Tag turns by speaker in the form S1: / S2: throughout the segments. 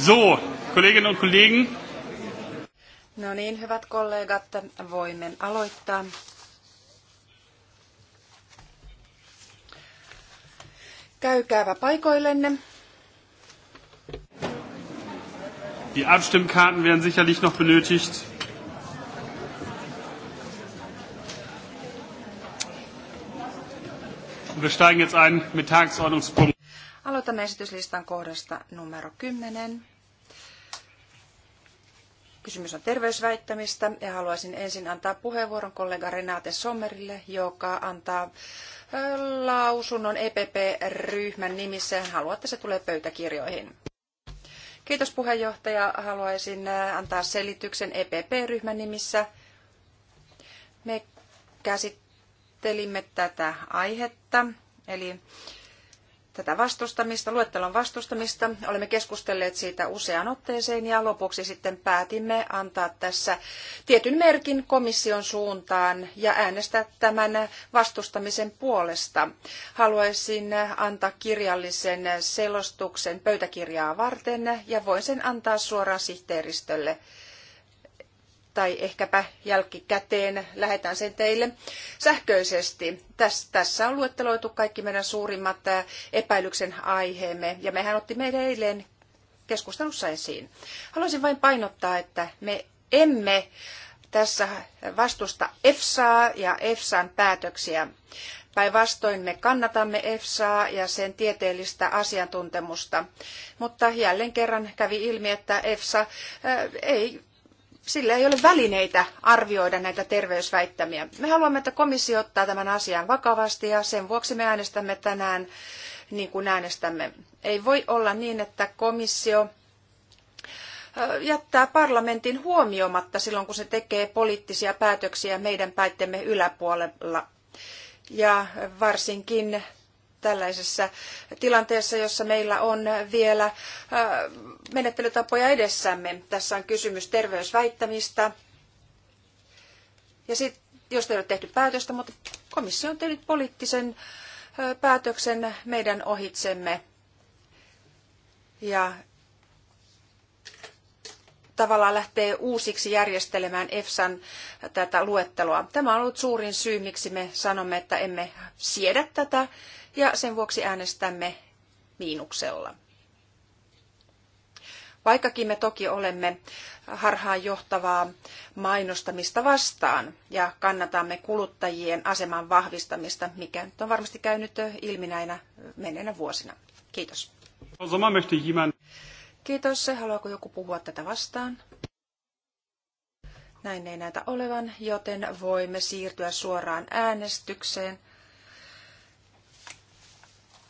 S1: So, Kolleginnen und Kollegen.
S2: No niin, hyvät kollegat, voimme aloittaa. Käykäävä paikoillenne.
S1: Die Abstimmkarten werden sicherlich noch benötigt. Wir steigen jetzt ein mit Tagesordnungspunkt.
S2: Aloitamme esityslistan kohdasta numero 10. Kysymys on terveysväittämistä ja haluaisin ensin antaa puheenvuoron kollega Renate Sommerille, joka antaa lausunnon EPP-ryhmän nimissä ja haluaa, että se tulee pöytäkirjoihin. Kiitos puheenjohtaja. Haluaisin antaa selityksen EPP-ryhmän nimissä. Me käsittelimme tätä aihetta, eli tätä vastustamista, luettelon vastustamista. Olemme keskustelleet siitä useaan otteeseen ja lopuksi sitten päätimme antaa tässä tietyn merkin komission suuntaan ja äänestää tämän vastustamisen puolesta. Haluaisin antaa kirjallisen selostuksen pöytäkirjaa varten ja voin sen antaa suoraan sihteeristölle tai ehkäpä jälkikäteen lähetän sen teille sähköisesti. Tässä on luetteloitu kaikki meidän suurimmat epäilyksen aiheemme, ja mehän ottimme eilen keskustelussa esiin. Haluaisin vain painottaa, että me emme tässä vastusta EFSAa ja EFSAn päätöksiä. Päinvastoin me kannatamme EFSAa ja sen tieteellistä asiantuntemusta, mutta jälleen kerran kävi ilmi, että EFSA ei sillä ei ole välineitä arvioida näitä terveysväittämiä. Me haluamme, että komissio ottaa tämän asian vakavasti ja sen vuoksi me äänestämme tänään niin kuin äänestämme. Ei voi olla niin, että komissio jättää parlamentin huomioimatta silloin, kun se tekee poliittisia päätöksiä meidän päättemme yläpuolella. Ja varsinkin tällaisessa tilanteessa, jossa meillä on vielä äh, menettelytapoja edessämme. Tässä on kysymys terveysväittämistä. Ja sit, jos ei ole tehty päätöstä, mutta komissio on tehnyt poliittisen äh, päätöksen meidän ohitsemme. Ja tavallaan lähtee uusiksi järjestelemään EFSAn tätä luetteloa. Tämä on ollut suurin syy, miksi me sanomme, että emme siedä tätä ja sen vuoksi äänestämme miinuksella. Vaikkakin me toki olemme harhaan johtavaa mainostamista vastaan ja kannatamme kuluttajien aseman vahvistamista, mikä on varmasti käynyt ilmi näinä menneinä vuosina. Kiitos. Kiitos. Haluaako joku puhua tätä vastaan? Näin ei näitä olevan, joten voimme siirtyä suoraan äänestykseen.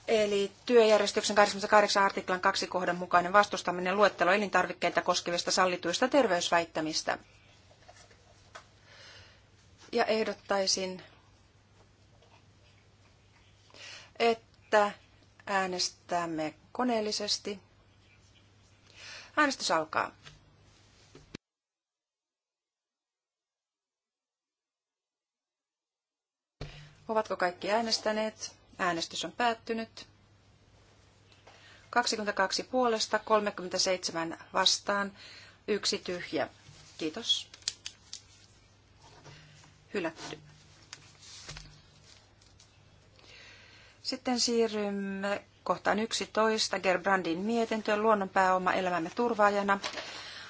S2: Eli työjärjestyksen 88 artiklan 2 kohdan mukainen vastustaminen luettelo elintarvikkeita koskevista sallituista terveysväittämistä. Ja ehdottaisin, että äänestämme koneellisesti. Äänestys alkaa. Ovatko kaikki äänestäneet? Äänestys on päättynyt. 22 puolesta, 37 vastaan, yksi tyhjä. Kiitos. Hylätty. Sitten siirrymme kohtaan 11, Gerbrandin mietintö, luonnon pääoma elämämme turvaajana,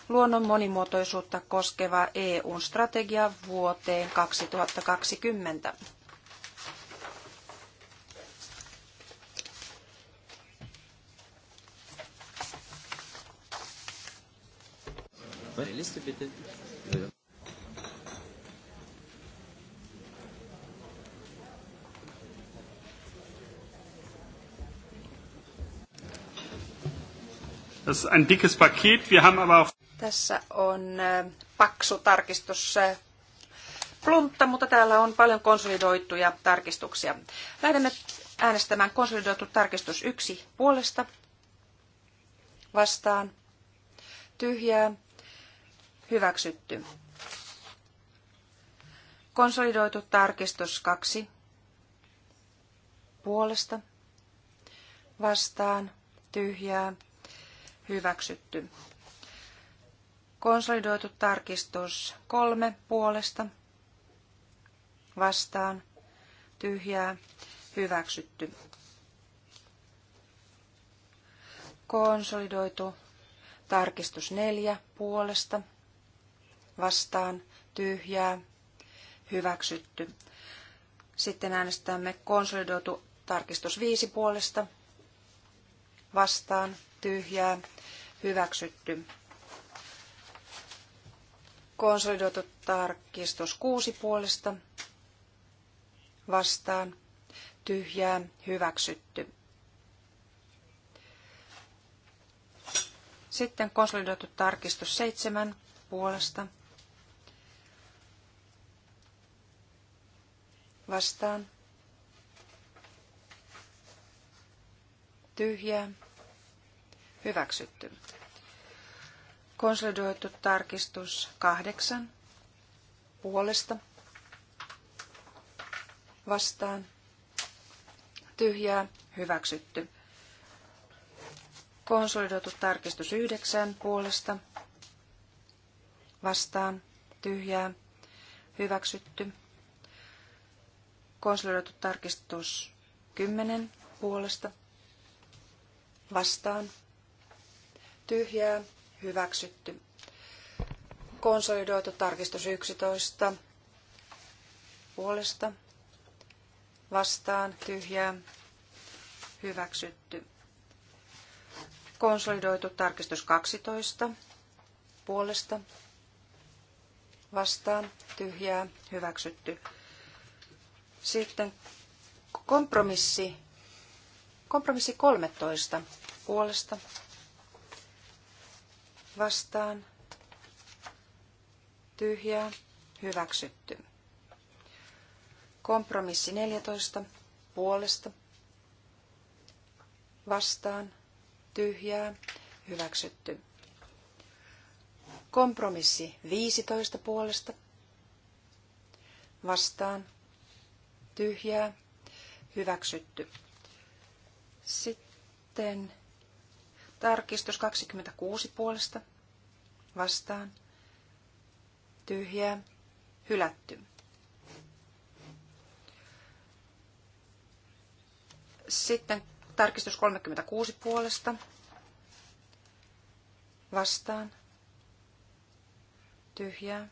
S2: luonnon monimuotoisuutta koskeva eu strategia vuoteen 2020. Tässä on äh, paksu tarkistus äh, pluntta, mutta täällä on paljon konsolidoituja tarkistuksia. Lähdemme äänestämään konsolidoitu tarkistus yksi puolesta vastaan. Tyhjää Hyväksytty. Konsolidoitu tarkistus 2. Puolesta. Vastaan. Tyhjää. Hyväksytty. Konsolidoitu tarkistus 3. Puolesta. Vastaan. Tyhjää. Hyväksytty. Konsolidoitu tarkistus 4. Puolesta vastaan, tyhjää, hyväksytty. Sitten äänestämme konsolidoitu tarkistus 5 puolesta, vastaan, tyhjää, hyväksytty. Konsolidoitu tarkistus 6 puolesta, vastaan, tyhjää, hyväksytty. Sitten konsolidoitu tarkistus 7 puolesta, vastaan. Tyhjää. Hyväksytty. Konsolidoitu tarkistus kahdeksan puolesta vastaan. Tyhjää. Hyväksytty. Konsolidoitu tarkistus yhdeksän puolesta vastaan. Tyhjää. Hyväksytty. Konsolidoitu tarkistus 10 puolesta vastaan. Tyhjää hyväksytty. Konsolidoitu tarkistus 11 puolesta vastaan. Tyhjää hyväksytty. Konsolidoitu tarkistus 12 puolesta vastaan. Tyhjää hyväksytty sitten kompromissi, kompromissi 13 puolesta vastaan tyhjää hyväksytty. Kompromissi 14 puolesta vastaan tyhjää hyväksytty. Kompromissi 15 puolesta vastaan tyhjää, hyväksytty. Sitten tarkistus 26 puolesta, vastaan, tyhjää, hylätty. Sitten tarkistus 36 puolesta, vastaan, tyhjää,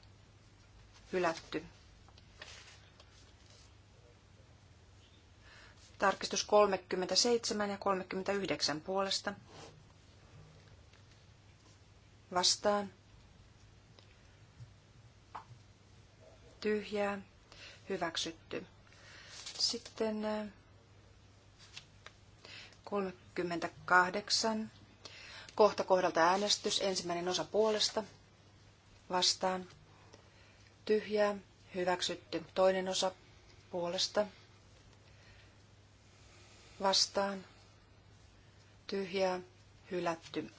S2: hylätty. Tarkistus 37 ja 39 puolesta. Vastaan. Tyhjää. Hyväksytty. Sitten 38. Äh, Kohta kohdalta äänestys. Ensimmäinen osa puolesta. Vastaan. Tyhjää. Hyväksytty. Toinen osa puolesta vastaan, tyhjää, hylätty.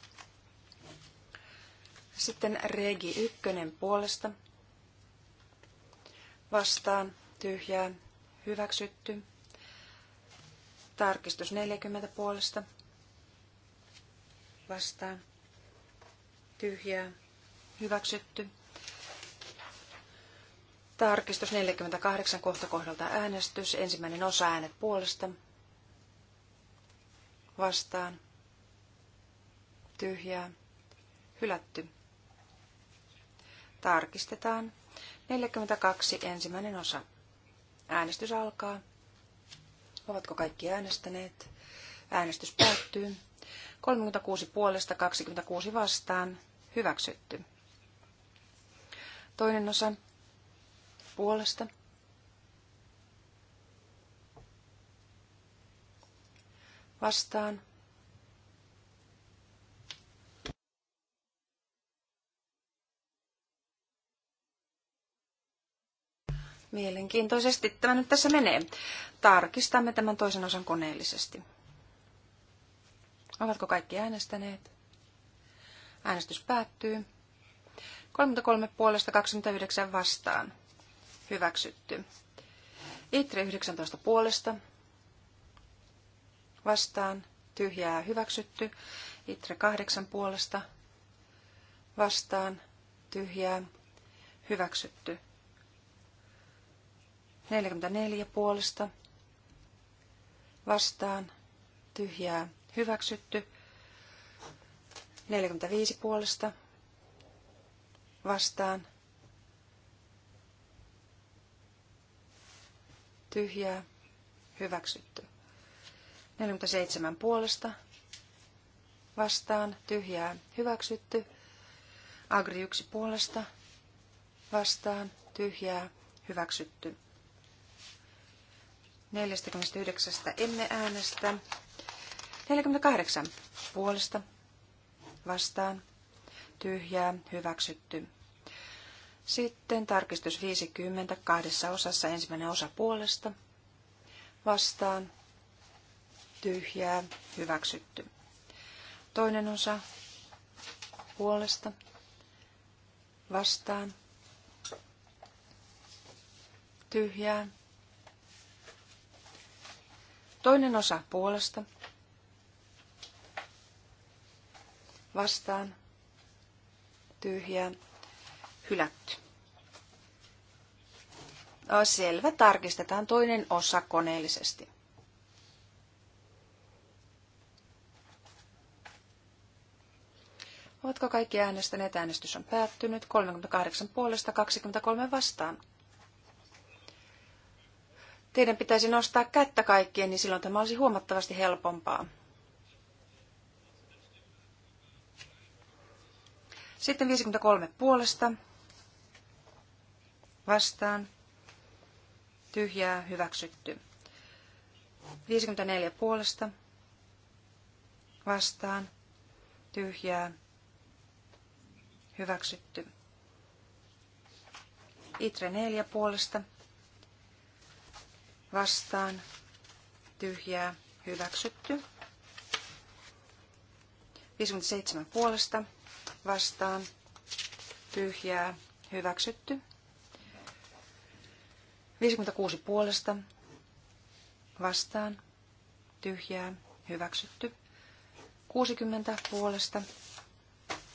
S2: Sitten regi ykkönen puolesta, vastaan, tyhjää, hyväksytty. Tarkistus 40 puolesta, vastaan, tyhjää, hyväksytty. Tarkistus 48 kohta kohdalta äänestys. Ensimmäinen osa äänet puolesta vastaan, tyhjää, hylätty. Tarkistetaan. 42. Ensimmäinen osa. Äänestys alkaa. Ovatko kaikki äänestäneet? Äänestys päättyy. 36 puolesta 26 vastaan. Hyväksytty. Toinen osa puolesta vastaan. Mielenkiintoisesti tämä nyt tässä menee. Tarkistamme tämän toisen osan koneellisesti. Ovatko kaikki äänestäneet? Äänestys päättyy. 33 puolesta 29 vastaan. Hyväksytty. Itre 19 puolesta vastaan, tyhjää hyväksytty. Itre kahdeksan puolesta vastaan, tyhjää hyväksytty. 44 puolesta vastaan, tyhjää hyväksytty. 45 puolesta vastaan, tyhjää hyväksytty. 47 puolesta vastaan tyhjää hyväksytty. Agri 1 puolesta vastaan tyhjää hyväksytty. 49 emme äänestä. 48 puolesta vastaan tyhjää hyväksytty. Sitten tarkistus 50 kahdessa osassa ensimmäinen osa puolesta vastaan tyhjää, hyväksytty. Toinen osa puolesta, vastaan, tyhjää. Toinen osa puolesta, vastaan, tyhjää, hylätty. Selvä, tarkistetaan toinen osa koneellisesti. Ovatko kaikki äänestäneet? Äänestys on päättynyt. 38 puolesta, 23 vastaan. Teidän pitäisi nostaa kättä kaikkien, niin silloin tämä olisi huomattavasti helpompaa. Sitten 53 puolesta. Vastaan. Tyhjää, hyväksytty. 54 puolesta. Vastaan. Tyhjää, Hyväksytty. Itre neljä puolesta. Vastaan. Tyhjää. Hyväksytty. 57 puolesta. Vastaan. Tyhjää. Hyväksytty. 56 puolesta. Vastaan. Tyhjää. Hyväksytty. 60 puolesta.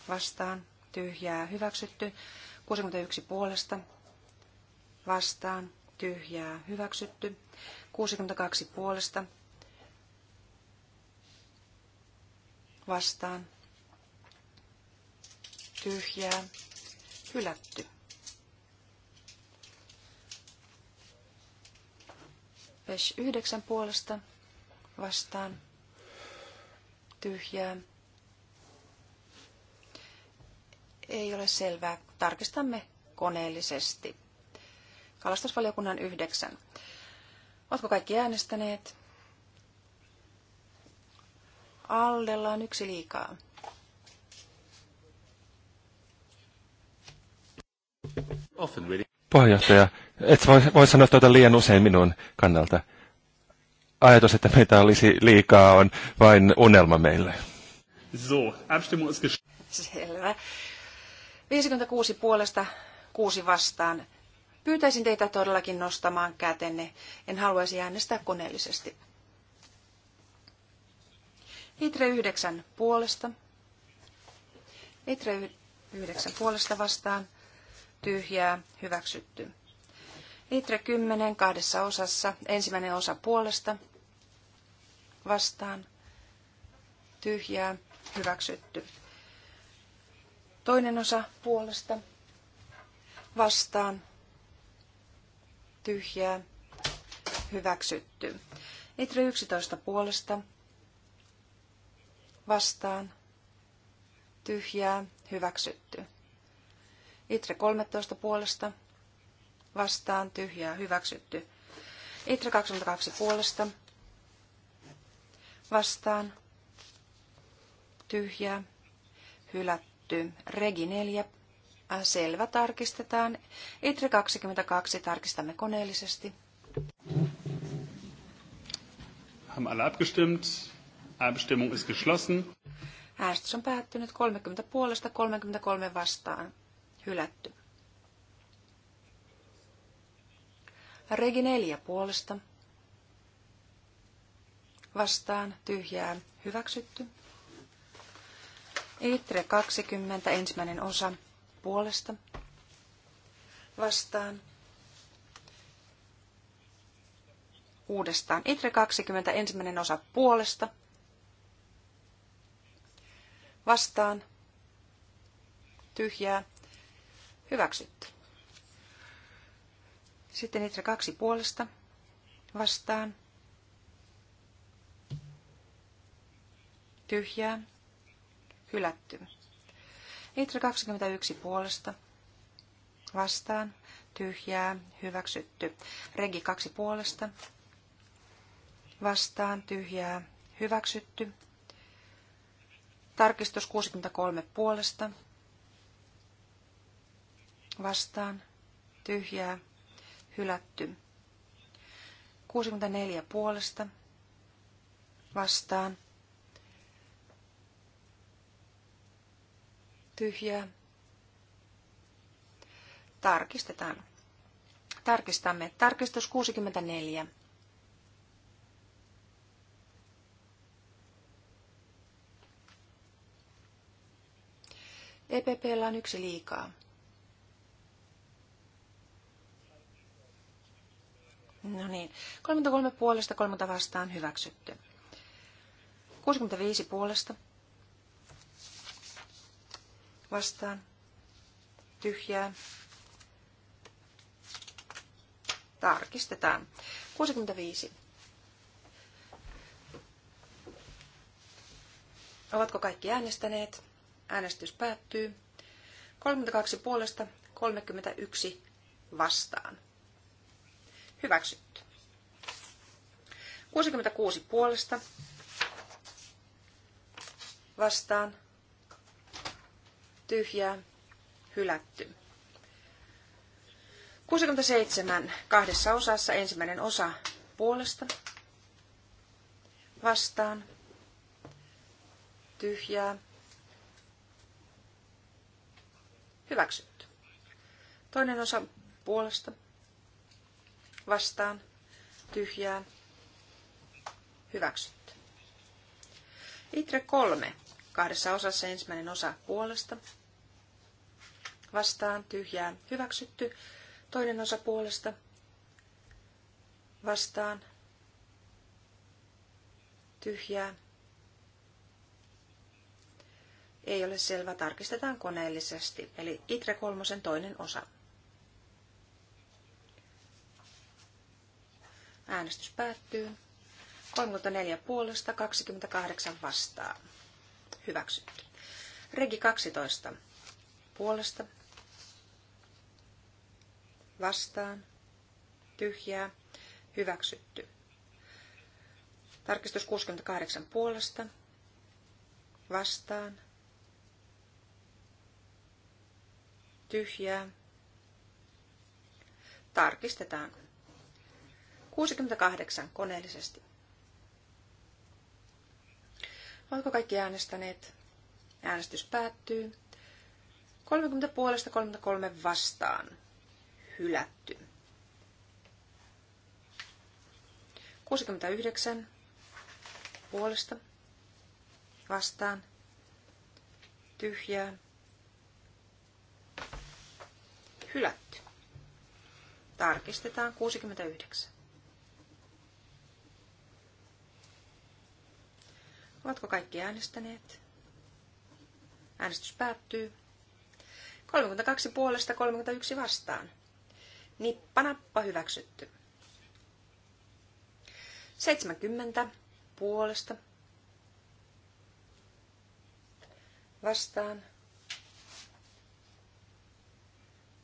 S2: Vastaan tyhjää hyväksytty. 61 puolesta vastaan tyhjää hyväksytty. 62 puolesta vastaan tyhjää hylätty. Pesh 9 puolesta vastaan tyhjää ei ole selvää. Tarkistamme koneellisesti. Kalastusvaliokunnan yhdeksän. Oletko kaikki äänestäneet? Aldella on yksi liikaa.
S3: Puheenjohtaja, et voi, voi sanoa tuota liian usein minun kannalta. Ajatus, että meitä olisi liikaa, on vain unelma meille.
S1: So,
S2: Selvä. 56 puolesta, 6 vastaan. Pyytäisin teitä todellakin nostamaan kätenne. En haluaisi äänestää koneellisesti. Itre 9 puolesta. Itre 9 puolesta vastaan. Tyhjää. Hyväksytty. Itre 10 kahdessa osassa. Ensimmäinen osa puolesta. Vastaan. Tyhjää. Hyväksytty. Toinen osa puolesta vastaan tyhjää hyväksytty. Itre 11 puolesta vastaan tyhjää hyväksytty. Itre 13 puolesta vastaan tyhjää hyväksytty. Itre 22 puolesta vastaan tyhjää hylätty hylätty. Regi 4. Äh, selvä, tarkistetaan. Itre 22 tarkistamme koneellisesti.
S1: Haben alle abgestimmt. Abstimmung ist geschlossen.
S2: Äänestys on päättynyt 30 puolesta 33 vastaan. Hylätty. Regi 4 puolesta. Vastaan tyhjää hyväksytty. Itre 20, ensimmäinen osa puolesta vastaan. Uudestaan. Itre 20, ensimmäinen osa puolesta vastaan. Tyhjää. Hyväksytty. Sitten Itre kaksi puolesta vastaan. Tyhjää hylätty. Litra 21 puolesta, vastaan, tyhjää, hyväksytty. Regi 2 puolesta, vastaan, tyhjää, hyväksytty. Tarkistus 63 puolesta, vastaan, tyhjää, hylätty. 64 puolesta, vastaan, tyhjää. Tarkistetaan. Tarkistamme. Tarkistus 64. EPPllä on yksi liikaa. No niin, 33 puolesta, 30 vastaan hyväksytty. 65 puolesta, vastaan tyhjää. Tarkistetaan. 65. Ovatko kaikki äänestäneet? Äänestys päättyy. 32 puolesta, 31 vastaan. Hyväksytty. 66 puolesta vastaan tyhjää, hylätty. 67 kahdessa osassa ensimmäinen osa puolesta vastaan tyhjää hyväksytty. Toinen osa puolesta vastaan tyhjää hyväksytty. Itre kolme kahdessa osassa ensimmäinen osa puolesta. Vastaan tyhjää hyväksytty. Toinen osa puolesta. Vastaan tyhjää. Ei ole selvä, tarkistetaan koneellisesti, eli ITRE kolmosen toinen osa. Äänestys päättyy. 34 puolesta, 28 vastaan hyväksytty. Regi 12 puolesta vastaan tyhjää hyväksytty. Tarkistus 68 puolesta vastaan tyhjää tarkistetaan 68 koneellisesti. Oletko kaikki äänestäneet? Äänestys päättyy. 30 puolesta 33 vastaan. Hylätty. 69 puolesta vastaan. Tyhjää. Hylätty. Tarkistetaan 69. Ovatko kaikki äänestäneet? Äänestys päättyy. 32 puolesta 31 vastaan. Nippanappa hyväksytty. 70 puolesta vastaan.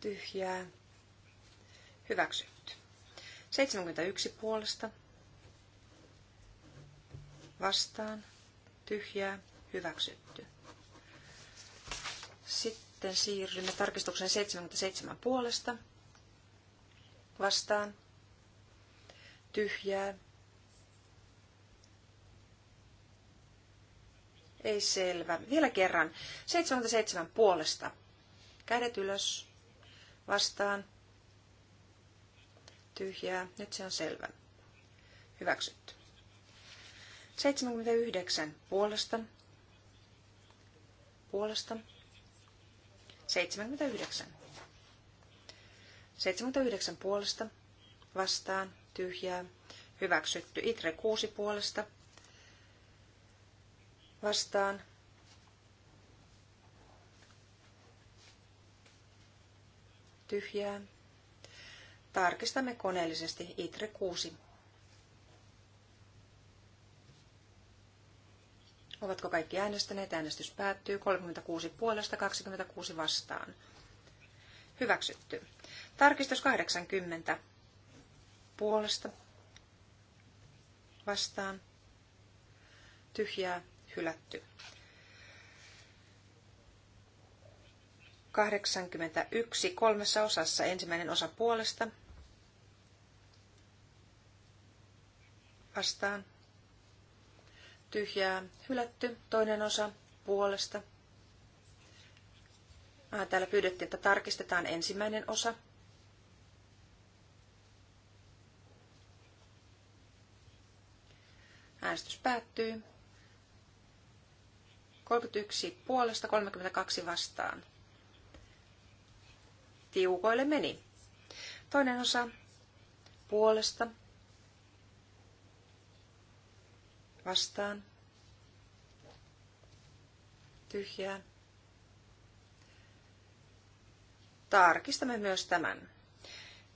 S2: Tyhjää. Hyväksytty. 71 puolesta vastaan tyhjää, hyväksytty. Sitten siirrymme tarkistukseen 77 puolesta. Vastaan, tyhjää. Ei selvä. Vielä kerran. 77 puolesta. Kädet ylös. Vastaan. Tyhjää. Nyt se on selvä. Hyväksytty. 79 puolesta. Puolesta. 79. 79 puolesta. Vastaan. Tyhjää. Hyväksytty. Itre 6 puolesta. Vastaan. Tyhjää. Tarkistamme koneellisesti Itre 6 Ovatko kaikki äänestäneet? Äänestys päättyy. 36 puolesta, 26 vastaan. Hyväksytty. Tarkistus 80 puolesta vastaan. Tyhjää hylätty. 81 kolmessa osassa ensimmäinen osa puolesta vastaan tyhjää hylätty. Toinen osa puolesta. Ah, täällä pyydettiin, että tarkistetaan ensimmäinen osa. Äänestys päättyy. 31 puolesta, 32 vastaan. Tiukoille meni. Toinen osa puolesta vastaan, tyhjää. Tarkistamme myös tämän.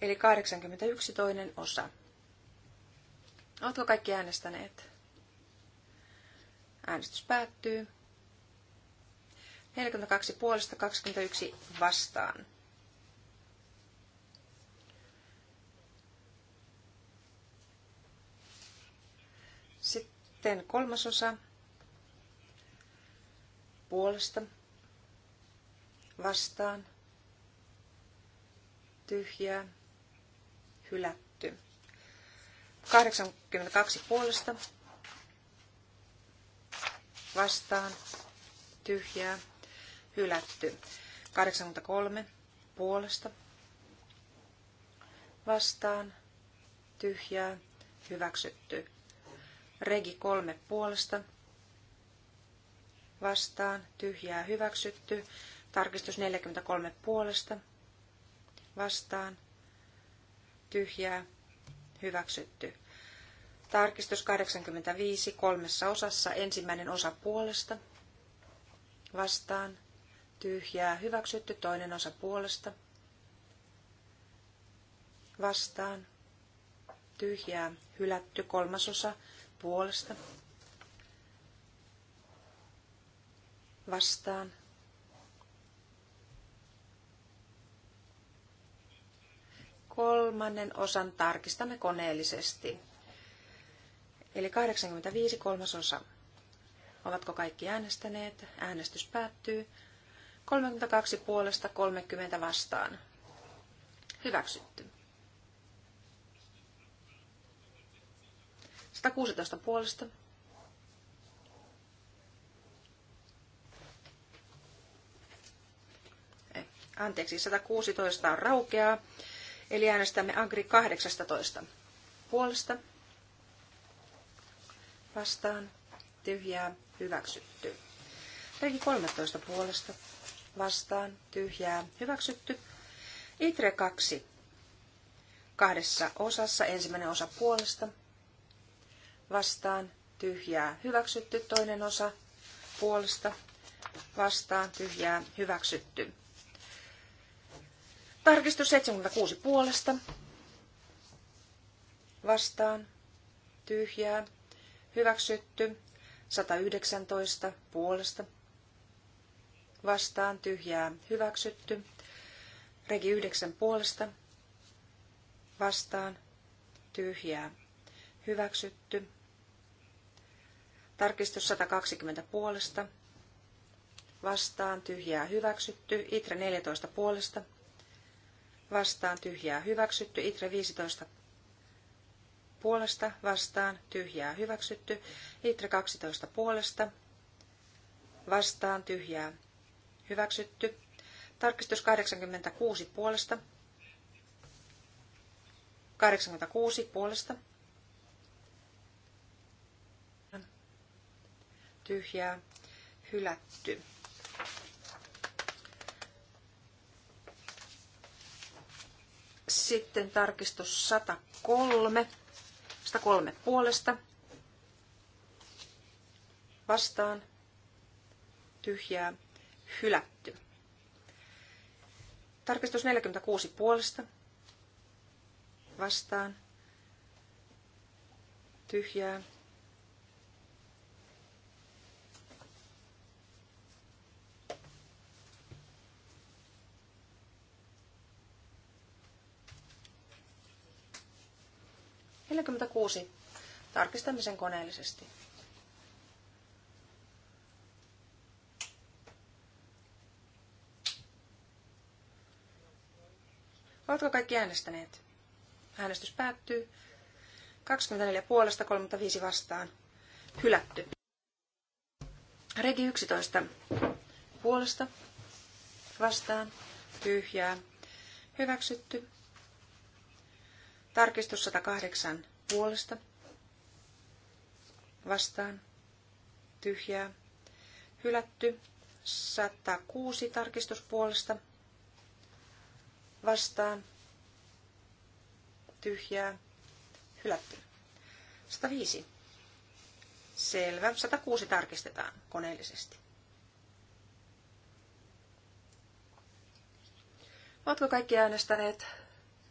S2: Eli 81 toinen osa. Oletko kaikki äänestäneet? Äänestys päättyy. 42 puolesta 21 vastaan. Sitten kolmasosa puolesta vastaan tyhjää hylätty. 82 puolesta vastaan tyhjää hylätty. 83 puolesta vastaan tyhjää hyväksytty. Regi kolme puolesta. Vastaan. Tyhjää hyväksytty. Tarkistus 43 puolesta. Vastaan. Tyhjää hyväksytty. Tarkistus 85 kolmessa osassa. Ensimmäinen osa puolesta. Vastaan. Tyhjää hyväksytty. Toinen osa puolesta. Vastaan. Tyhjää hylätty. Kolmasosa puolesta. Vastaan. Kolmannen osan tarkistamme koneellisesti. Eli 85 kolmasosa. Ovatko kaikki äänestäneet? Äänestys päättyy. 32 puolesta 30 vastaan. Hyväksytty. 116 puolesta. Anteeksi, 116 on raukeaa. Eli äänestämme Agri 18 puolesta. Vastaan. Tyhjää. Hyväksytty. Regi 13 puolesta. Vastaan. Tyhjää. Hyväksytty. Itre 2. Kahdessa osassa. Ensimmäinen osa puolesta vastaan tyhjää hyväksytty. Toinen osa puolesta vastaan tyhjää hyväksytty. Tarkistus 76 puolesta vastaan tyhjää hyväksytty. 119 puolesta vastaan tyhjää hyväksytty. Regi 9 puolesta vastaan tyhjää Hyväksytty. Tarkistus 120 puolesta. Vastaan tyhjää hyväksytty. Itre 14 puolesta. Vastaan tyhjää hyväksytty. Itre 15 puolesta. Vastaan tyhjää hyväksytty. Itre 12 puolesta. Vastaan tyhjää hyväksytty. Tarkistus 86 puolesta. 86 puolesta tyhjää hylätty. Sitten tarkistus 103. 103 puolesta. Vastaan. Tyhjää. Hylätty. Tarkistus 46 puolesta. Vastaan. Tyhjää. 46. Tarkistamisen koneellisesti. Oletko kaikki äänestäneet? Äänestys päättyy. 24 puolesta, 35 vastaan. Hylätty. Regi 11 puolesta, vastaan, tyhjää, hyväksytty. Tarkistus 108 puolesta. Vastaan. Tyhjää. Hylätty. 106 tarkistuspuolesta. Vastaan. Tyhjää. Hylätty. 105. Selvä. 106 tarkistetaan koneellisesti. Oletko kaikki äänestäneet?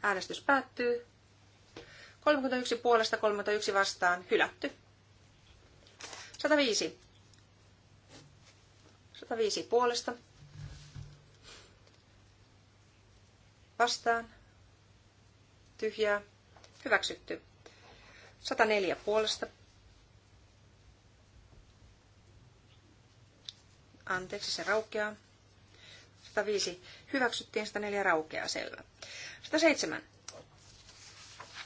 S2: Äänestys päättyy. 31 puolesta 31 vastaan hylätty. 105. 105 puolesta. Vastaan. Tyhjää. Hyväksytty. 104 puolesta. Anteeksi, se raukeaa. 105 hyväksyttiin, 104 raukeaa selvä. 107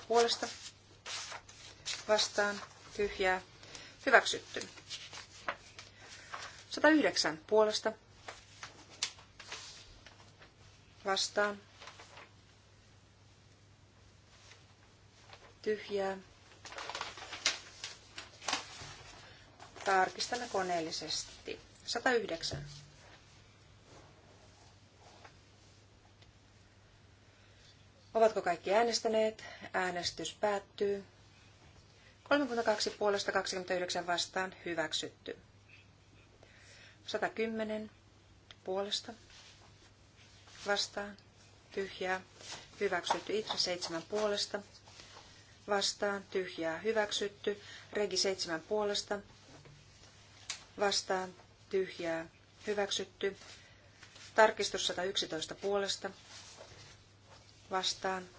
S2: puolesta vastaan tyhjää hyväksytty. 109 puolesta vastaan tyhjää. Tarkistamme koneellisesti. 109. Ovatko kaikki äänestäneet? Äänestys päättyy. 32 puolesta 29 vastaan hyväksytty. 110 puolesta vastaan tyhjää hyväksytty. Itse 7 puolesta vastaan tyhjää hyväksytty. Regi 7 puolesta vastaan tyhjää hyväksytty. Tarkistus 111 puolesta vastaan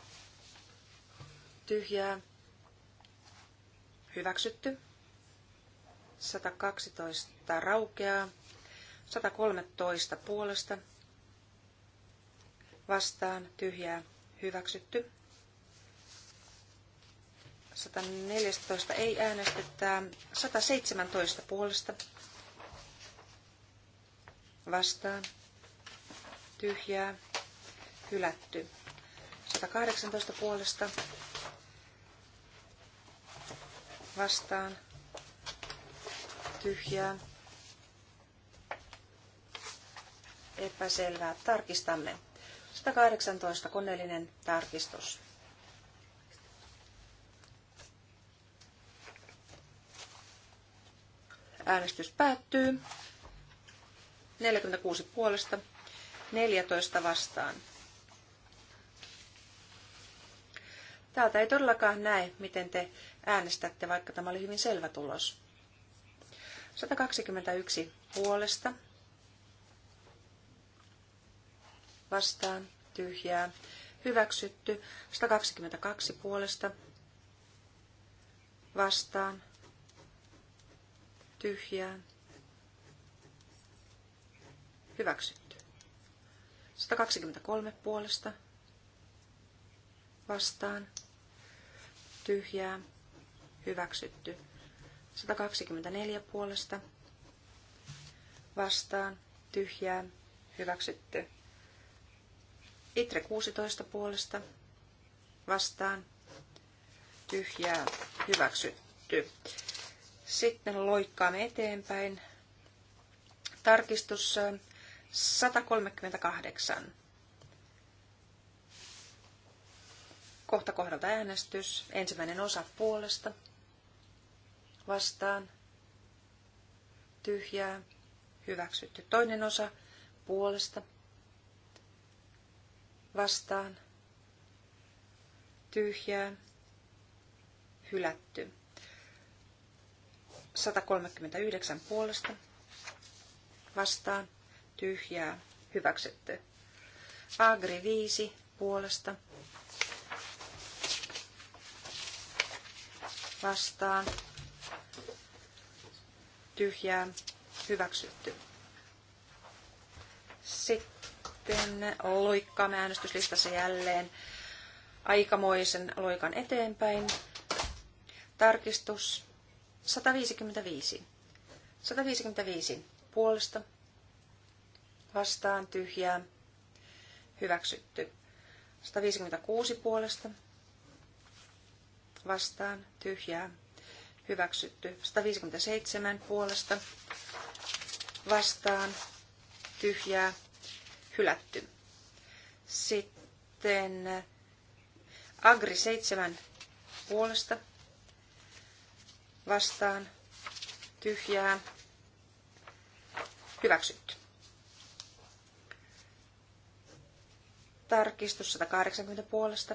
S2: tyhjää hyväksytty. 112 raukeaa. 113 puolesta vastaan tyhjää hyväksytty. 114 ei äänestetä. 117 puolesta vastaan tyhjää hylätty. 118 puolesta vastaan tyhjää. Epäselvää. Tarkistamme. 118 koneellinen tarkistus. Äänestys päättyy. 46 puolesta, 14 vastaan. Täältä ei todellakaan näe, miten te äänestätte, vaikka tämä oli hyvin selvä tulos. 121 puolesta. Vastaan tyhjää. Hyväksytty. 122 puolesta. Vastaan tyhjää. Hyväksytty. 123 puolesta. Vastaan tyhjää, hyväksytty. 124 puolesta vastaan, tyhjää, hyväksytty. Itre 16 puolesta vastaan, tyhjää,
S4: hyväksytty.
S2: Sitten loikkaamme eteenpäin. Tarkistus 138 Kohta kohdalta äänestys. Ensimmäinen osa puolesta. Vastaan. Tyhjää. Hyväksytty. Toinen osa puolesta. Vastaan. Tyhjää. Hylätty. 139 puolesta. Vastaan. Tyhjää. Hyväksytty. Agri 5 puolesta vastaan tyhjää hyväksytty. Sitten loikkaamme äänestyslistassa jälleen aikamoisen loikan eteenpäin. Tarkistus 155. 155 puolesta vastaan tyhjää hyväksytty. 156 puolesta vastaan tyhjää hyväksytty. 157 puolesta vastaan tyhjää hylätty. Sitten äh, Agri 7 puolesta vastaan tyhjää hyväksytty. Tarkistus 180 puolesta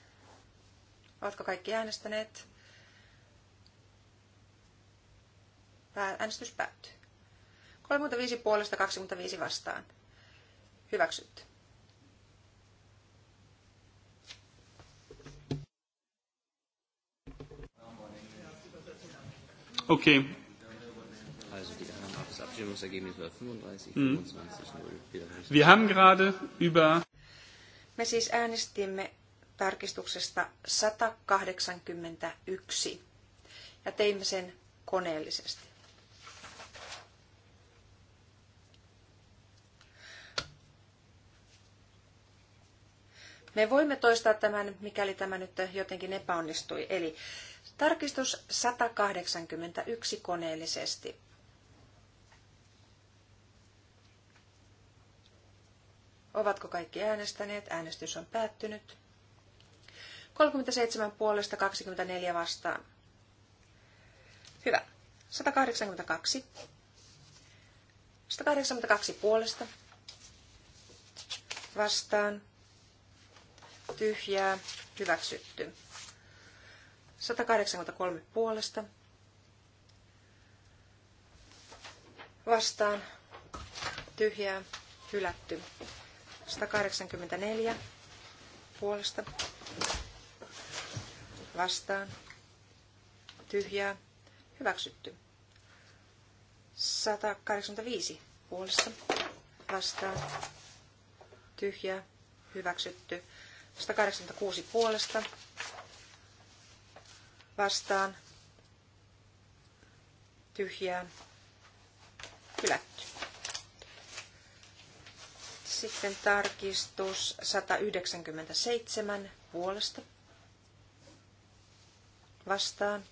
S2: Oletko kaikki äänestäneet? Äänestys päättyy. 35 puolesta 25 vastaan. Hyväksytty.
S1: Okei. Okay.
S4: Mm. 35, Wir haben
S1: gerade über...
S2: Me siis äänestimme tarkistuksesta 181 ja teimme sen koneellisesti. Me voimme toistaa tämän, mikäli tämä nyt jotenkin epäonnistui. Eli tarkistus 181 koneellisesti. Ovatko kaikki äänestäneet? Äänestys on päättynyt. 37 puolesta 24 vastaan. Hyvä. 182. 182 puolesta. Vastaan. Tyhjää. Hyväksytty. 183 puolesta. Vastaan. Tyhjää. Hylätty. 184 puolesta vastaan. Tyhjää. Hyväksytty. 185 puolesta vastaan. Tyhjää. Hyväksytty. 186 puolesta vastaan. Tyhjää. Hylätty. Sitten tarkistus 197 puolesta vastaan,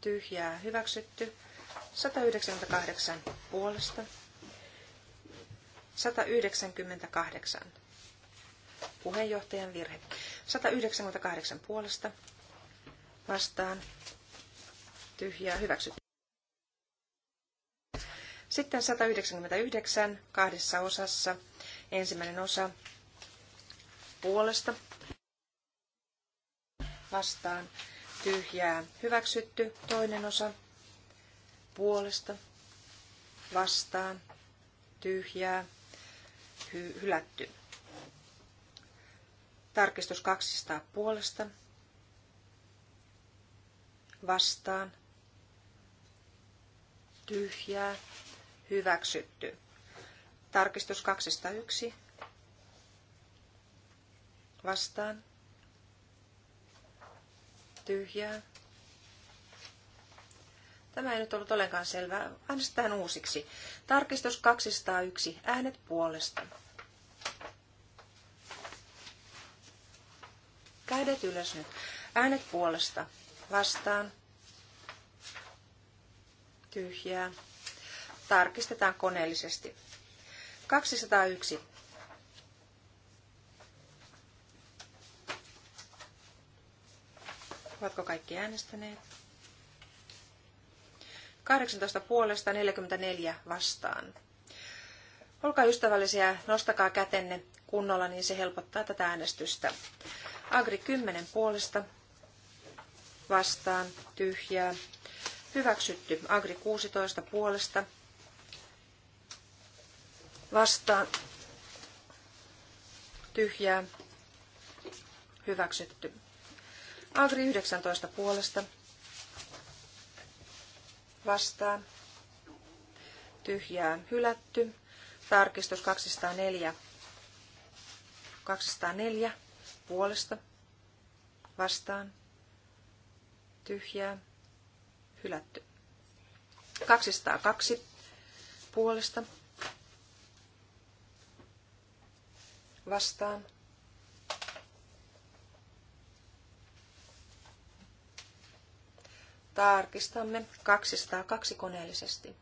S2: tyhjää hyväksytty, 198 puolesta, 198 puheenjohtajan virhe, 198 puolesta, vastaan, tyhjää hyväksytty. Sitten 199 kahdessa osassa. Ensimmäinen osa puolesta vastaan tyhjää hyväksytty. Toinen osa puolesta vastaan tyhjää hy- hylätty. Tarkistus 200 puolesta vastaan tyhjää hyväksytty. Tarkistus 201 vastaan Tyhjää. Tämä ei nyt ollut ollenkaan selvää. Äänestetään uusiksi. Tarkistus 201. Äänet puolesta. Kädet ylös nyt. Äänet puolesta. Vastaan. Tyhjää. Tarkistetaan koneellisesti. 201. Ovatko kaikki äänestäneet? 18 puolesta 44 vastaan. Olkaa ystävällisiä, nostakaa kätenne kunnolla, niin se helpottaa tätä äänestystä. Agri 10 puolesta vastaan tyhjää. Hyväksytty Agri 16 puolesta vastaan tyhjää. Hyväksytty. Agri 19 puolesta. Vastaan. Tyhjää hylätty. Tarkistus 204. 204 puolesta. Vastaan. Tyhjää hylätty. 202 puolesta. Vastaan Tarkistamme 202 koneellisesti.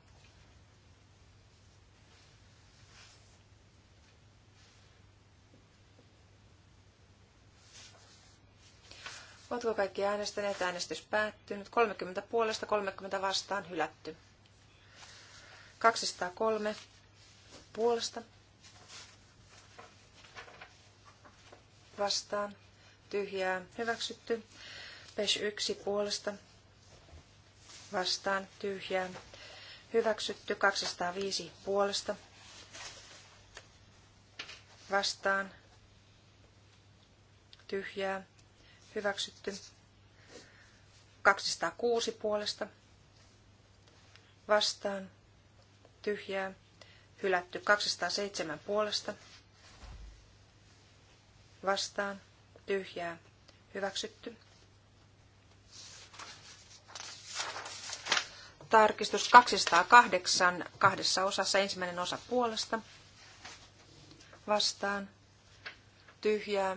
S2: Oletko kaikki äänestäneet? Äänestys päättynyt. 30 puolesta, 30 vastaan, hylätty. 203 puolesta, vastaan, tyhjää, hyväksytty. PES 1 puolesta, vastaan tyhjää. Hyväksytty 205 puolesta vastaan tyhjää. Hyväksytty 206 puolesta vastaan tyhjää. Hylätty 207 puolesta vastaan tyhjää. Hyväksytty tarkistus 208 kahdessa osassa. Ensimmäinen osa puolesta. Vastaan. Tyhjää.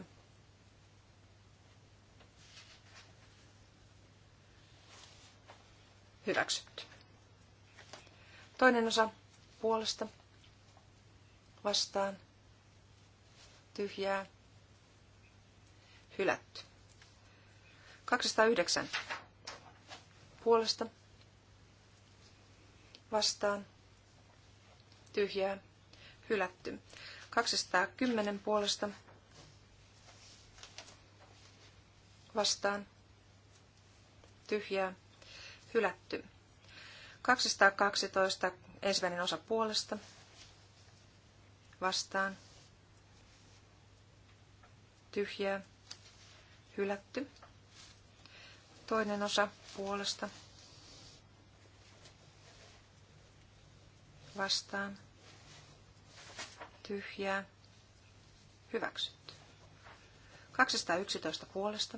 S2: Hyväksytty. Toinen osa puolesta. Vastaan. Tyhjää. Hylätty. 209 puolesta vastaan tyhjää hylätty. 210 puolesta vastaan tyhjää hylätty. 212 ensimmäinen osa puolesta vastaan tyhjää hylätty. Toinen osa puolesta vastaan, tyhjää, hyväksytty. 211 puolesta,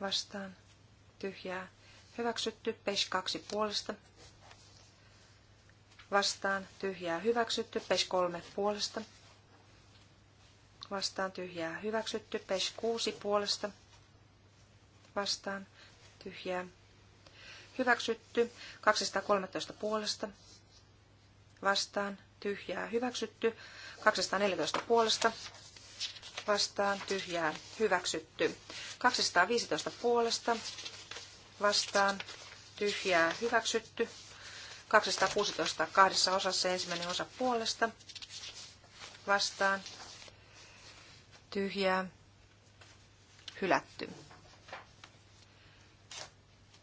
S2: vastaan, tyhjää, hyväksytty. Pes 2 puolesta, vastaan, tyhjää, hyväksytty. Pes 3 puolesta, vastaan, tyhjää, hyväksytty. Pes 6 puolesta, vastaan, tyhjää, hyväksytty. 213 puolesta vastaan tyhjää hyväksytty. 214 puolesta vastaan tyhjää hyväksytty. 215 puolesta vastaan tyhjää hyväksytty. 216 kahdessa osassa ensimmäinen osa puolesta vastaan tyhjää hylätty.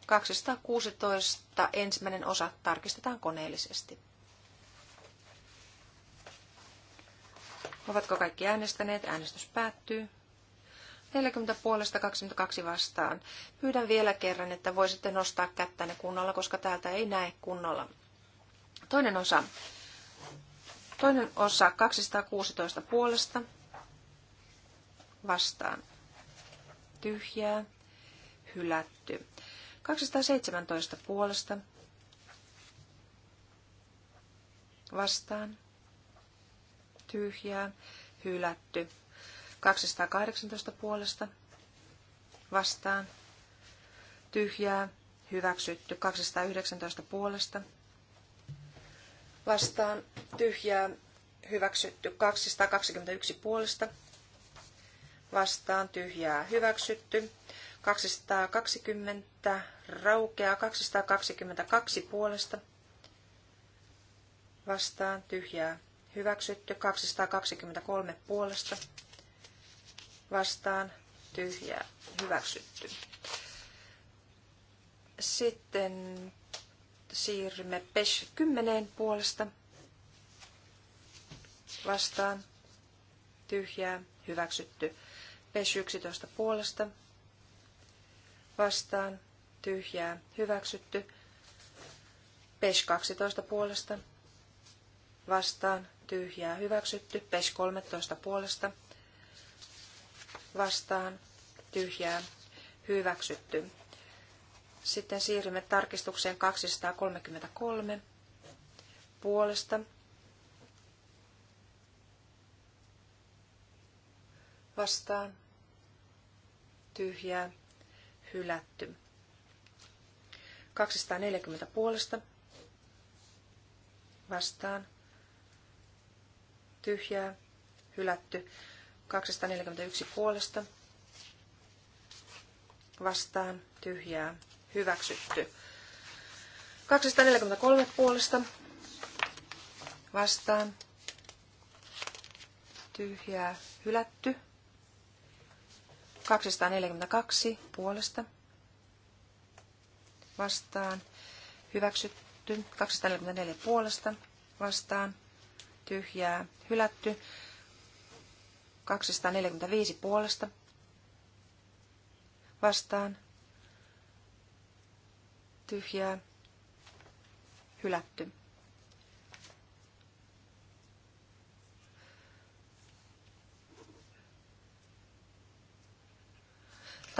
S2: 216 ensimmäinen osa tarkistetaan koneellisesti. Ovatko kaikki äänestäneet? Äänestys päättyy. 40 puolesta 22 vastaan. Pyydän vielä kerran, että voisitte nostaa kättäne kunnolla, koska täältä ei näe kunnolla. Toinen osa. Toinen osa 216 puolesta vastaan. Tyhjää, hylätty. 217 puolesta vastaan tyhjää hylätty. 218 puolesta vastaan tyhjää hyväksytty. 219 puolesta vastaan tyhjää hyväksytty 221 puolesta, vastaan tyhjää hyväksytty 220 raukeaa 222 puolesta. Vastaan tyhjää. Hyväksytty 223 puolesta. Vastaan tyhjää. Hyväksytty. Sitten siirrymme PES 10 puolesta. Vastaan tyhjää. Hyväksytty. pesh 11 puolesta vastaan, tyhjää, hyväksytty. Pes 12 puolesta, vastaan, tyhjää, hyväksytty. Pes 13 puolesta, vastaan, tyhjää, hyväksytty. Sitten siirrymme tarkistukseen 233 puolesta. Vastaan, tyhjää, hylätty. 240 puolesta vastaan tyhjää hylätty. 241 puolesta vastaan tyhjää hyväksytty. 243 puolesta vastaan tyhjää hylätty. 242 puolesta vastaan. Hyväksytty. 244 puolesta vastaan. Tyhjää. Hylätty. 245 puolesta vastaan. Tyhjää. Hylätty.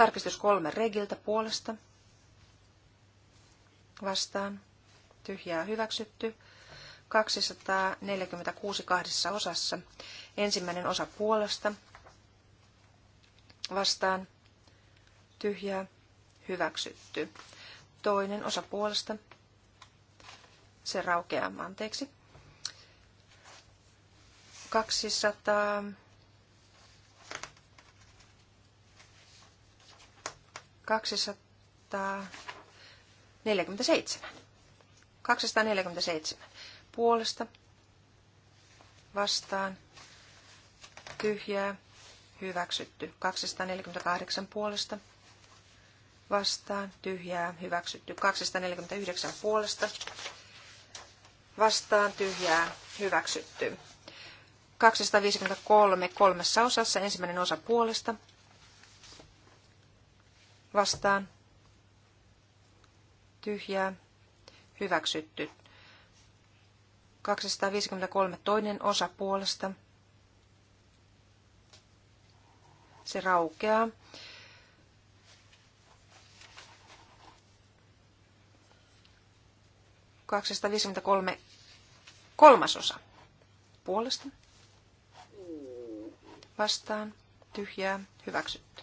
S2: Tarkistus kolme regiltä puolesta. Vastaan. Tyhjää hyväksytty. 246 kahdessa osassa. Ensimmäinen osa puolesta. Vastaan. Tyhjää hyväksytty. Toinen osa puolesta. Se raukeaa, anteeksi. 200 247. 247. Puolesta vastaan tyhjää hyväksytty. 248 puolesta vastaan tyhjää hyväksytty. 249 puolesta vastaan tyhjää hyväksytty. 253 kolmessa osassa ensimmäinen osa puolesta vastaan tyhjää hyväksytty. 253 toinen osa puolesta. Se raukeaa. kolme kolmasosa puolesta vastaan tyhjää hyväksytty.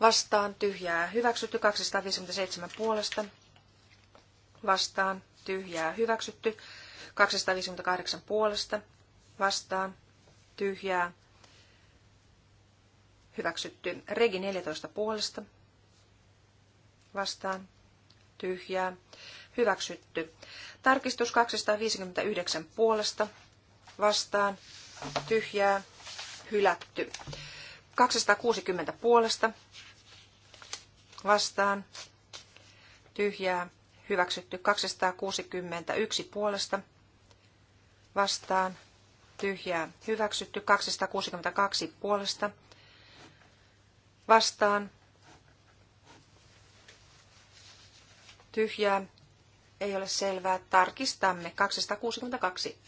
S2: vastaan tyhjää hyväksytty 257 puolesta, vastaan tyhjää hyväksytty 258 puolesta, vastaan tyhjää hyväksytty regi 14 puolesta, vastaan tyhjää hyväksytty. Tarkistus 259 puolesta, vastaan tyhjää hylätty. 260 puolesta, vastaan, tyhjää, hyväksytty 261 puolesta, vastaan, tyhjää, hyväksytty 262 puolesta, vastaan, tyhjää, ei ole selvää, tarkistamme 262.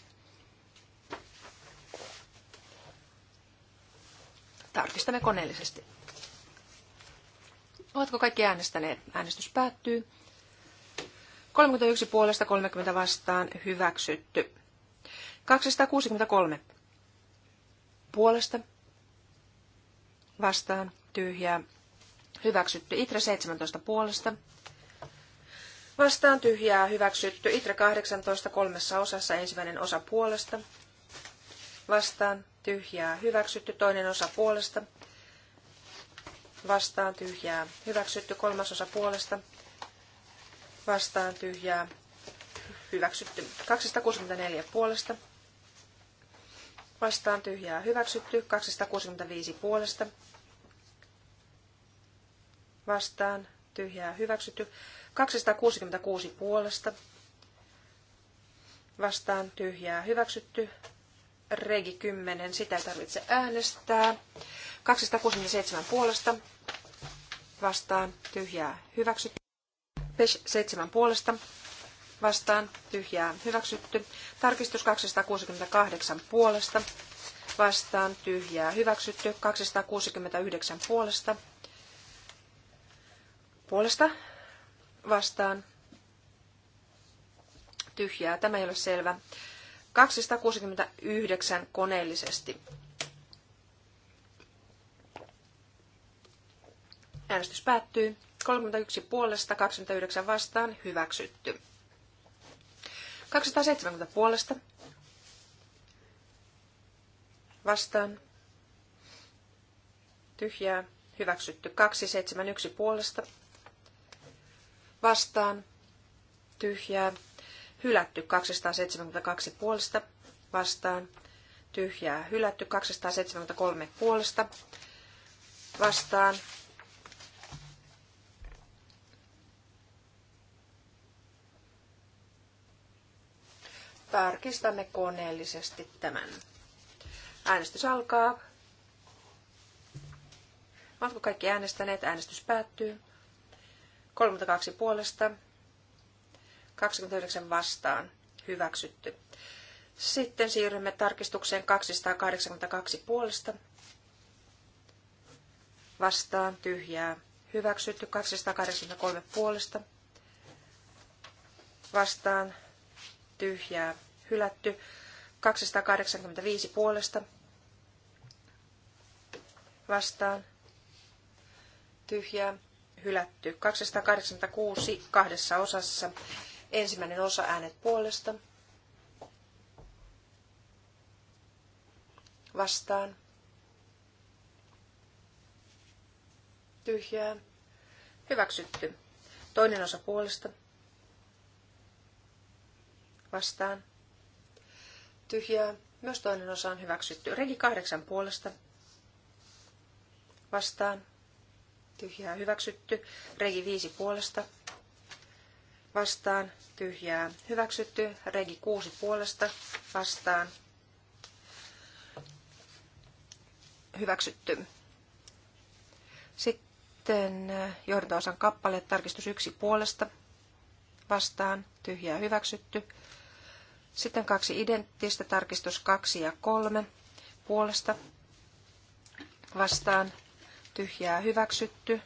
S2: Tarkistamme koneellisesti. Ovatko kaikki äänestäneet? Äänestys päättyy. 31 puolesta 30 vastaan hyväksytty. 263 puolesta vastaan tyhjää hyväksytty. Itra 17 puolesta vastaan tyhjää hyväksytty. Itra 18 kolmessa osassa ensimmäinen osa puolesta vastaan tyhjää hyväksytty. Toinen osa puolesta vastaan tyhjää. Hyväksytty kolmasosa puolesta vastaan tyhjää. Hyväksytty 264 puolesta vastaan tyhjää. Hyväksytty 265 puolesta vastaan tyhjää. Hyväksytty 266 puolesta vastaan tyhjää. Hyväksytty Regi 10, sitä ei tarvitse äänestää. 267 puolesta vastaan tyhjää hyväksytty. PES 7 puolesta vastaan tyhjää hyväksytty. Tarkistus 268 puolesta vastaan tyhjää hyväksytty. 269 puolesta puolesta vastaan tyhjää. Tämä ei ole selvä. 269 koneellisesti. Äänestys päättyy. 31 puolesta, 29 vastaan, hyväksytty. 270 puolesta, vastaan, tyhjää, hyväksytty. 271 puolesta, vastaan, tyhjää, hylätty 272 puolesta vastaan, tyhjää hylätty 273 puolesta vastaan. Tarkistamme koneellisesti tämän. Äänestys alkaa. Ovatko kaikki äänestäneet? Äänestys päättyy. 32 puolesta, 29 vastaan hyväksytty. Sitten siirrymme tarkistukseen 282 puolesta. Vastaan tyhjää. Hyväksytty 283 puolesta. Vastaan tyhjää. Hylätty 285 puolesta. Vastaan tyhjää. Hylätty 286 kahdessa osassa. Ensimmäinen osa äänet puolesta. Vastaan. Tyhjää. Hyväksytty. Toinen osa puolesta. Vastaan. Tyhjää. Myös toinen osa on hyväksytty. Regi kahdeksan puolesta. Vastaan. Tyhjää hyväksytty. Regi viisi puolesta vastaan, tyhjää, hyväksytty. Regi 6 puolesta, vastaan, hyväksytty. Sitten äh, johdantoosan kappale, tarkistus 1 puolesta, vastaan, tyhjää, hyväksytty. Sitten kaksi identtistä, tarkistus 2 ja 3 puolesta, vastaan, tyhjää, hyväksytty.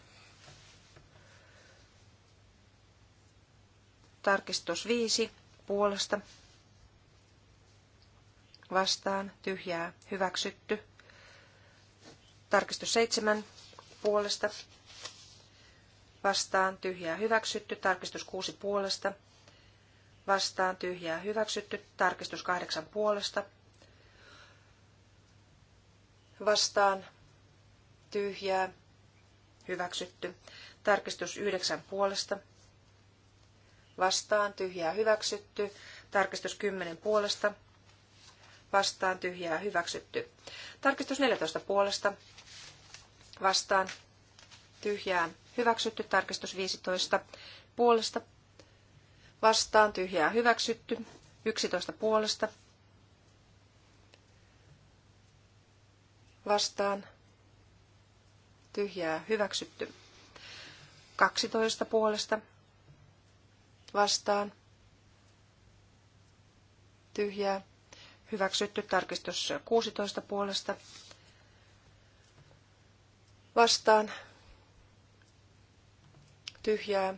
S2: Tarkistus 5 puolesta vastaan tyhjää hyväksytty. Tarkistus 7 puolesta vastaan tyhjää hyväksytty. Tarkistus 6 puolesta vastaan tyhjää hyväksytty. Tarkistus 8 puolesta vastaan tyhjää hyväksytty. Tarkistus 9 puolesta vastaan tyhjää hyväksytty. Tarkistus 10 puolesta vastaan tyhjää hyväksytty. Tarkistus 14 puolesta vastaan tyhjää hyväksytty. Tarkistus 15 puolesta vastaan tyhjää hyväksytty. 11 puolesta vastaan tyhjää hyväksytty. 12 puolesta vastaan, tyhjää, hyväksytty tarkistus 16 puolesta, vastaan, tyhjää,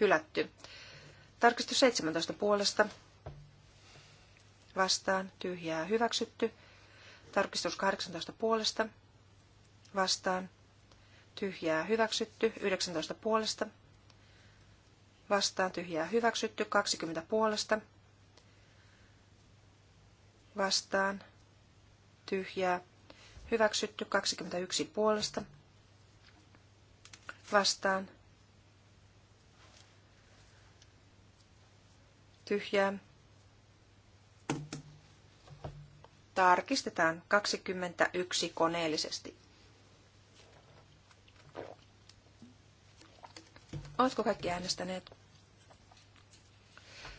S2: hylätty. Tarkistus 17 puolesta, vastaan, tyhjää, hyväksytty. Tarkistus 18 puolesta, vastaan, tyhjää, hyväksytty. 19 puolesta, vastaan tyhjää hyväksytty, 20 puolesta vastaan tyhjää hyväksytty, 21 puolesta vastaan tyhjää. Tarkistetaan 21 koneellisesti. Oletko kaikki äänestäneet?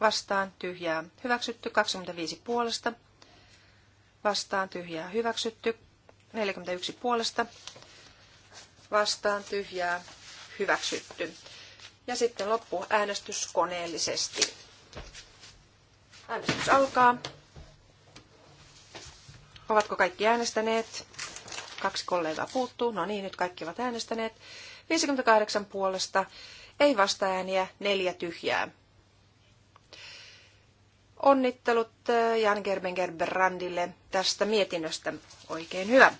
S2: vastaan tyhjää hyväksytty, 25 puolesta vastaan tyhjää hyväksytty, 41 puolesta vastaan tyhjää hyväksytty. Ja sitten loppu äänestys koneellisesti. Äänestys alkaa. Ovatko kaikki äänestäneet? Kaksi kollegaa puuttuu. No niin, nyt kaikki ovat äänestäneet. 58 puolesta, ei vasta-ääniä, neljä tyhjää. Onnittelut eh, Jan Gerbinger Brandille tästä mietinnöstä. Oikein hyvä.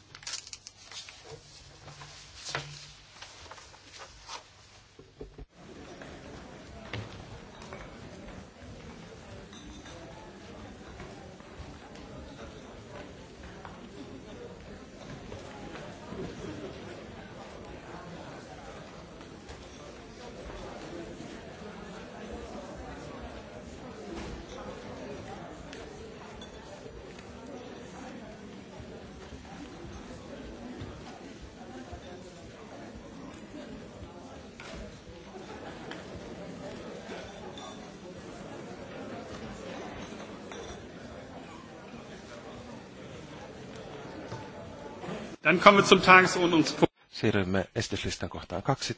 S1: Dann kommen wir zum Tagesordnungspunkt.
S3: Siirrymme esityslistan kohtaan 12.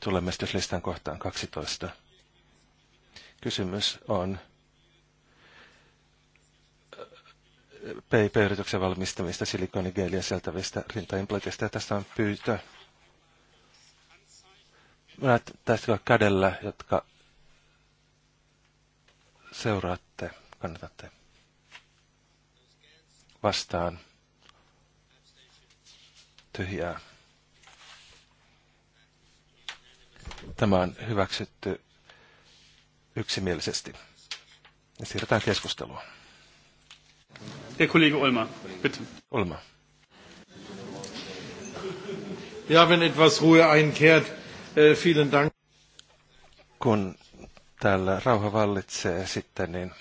S3: Tulemme esityslistan kohtaan 12. Kysymys on äh, PIP-yrityksen valmistamista silikonigeeliä sieltävistä rintaimplantista. Tästä on pyytö tästä kädellä, jotka seuraatte, kannatatte vastaan tyhjää. Tämä on hyväksytty yksimielisesti. Ja siirrytään keskusteluun.
S1: Der Kollege Ulmer, bitte.
S3: Ulmer. Ja, wenn etwas Ruhe einkehrt, Eh, vielen Dank. Kun täällä rauha vallitsee sitten, niin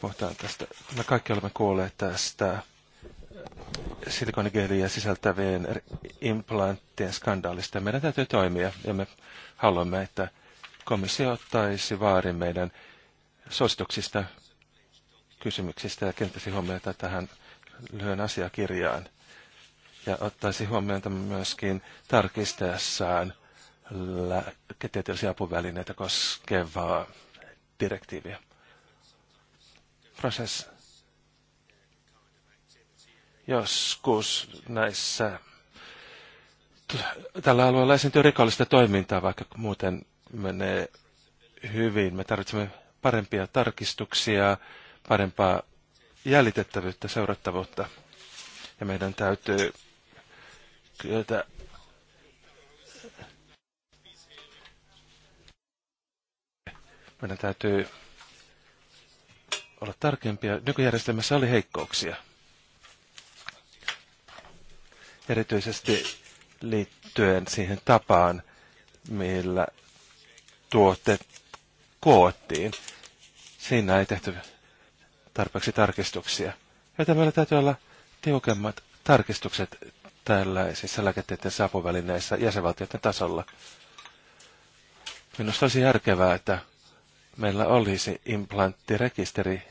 S3: puhutaan tästä. Me kaikki olemme kuulleet tästä silikonigeliä sisältävien implanttien skandaalista. Meidän täytyy toimia ja me haluamme, että komissio ottaisi vaarin meidän suosituksista, kysymyksistä ja kenties huomiota tähän lyön asiakirjaan ja ottaisi huomioon tämän myöskin tarkistaessaan lääketieteellisiä apuvälineitä koskevaa direktiiviä. Process. Joskus näissä tällä alueella esiintyy rikollista toimintaa, vaikka muuten menee hyvin. Me tarvitsemme parempia tarkistuksia, parempaa jäljitettävyyttä, seurattavuutta. Ja meidän täytyy kyetä meidän täytyy olla tarkempia. Nykyjärjestelmässä oli heikkouksia. Erityisesti liittyen siihen tapaan, millä tuotteet koottiin. Siinä ei tehty tarpeeksi tarkistuksia. Joten meillä täytyy olla tiukemmat tarkistukset tällaisissa lääketieteen apuvälineissä jäsenvaltioiden tasolla. Minusta olisi järkevää, että meillä olisi implanttirekisteri,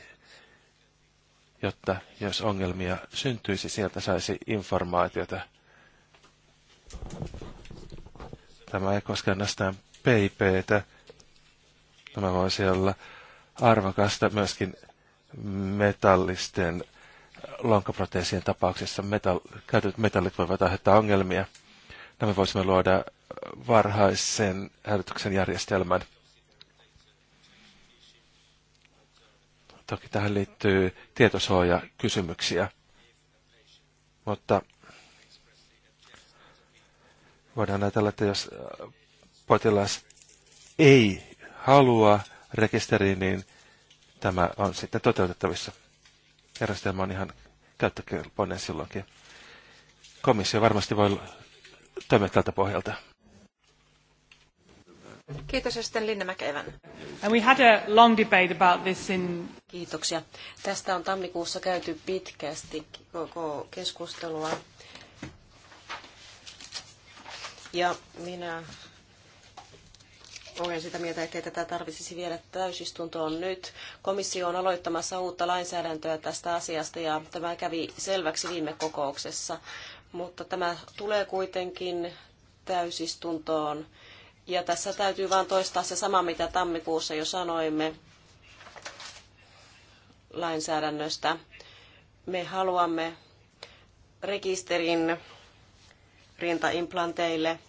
S3: jotta jos ongelmia syntyisi, sieltä saisi informaatiota. Tämä ei koske ainoastaan PIPtä. Tämä voisi olla arvokasta myöskin metallisten lonkaproteesien tapauksessa metall, käytetyt metallit voivat aiheuttaa ongelmia. Nämä voisimme luoda varhaisen hälytyksen järjestelmän. Toki tähän liittyy tietosuojakysymyksiä, mutta voidaan ajatella, että jos potilas ei halua rekisteriin, niin tämä on sitten toteutettavissa. Järjestelmä on ihan käyttökelpoinen silloinkin. Komissio varmasti voi toimia tältä pohjalta.
S5: Kiitos ja sitten Linna And we had a long debate about this in... Kiitoksia. Tästä on tammikuussa käyty pitkästi koko keskustelua. Ja minä olen sitä mieltä, että tätä tarvitsisi viedä täysistuntoon nyt. Komissio on aloittamassa uutta lainsäädäntöä tästä asiasta ja tämä kävi selväksi viime kokouksessa. Mutta tämä tulee kuitenkin täysistuntoon. Ja tässä täytyy vain toistaa se sama, mitä tammikuussa jo sanoimme lainsäädännöstä. Me haluamme rekisterin rintaimplanteille –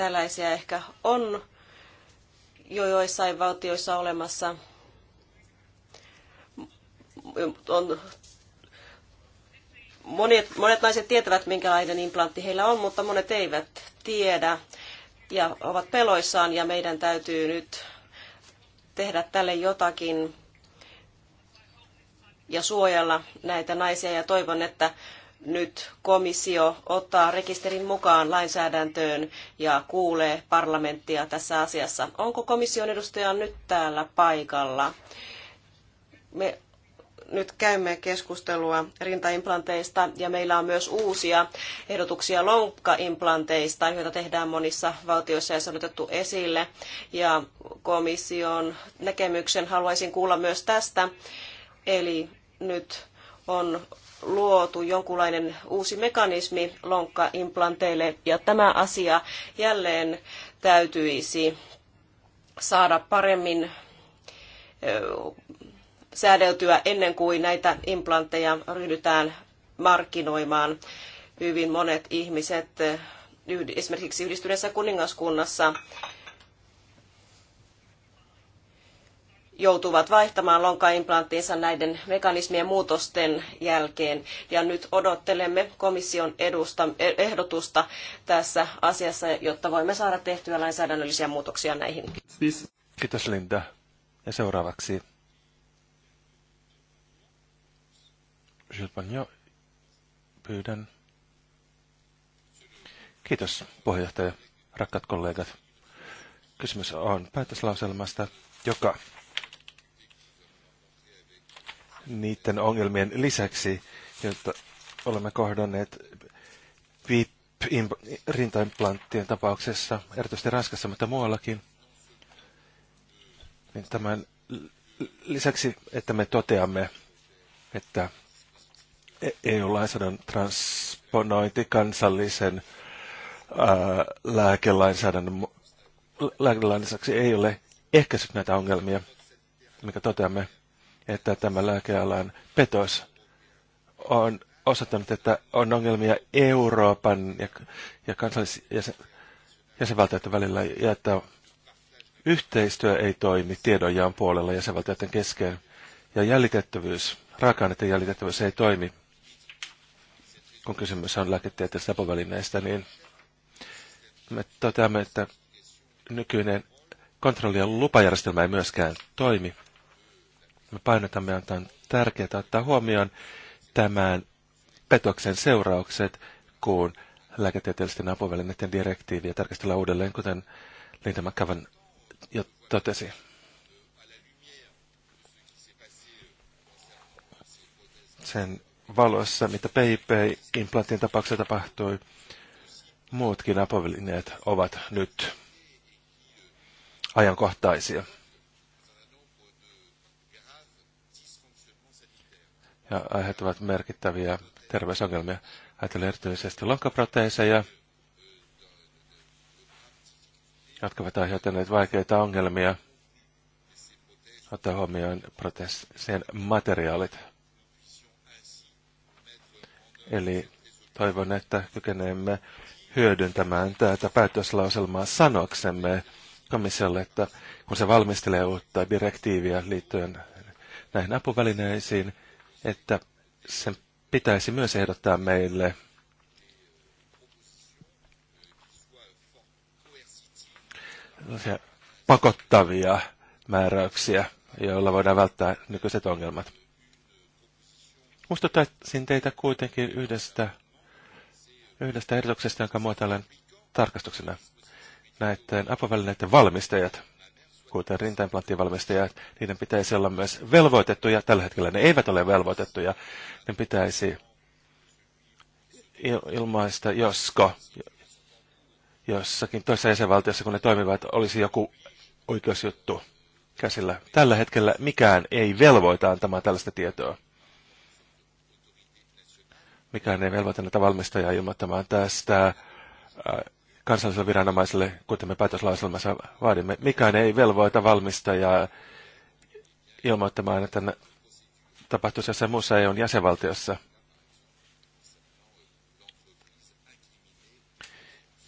S5: Tällaisia ehkä on jo joissain valtioissa olemassa. On monet, monet naiset tietävät, minkälainen implantti heillä on, mutta monet eivät tiedä ja ovat peloissaan ja meidän täytyy nyt tehdä tälle jotakin ja suojella näitä naisia ja toivon, että nyt komissio ottaa rekisterin mukaan lainsäädäntöön ja kuulee parlamenttia tässä asiassa. Onko komission edustaja nyt täällä paikalla? Me nyt käymme keskustelua rintaimplanteista ja meillä on myös uusia ehdotuksia lonkkaimplanteista, joita tehdään monissa valtioissa ja se on otettu esille. Ja komission näkemyksen haluaisin kuulla myös tästä. Eli nyt on luotu jonkunlainen uusi mekanismi lonkkaimplanteille, ja tämä asia jälleen täytyisi saada paremmin säädeltyä ennen kuin näitä implantteja ryhdytään markkinoimaan. Hyvin monet ihmiset esimerkiksi yhdistyneessä kuningaskunnassa joutuvat vaihtamaan lonkaimplantteensa näiden mekanismien muutosten jälkeen. Ja nyt odottelemme komission edusta, ehdotusta tässä asiassa, jotta voimme saada tehtyä lainsäädännöllisiä muutoksia näihin.
S3: Kiitos Linda. Ja seuraavaksi Silpanjo, pyydän. Kiitos puheenjohtaja, rakkaat kollegat. Kysymys on päätöslauselmasta, joka niiden ongelmien lisäksi, joita olemme kohdanneet rintaimplanttien tapauksessa, erityisesti Ranskassa, mutta muuallakin, niin tämän lisäksi, että me toteamme, että e- EU-lainsäädännön transponointi kansallisen ää, lääkelainsäädännön lääkelainsäädännöksi ei ole ehkäisyt näitä ongelmia, mikä toteamme että tämä lääkealan petos on osoittanut, että on ongelmia Euroopan ja, ja kansallisjäsenvaltioiden välillä ja että yhteistyö ei toimi tiedonjaan puolella jäsenvaltioiden kesken ja jäljitettävyys, raaka-aineiden jäljitettävyys ei toimi, kun kysymys on lääketieteellisistä apuvälineistä, niin me toteamme, että nykyinen kontrolli- ja lupajärjestelmä ei myöskään toimi me painotamme, että on tärkeää ottaa huomioon tämän petoksen seuraukset, kun lääketieteellisten apuvälineiden direktiiviä tarkastellaan uudelleen, kuten Linda McCavan jo totesi. Sen valossa, mitä PIP-implantin tapauksessa tapahtui, muutkin apuvälineet ovat nyt ajankohtaisia. ja aiheuttavat merkittäviä terveysongelmia. Ajattelen erityisesti lonkkaproteiseja, jotka ovat aiheuttaneet vaikeita ongelmia ottaa huomioon proteesien materiaalit. Eli toivon, että kykenemme hyödyntämään tätä päätöslauselmaa sanoksemme komissiolle, että kun se valmistelee uutta direktiiviä liittyen näihin apuvälineisiin, että sen pitäisi myös ehdottaa meille pakottavia määräyksiä, joilla voidaan välttää nykyiset ongelmat. Muistuttaisin teitä kuitenkin yhdestä, yhdestä ehdotuksesta, jonka muotoilen tarkastuksena näiden apuvälineiden valmistajat – kuten rintaimplanttivalmistajat, niiden pitäisi olla myös velvoitettuja. Tällä hetkellä ne eivät ole velvoitettuja. Ne pitäisi ilmaista, josko jossakin toisessa jäsenvaltiossa, kun ne toimivat, olisi joku oikeusjuttu käsillä. Tällä hetkellä mikään ei velvoita antamaan tällaista tietoa. Mikään ei velvoita näitä valmistajia ilmoittamaan tästä äh, kansalliselle viranomaiselle, kuten me päätöslauselmassa vaadimme. Mikään ei velvoita valmistajaa ilmoittamaan, että tapahtuisi jossain muussa EUn jäsenvaltiossa.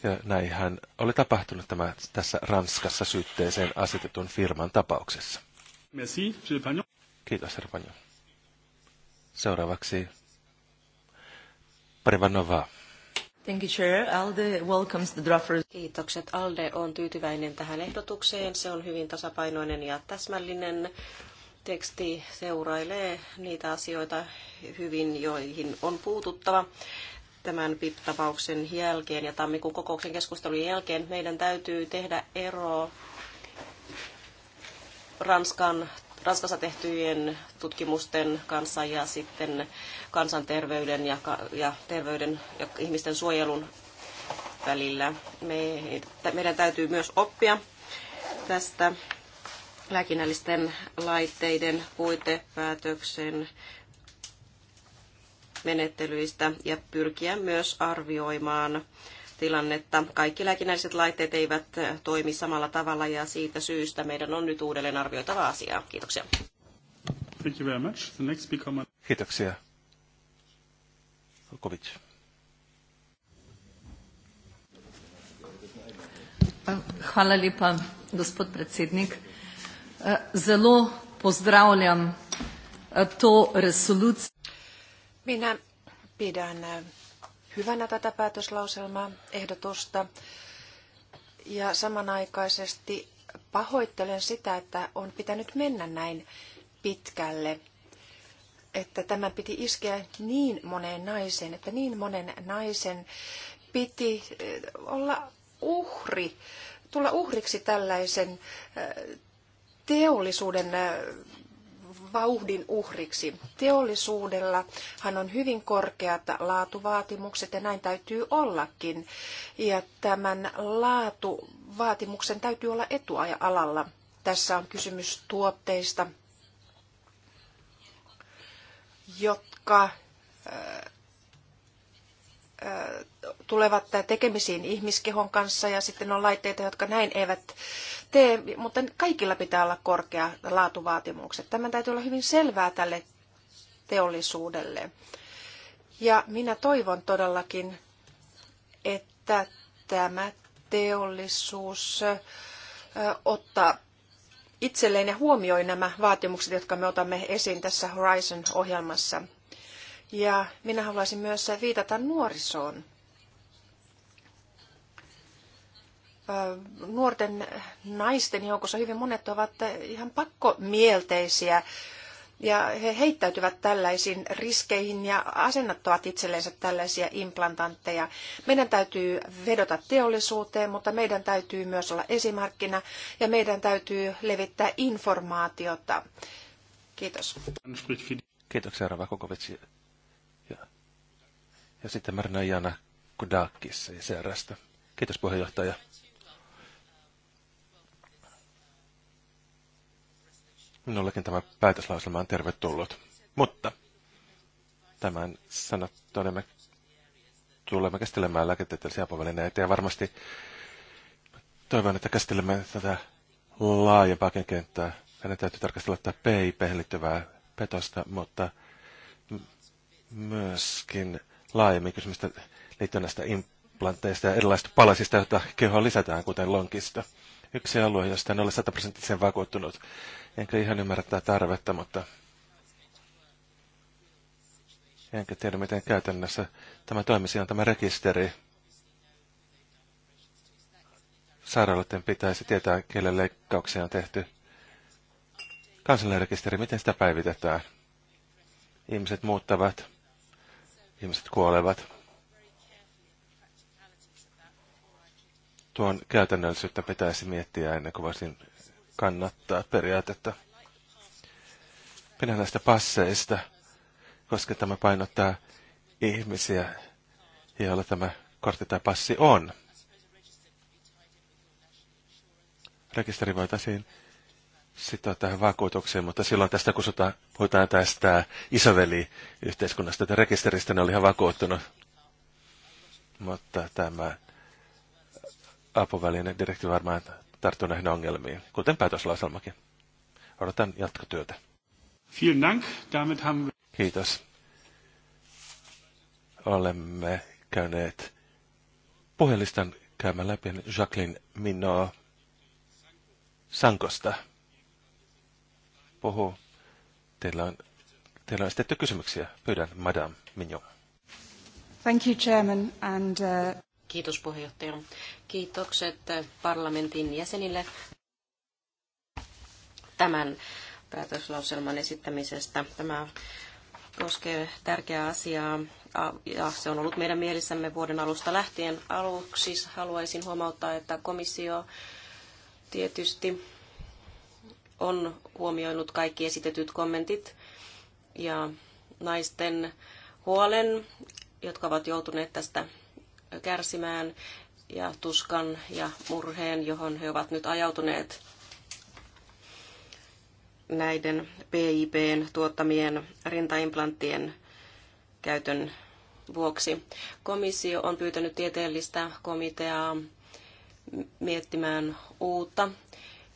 S3: Ja näinhän oli tapahtunut tämä tässä Ranskassa syytteeseen asetetun firman tapauksessa.
S1: Merci, Kiitos, herra
S3: Seuraavaksi Parivanovaa.
S5: Thank you, Chair. ALDE welcomes the draft Kiitokset. ALDE on tyytyväinen tähän ehdotukseen. Se on hyvin tasapainoinen ja täsmällinen. Teksti seurailee niitä asioita hyvin, joihin on puututtava tämän PIP-tapauksen jälkeen ja tammikuun kokouksen keskustelun jälkeen meidän täytyy tehdä ero Ranskan Ranskassa tehtyjen tutkimusten kanssa ja sitten kansanterveyden ja, ja terveyden ja ihmisten suojelun välillä. Me, meidän täytyy myös oppia tästä lääkinnällisten laitteiden puitepäätöksen menettelyistä ja pyrkiä myös arvioimaan tilannetta. Kaikki lääkinnälliset laitteet eivät eh, toimi samalla tavalla ja siitä syystä meidän on nyt uudelleen arvioitava asiaa. Kiitoksia.
S1: Thank you very much. The next speaker... Kiitoksia.
S3: Kovic.
S5: Hvala lepa, gospod predsednik. Eh, zelo pozdravljam eh, to resoluciju.
S2: Minä pidän hyvänä tätä päätöslauselmaa ehdotusta ja samanaikaisesti pahoittelen sitä, että on pitänyt mennä näin pitkälle, että tämä piti iskeä niin moneen naiseen, että niin monen naisen piti eh, olla uhri, tulla uhriksi tällaisen eh, teollisuuden eh, vauhdin uhriksi. hän on hyvin korkeat laatuvaatimukset ja näin täytyy ollakin. Ja tämän laatuvaatimuksen täytyy olla etuaja-alalla. Tässä on kysymys tuotteista, jotka tulevat tekemisiin ihmiskehon kanssa ja sitten on laitteita, jotka näin eivät tee, mutta kaikilla pitää olla korkea laatuvaatimukset. Tämä täytyy olla hyvin selvää tälle teollisuudelle. Ja minä toivon todellakin, että tämä teollisuus ottaa itselleen ja huomioi nämä vaatimukset, jotka me otamme esiin tässä Horizon-ohjelmassa. Ja minä haluaisin myös viitata nuorisoon. Nuorten naisten joukossa hyvin monet ovat ihan pakkomielteisiä ja he heittäytyvät tällaisiin riskeihin ja asennattavat itsellensä tällaisia implantantteja. Meidän täytyy vedota teollisuuteen, mutta meidän täytyy myös olla esimarkkina ja meidän täytyy levittää informaatiota. Kiitos.
S3: Kiitoksia Rava Kokovitsi ja sitten Marina Jana Kudakis ICRstä. Kiitos puheenjohtaja. Minullekin tämä päätöslauselma on tervetullut. Mutta tämän sanat me tulemme käsittelemään lääketieteellisiä apuvälineitä ja varmasti toivon, että käsittelemme tätä laajempaa kenttää. Meidän täytyy tarkastella tätä PIP liittyvää petosta, mutta myöskin laajemmin kysymystä liittyen näistä implantteista ja erilaisista palasista, joita kehoa lisätään, kuten lonkista. Yksi alue, josta en ole sataprosenttisen vakuuttunut, enkä ihan ymmärrä tätä tarvetta, mutta enkä tiedä, miten käytännössä tämä toimisi, on tämä rekisteri. Sairaaloiden pitäisi tietää, kelle leikkauksia on tehty. Kansallinen rekisteri, miten sitä päivitetään? Ihmiset muuttavat ihmiset kuolevat. Tuon käytännöllisyyttä pitäisi miettiä ennen kuin voisin kannattaa periaatetta. Pidän näistä passeista, koska tämä painottaa ihmisiä, joilla tämä kortti tai passi on. Rekisteri voitaisiin sitoa tähän vakuutukseen, mutta silloin tästä, kun sota, puhutaan tästä isoveli-yhteiskunnasta, tätä rekisteristä, ne oli ihan vakuuttunut. Mutta tämä apuvälinen direkti varmaan tarttuu näihin ongelmiin, kuten päätöslauselmakin. Odotan jatkotyötä. Damit Kiitos. Olemme käyneet puhelistan käymään läpi Jacqueline Minoa Sankosta puhuu. Teillä on, teillä on esitetty kysymyksiä. Pyydän, Madame Mignon.
S2: Thank you, Chairman, and, uh...
S5: Kiitos puheenjohtaja. Kiitokset uh, parlamentin jäsenille tämän päätöslauselman esittämisestä. Tämä koskee tärkeää asiaa ja se on ollut meidän mielissämme vuoden alusta lähtien. Aluksi haluaisin huomauttaa, että komissio tietysti on huomioinut kaikki esitetyt kommentit ja naisten huolen, jotka ovat joutuneet tästä kärsimään ja tuskan ja murheen, johon he ovat nyt ajautuneet näiden PIPn tuottamien rintaimplanttien käytön vuoksi. Komissio on pyytänyt tieteellistä komiteaa miettimään uutta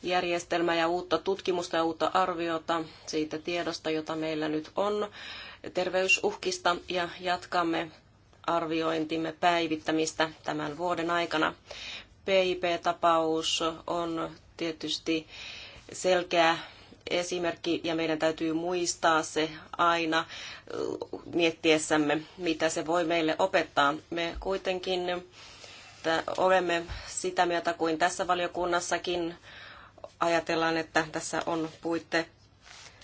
S5: järjestelmää ja uutta tutkimusta ja uutta arviota siitä tiedosta, jota meillä nyt on terveysuhkista ja jatkamme arviointimme päivittämistä tämän vuoden aikana. PIP-tapaus on tietysti selkeä esimerkki ja meidän täytyy muistaa se aina miettiessämme, mitä se voi meille opettaa. Me kuitenkin olemme sitä mieltä kuin tässä valiokunnassakin ajatellaan, että tässä on puitte,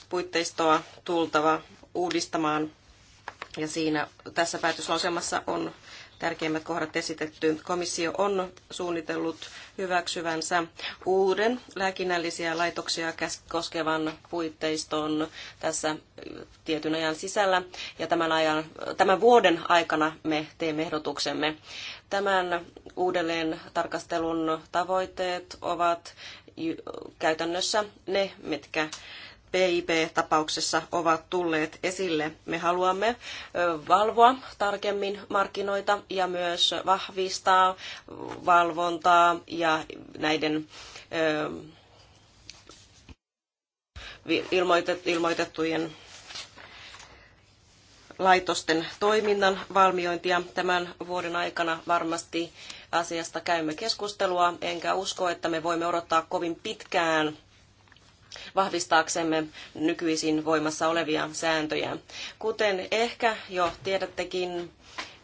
S5: puitteistoa tultava uudistamaan. Ja siinä tässä päätöslauselmassa on tärkeimmät kohdat esitetty. Komissio on suunnitellut hyväksyvänsä uuden lääkinnällisiä laitoksia koskevan puitteiston tässä tietyn ajan sisällä. Ja tämän, ajan, tämän vuoden aikana me teemme ehdotuksemme. Tämän uudelleen tarkastelun tavoitteet ovat käytännössä ne, mitkä PIP-tapauksessa ovat tulleet esille. Me haluamme valvoa tarkemmin markkinoita ja myös vahvistaa valvontaa ja näiden ilmoitettujen laitosten toiminnan valmiointia tämän vuoden aikana varmasti asiasta käymme keskustelua, enkä usko, että me voimme odottaa kovin pitkään vahvistaaksemme nykyisin voimassa olevia sääntöjä. Kuten ehkä jo tiedättekin,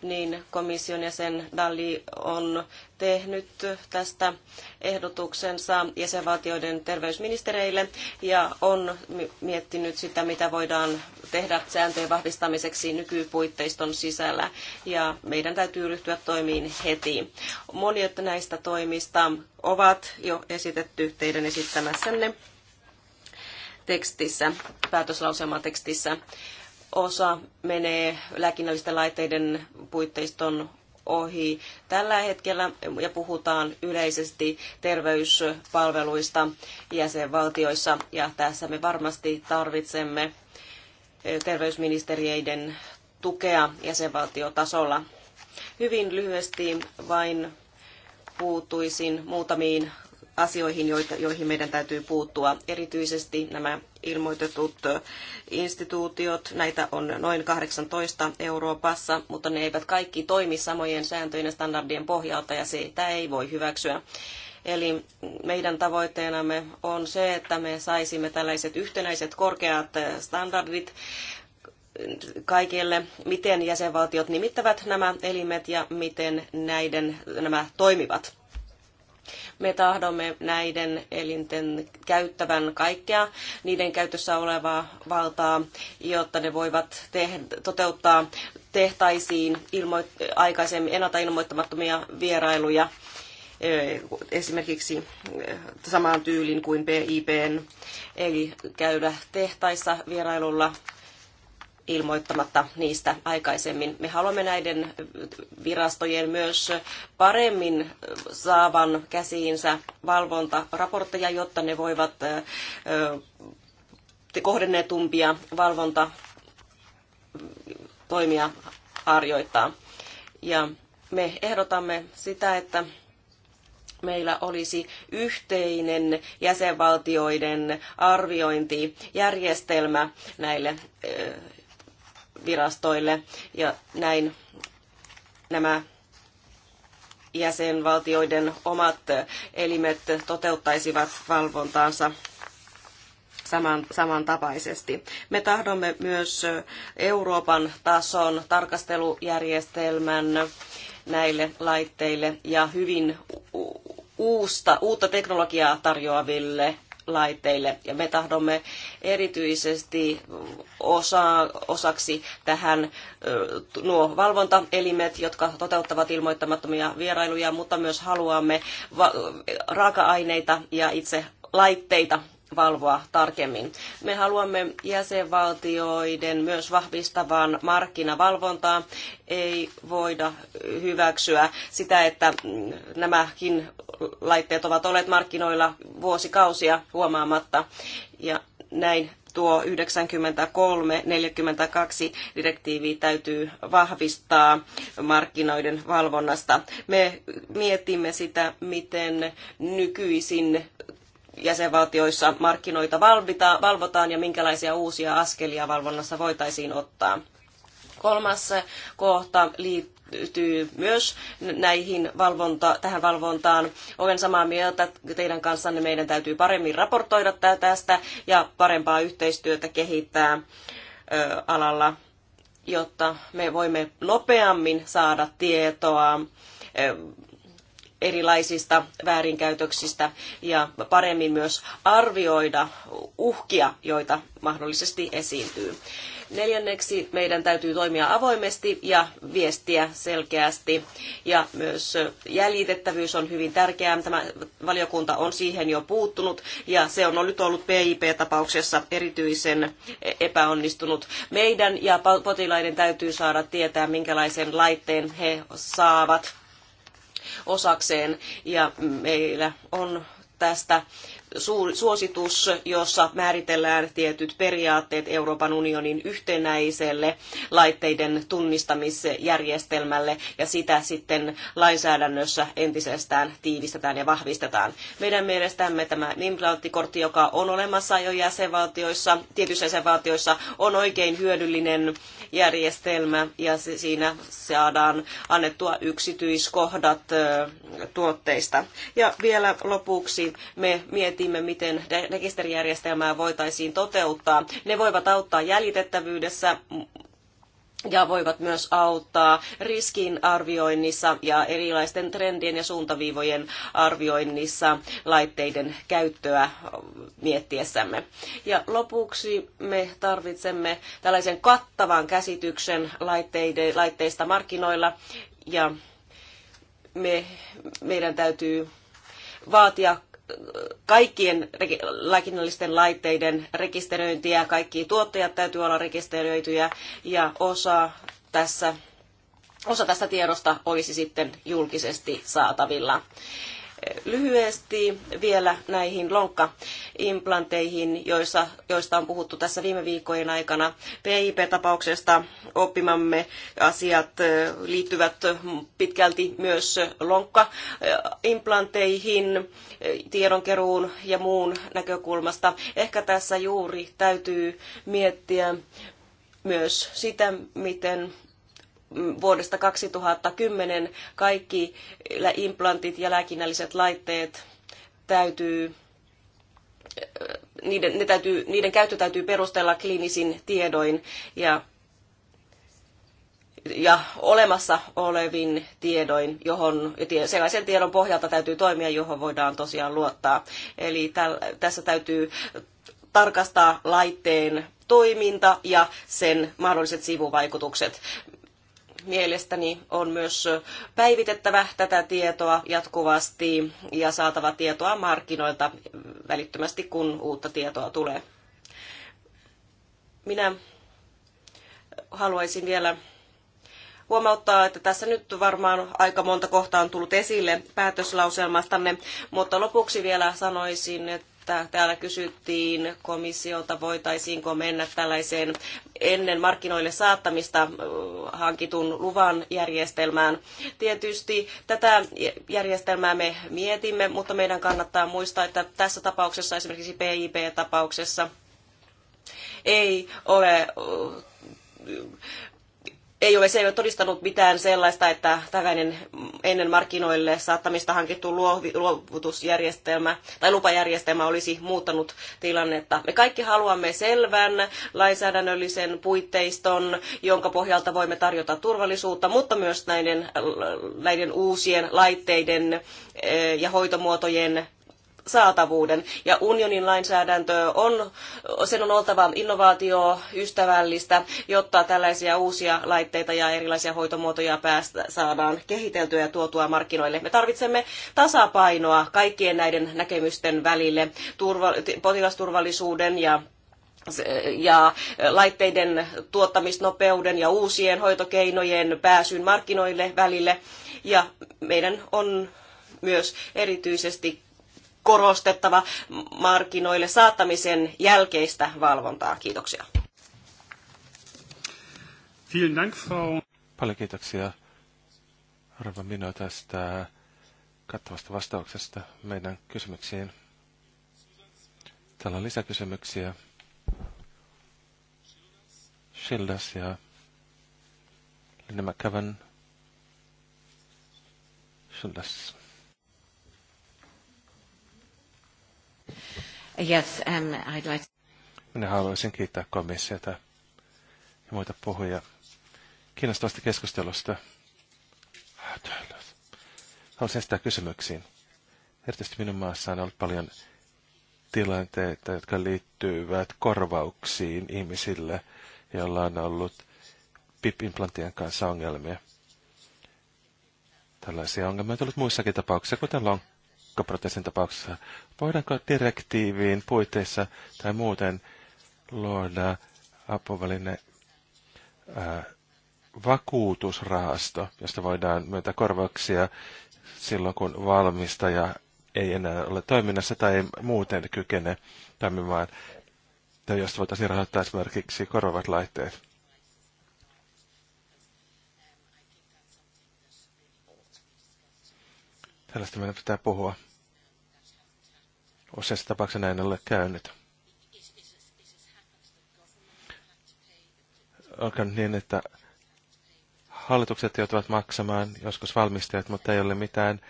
S5: niin komission jäsen Dalli on tehnyt tästä ehdotuksensa jäsenvaltioiden terveysministereille ja on miettinyt sitä, mitä voidaan tehdä sääntöjen vahvistamiseksi nykypuitteiston sisällä ja meidän täytyy ryhtyä toimiin heti. Monet näistä toimista ovat jo esitetty teidän esittämässänne tekstissä, tekstissä Osa menee lääkinnällisten laitteiden puitteiston ohi tällä hetkellä ja puhutaan yleisesti terveyspalveluista jäsenvaltioissa ja tässä me varmasti tarvitsemme eh, terveysministeriöiden tukea jäsenvaltiotasolla. Hyvin lyhyesti vain puutuisin muutamiin asioihin, joita, joihin meidän täytyy puuttua. Erityisesti nämä ilmoitetut instituutiot. Näitä on noin 18 Euroopassa, mutta ne eivät kaikki toimi samojen sääntöjen ja standardien pohjalta ja sitä ei voi hyväksyä. Eli meidän tavoitteenamme on se, että me saisimme tällaiset yhtenäiset korkeat standardit kaikille, miten jäsenvaltiot nimittävät nämä elimet ja miten näiden nämä toimivat. Me tahdomme näiden elinten käyttävän kaikkea niiden käytössä olevaa valtaa, jotta ne voivat tehdä, toteuttaa tehtaisiin ilmoit- aikaisemmin ennalta ilmoittamattomia vierailuja eh, esimerkiksi eh, samaan tyylin kuin PIPn, eli käydä tehtaissa vierailulla ilmoittamatta niistä aikaisemmin. Me haluamme näiden virastojen myös paremmin saavan käsiinsä valvontaraportteja, jotta ne voivat kohdennetumpia valvontatoimia harjoittaa. Ja me ehdotamme sitä, että meillä olisi yhteinen jäsenvaltioiden arviointijärjestelmä näille virastoille ja näin nämä jäsenvaltioiden omat elimet toteuttaisivat valvontaansa saman, samantapaisesti. Me tahdomme myös Euroopan tason tarkastelujärjestelmän näille laitteille ja hyvin uusta, uutta teknologiaa tarjoaville laitteille. Ja me tahdomme erityisesti osa, osaksi tähän nuo valvontaelimet, jotka toteuttavat ilmoittamattomia vierailuja, mutta myös haluamme raaka-aineita ja itse laitteita valvoa tarkemmin. Me haluamme jäsenvaltioiden myös vahvistavan markkinavalvontaa. Ei voida hyväksyä sitä, että nämäkin laitteet ovat olleet markkinoilla vuosikausia huomaamatta. Ja näin tuo 93-42 direktiivi täytyy vahvistaa markkinoiden valvonnasta. Me mietimme sitä, miten nykyisin jäsenvaltioissa markkinoita valvotaan ja minkälaisia uusia askelia valvonnassa voitaisiin ottaa. Kolmas kohta liittyy myös näihin valvonta, tähän valvontaan. Olen samaa mieltä teidän kanssanne. Meidän täytyy paremmin raportoida tästä ja parempaa yhteistyötä kehittää alalla, jotta me voimme nopeammin saada tietoa erilaisista väärinkäytöksistä ja paremmin myös arvioida uhkia, joita mahdollisesti esiintyy. Neljänneksi meidän täytyy toimia avoimesti ja viestiä selkeästi. Ja myös jäljitettävyys on hyvin tärkeää. Tämä valiokunta on siihen jo puuttunut ja se on nyt ollut PIP-tapauksessa erityisen epäonnistunut. Meidän ja potilaiden täytyy saada tietää, minkälaisen laitteen he saavat osakseen. Ja meillä on tästä suositus, jossa määritellään tietyt periaatteet Euroopan unionin yhtenäiselle laitteiden tunnistamisjärjestelmälle ja sitä sitten lainsäädännössä entisestään tiivistetään ja vahvistetaan. Meidän mielestämme tämä nimlauttikortti, joka on olemassa jo jäsenvaltioissa, tietyissä jäsenvaltioissa, on oikein hyödyllinen järjestelmä ja siinä saadaan annettua yksityiskohdat tuotteista. Ja vielä lopuksi me mietimme, mietimme, miten rekisterijärjestelmää voitaisiin toteuttaa. Ne voivat auttaa jäljitettävyydessä, ja voivat myös auttaa riskin arvioinnissa ja erilaisten trendien ja suuntaviivojen arvioinnissa laitteiden käyttöä miettiessämme. Ja lopuksi me tarvitsemme tällaisen kattavan käsityksen laitteiden, laitteista markkinoilla ja me, meidän täytyy vaatia kaikkien lääkinnällisten laitteiden rekisteröintiä, kaikki tuottajat täytyy olla rekisteröityjä ja osa tässä osa tästä tiedosta olisi sitten julkisesti saatavilla. Lyhyesti vielä näihin lonkkaimplanteihin, joissa, joista on puhuttu tässä viime viikkojen aikana. PIP-tapauksesta oppimamme asiat liittyvät pitkälti myös lonkkaimplanteihin, tiedonkeruun ja muun näkökulmasta. Ehkä tässä juuri täytyy miettiä myös sitä, miten vuodesta 2010 kaikki implantit ja lääkinnälliset laitteet täytyy äh, niiden, ne täytyy, niiden käyttö täytyy perustella kliinisin tiedoin ja, ja olemassa olevin tiedoin, johon, sellaisen tiedon pohjalta täytyy toimia, johon voidaan tosiaan luottaa. Eli täl, tässä täytyy tarkastaa laitteen toiminta ja sen mahdolliset sivuvaikutukset mielestäni on myös päivitettävä tätä tietoa jatkuvasti ja saatava tietoa markkinoilta välittömästi, kun uutta tietoa tulee. Minä haluaisin vielä huomauttaa, että tässä nyt varmaan aika monta kohtaa on tullut esille päätöslauselmastanne, mutta lopuksi vielä sanoisin, että että täällä kysyttiin komissiolta, voitaisiinko mennä tällaiseen ennen markkinoille saattamista hankitun luvan järjestelmään. Tietysti tätä järjestelmää me mietimme, mutta meidän kannattaa muistaa, että tässä tapauksessa, esimerkiksi PIP-tapauksessa, ei ole ei ole, se ei ole todistanut mitään sellaista, että tällainen ennen markkinoille saattamista hankittu luovutusjärjestelmä tai lupajärjestelmä olisi muuttanut tilannetta. Me kaikki haluamme selvän lainsäädännöllisen puitteiston, jonka pohjalta voimme tarjota turvallisuutta, mutta myös näiden, näiden uusien laitteiden eh, ja hoitomuotojen saatavuuden. Ja unionin lainsäädäntö on, sen on oltava innovaatioystävällistä, jotta tällaisia uusia laitteita ja erilaisia hoitomuotoja päästä, saadaan kehiteltyä ja tuotua markkinoille. Me tarvitsemme tasapainoa kaikkien näiden näkemysten välille, turva, potilasturvallisuuden ja ja laitteiden tuottamisnopeuden ja uusien hoitokeinojen pääsyn markkinoille välille. Ja meidän on myös erityisesti korostettava markkinoille saattamisen jälkeistä valvontaa. Kiitoksia.
S3: Paljon kiitoksia, Arva Mino, tästä kattavasta vastauksesta meidän kysymyksiin. Täällä on lisäkysymyksiä. Schildas ja Linda McCavan. Schildas.
S5: Yes, um, I'd like...
S3: Minä haluaisin kiittää komissiota ja muita puhujia kiinnostavasta keskustelusta. Haluaisin esittää kysymyksiin. Erityisesti minun maassa on ollut paljon tilanteita, jotka liittyvät korvauksiin ihmisille, joilla on ollut PIP-implanttien kanssa ongelmia. Tällaisia ongelmia on tullut muissakin tapauksissa, kuten long pakkoprotestin tapauksessa. Voidaanko direktiiviin puitteissa tai muuten luoda apuväline ää, vakuutusrahasto, josta voidaan myöntää korvauksia silloin, kun valmistaja ei enää ole toiminnassa tai ei muuten kykene toimimaan, tai josta voitaisiin rahoittaa esimerkiksi korvavat laitteet. Tällaista meidän pitää puhua. Useissa tapauksissa näin ole käynyt. On käynyt niin, että hallitukset joutuvat maksamaan, joskus valmistajat, mutta ei ole mitään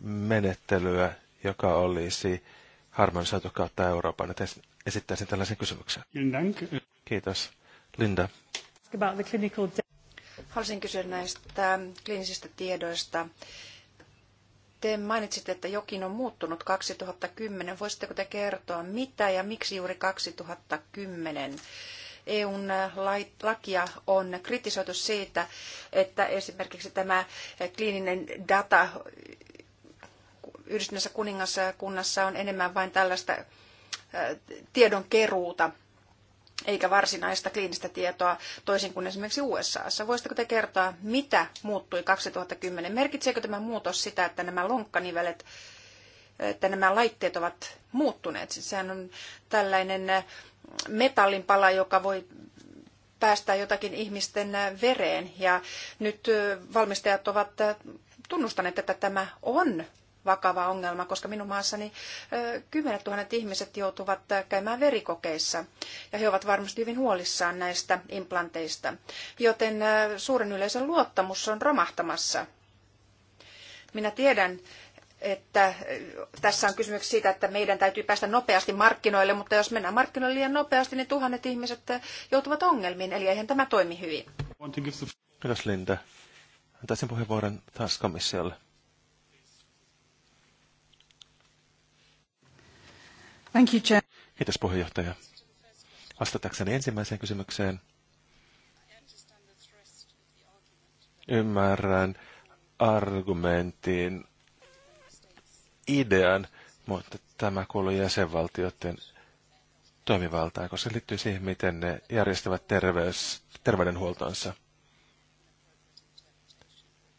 S3: menettelyä, joka olisi harmonisoitu kautta Euroopan. Että esittäisin tällaisen kysymyksen. Kiitos. Linda.
S2: Haluaisin kysyä näistä kliinisistä tiedoista te mainitsitte, että jokin on muuttunut 2010. Voisitteko te kertoa, mitä ja miksi juuri 2010? EUn äh, lakia on kritisoitu siitä, että esimerkiksi tämä äh, kliininen data yhdistyneessä kuningaskunnassa on enemmän vain tällaista äh, tiedonkeruuta eikä varsinaista kliinistä tietoa toisin kuin esimerkiksi USAssa. Voisitteko te kertoa, mitä muuttui 2010? Merkitseekö tämä muutos sitä, että nämä lonkkanivelet, että nämä laitteet ovat muuttuneet? Siis sehän on tällainen äh, metallin pala, joka voi päästää jotakin ihmisten äh, vereen. Ja nyt äh, valmistajat ovat tunnustaneet, että tämä on vakava ongelma, koska minun maassani kymmenet tuhannet ihmiset joutuvat käymään verikokeissa ja he ovat varmasti hyvin huolissaan näistä implanteista, joten suuren yleisön luottamus on romahtamassa. Minä tiedän, että tässä on kysymys siitä, että meidän täytyy päästä nopeasti markkinoille, mutta jos mennään markkinoille liian nopeasti, niin tuhannet ihmiset joutuvat ongelmiin, eli eihän tämä toimi hyvin.
S3: Kiitos Linda. Antaisin puheenvuoron taas komissiolle. Thank you, Chair. Kiitos puheenjohtaja. Vastatakseni ensimmäiseen kysymykseen. Ymmärrän argumentin idean, mutta tämä kuuluu jäsenvaltioiden toimivaltaan, koska se liittyy siihen, miten ne järjestävät terveys, terveydenhuoltonsa.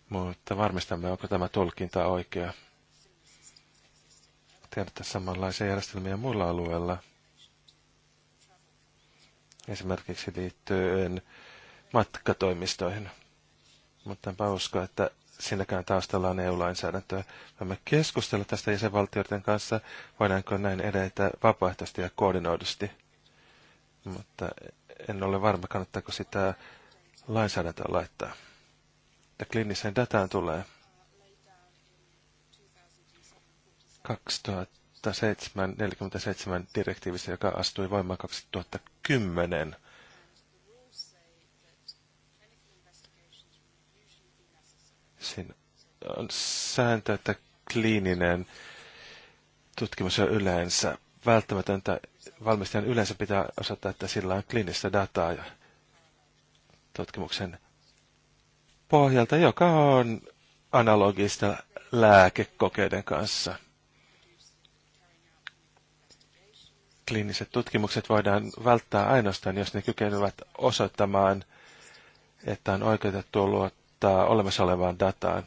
S3: Mutta varmistamme, onko tämä tulkinta oikea tehdä samanlaisia järjestelmiä muilla alueilla. Esimerkiksi liittyen matkatoimistoihin. Mutta enpä usko, että siinäkään taustalla on EU-lainsäädäntöä. Voimme keskustella tästä jäsenvaltioiden kanssa, voidaanko näin edetä vapaaehtoisesti ja koordinoidusti. Mutta en ole varma, kannattaako sitä lainsäädäntöä laittaa. Ja kliiniseen dataan tulee. 2007-47 direktiivissä, joka astui voimaan 2010. Siinä on sääntö, että kliininen tutkimus on yleensä välttämätöntä. Valmistajan yleensä pitää osoittaa, että sillä on kliinistä dataa tutkimuksen pohjalta, joka on analogista lääkekokeiden kanssa. kliiniset tutkimukset voidaan välttää ainoastaan, jos ne kykenevät osoittamaan, että on oikeutettu luottaa olemassa olevaan dataan,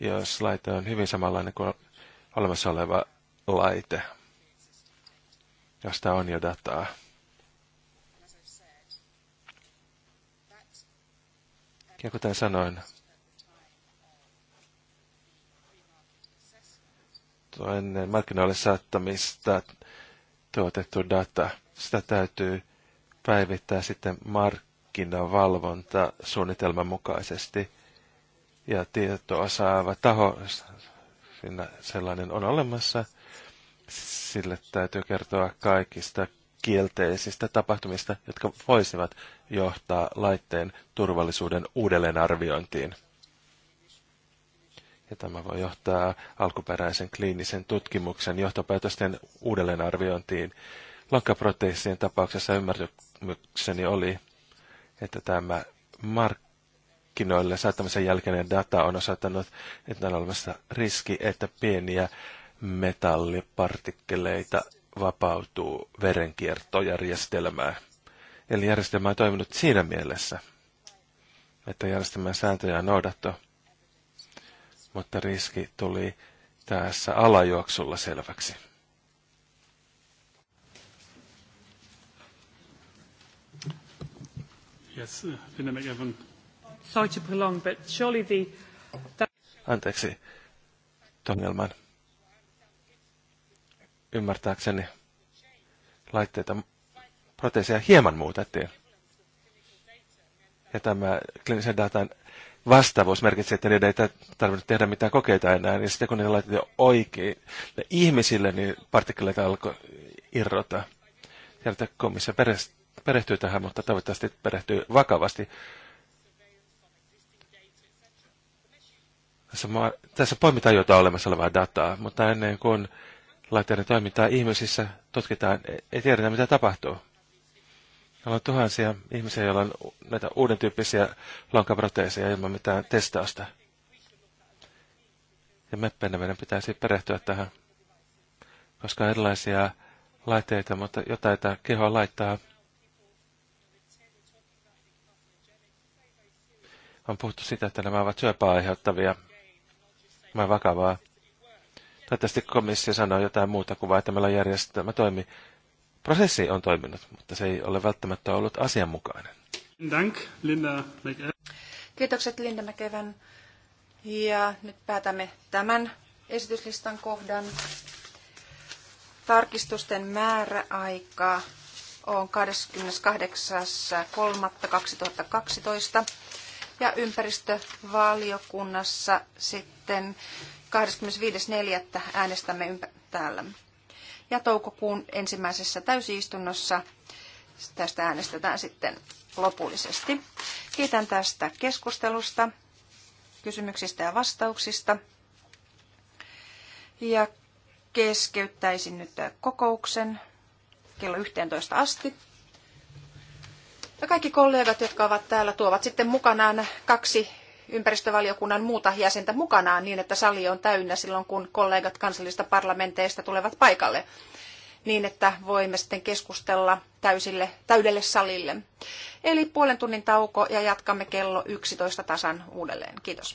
S3: jos laite on hyvin samanlainen kuin olemassa oleva laite, josta on jo dataa. Ja kuten sanoin, ennen markkinoille saattamista tuotettu data. Sitä täytyy päivittää sitten markkinavalvonta suunnitelman mukaisesti. Ja tietoa saava taho, sellainen on olemassa. Sille täytyy kertoa kaikista kielteisistä tapahtumista, jotka voisivat johtaa laitteen turvallisuuden uudelleenarviointiin. Ja tämä voi johtaa alkuperäisen kliinisen tutkimuksen johtopäätösten uudelleenarviointiin. Lonkkaproteiisien tapauksessa ymmärrykseni oli, että tämä markkinoille saattamisen jälkeinen data on osoittanut, että on olemassa riski, että pieniä metallipartikkeleita vapautuu verenkiertojärjestelmään. Eli järjestelmä on toiminut siinä mielessä, että järjestelmän sääntöjä on noudattu mutta riski tuli tässä alajuoksulla selväksi.
S1: Yes, uh, Sorry to prolong, but surely the...
S3: Anteeksi tongelman. Ymmärtääkseni laitteita, proteeseja hieman muutettiin. Ja tämä klinisen datan vastaavuus merkitsi, että niiden ei tarvinnut tehdä mitään kokeita enää. niin sitten kun ne laitettiin oikein ne ihmisille, niin partikkeleita alkoi irrota. Tiedän, komissa komissio perehtyy tähän, mutta toivottavasti perehtyy vakavasti. Tässä, ma- tässä poimitaan jotain olemassa olevaa dataa, mutta ennen kuin laitteiden toimintaa ihmisissä tutkitaan, e- ei tiedetä mitä tapahtuu. Täällä on tuhansia ihmisiä, joilla on näitä uuden tyyppisiä lankaproteeseja ilman mitään testausta. Ja meppeinä meidän pitäisi perehtyä tähän, koska on erilaisia laitteita, mutta jotain tämä keho laittaa. On puhuttu sitä, että nämä ovat syöpää aiheuttavia. Tämä vakavaa. Toivottavasti komissio sanoo jotain muuta kuin vain, että meillä järjestelmä toimi Prosessi on toiminut, mutta se ei ole välttämättä ollut asianmukainen.
S1: Dank, Linda Kiitokset
S2: Linda Mäkevän. Ja nyt päätämme tämän esityslistan kohdan. Tarkistusten määräaika on 28.3.2012 ja ympäristövaliokunnassa sitten 25.4. äänestämme täällä ja toukokuun ensimmäisessä täysistunnossa tästä äänestetään sitten lopullisesti. Kiitän tästä keskustelusta, kysymyksistä ja vastauksista. Ja keskeyttäisin nyt kokouksen kello 11 asti. Ja kaikki kollegat, jotka ovat täällä, tuovat sitten mukanaan kaksi ympäristövaliokunnan muuta jäsentä mukanaan niin, että sali on täynnä silloin, kun kollegat kansallisista parlamenteista tulevat paikalle, niin että voimme sitten keskustella täysille, täydelle salille. Eli puolen tunnin tauko ja jatkamme kello 11 tasan uudelleen. Kiitos.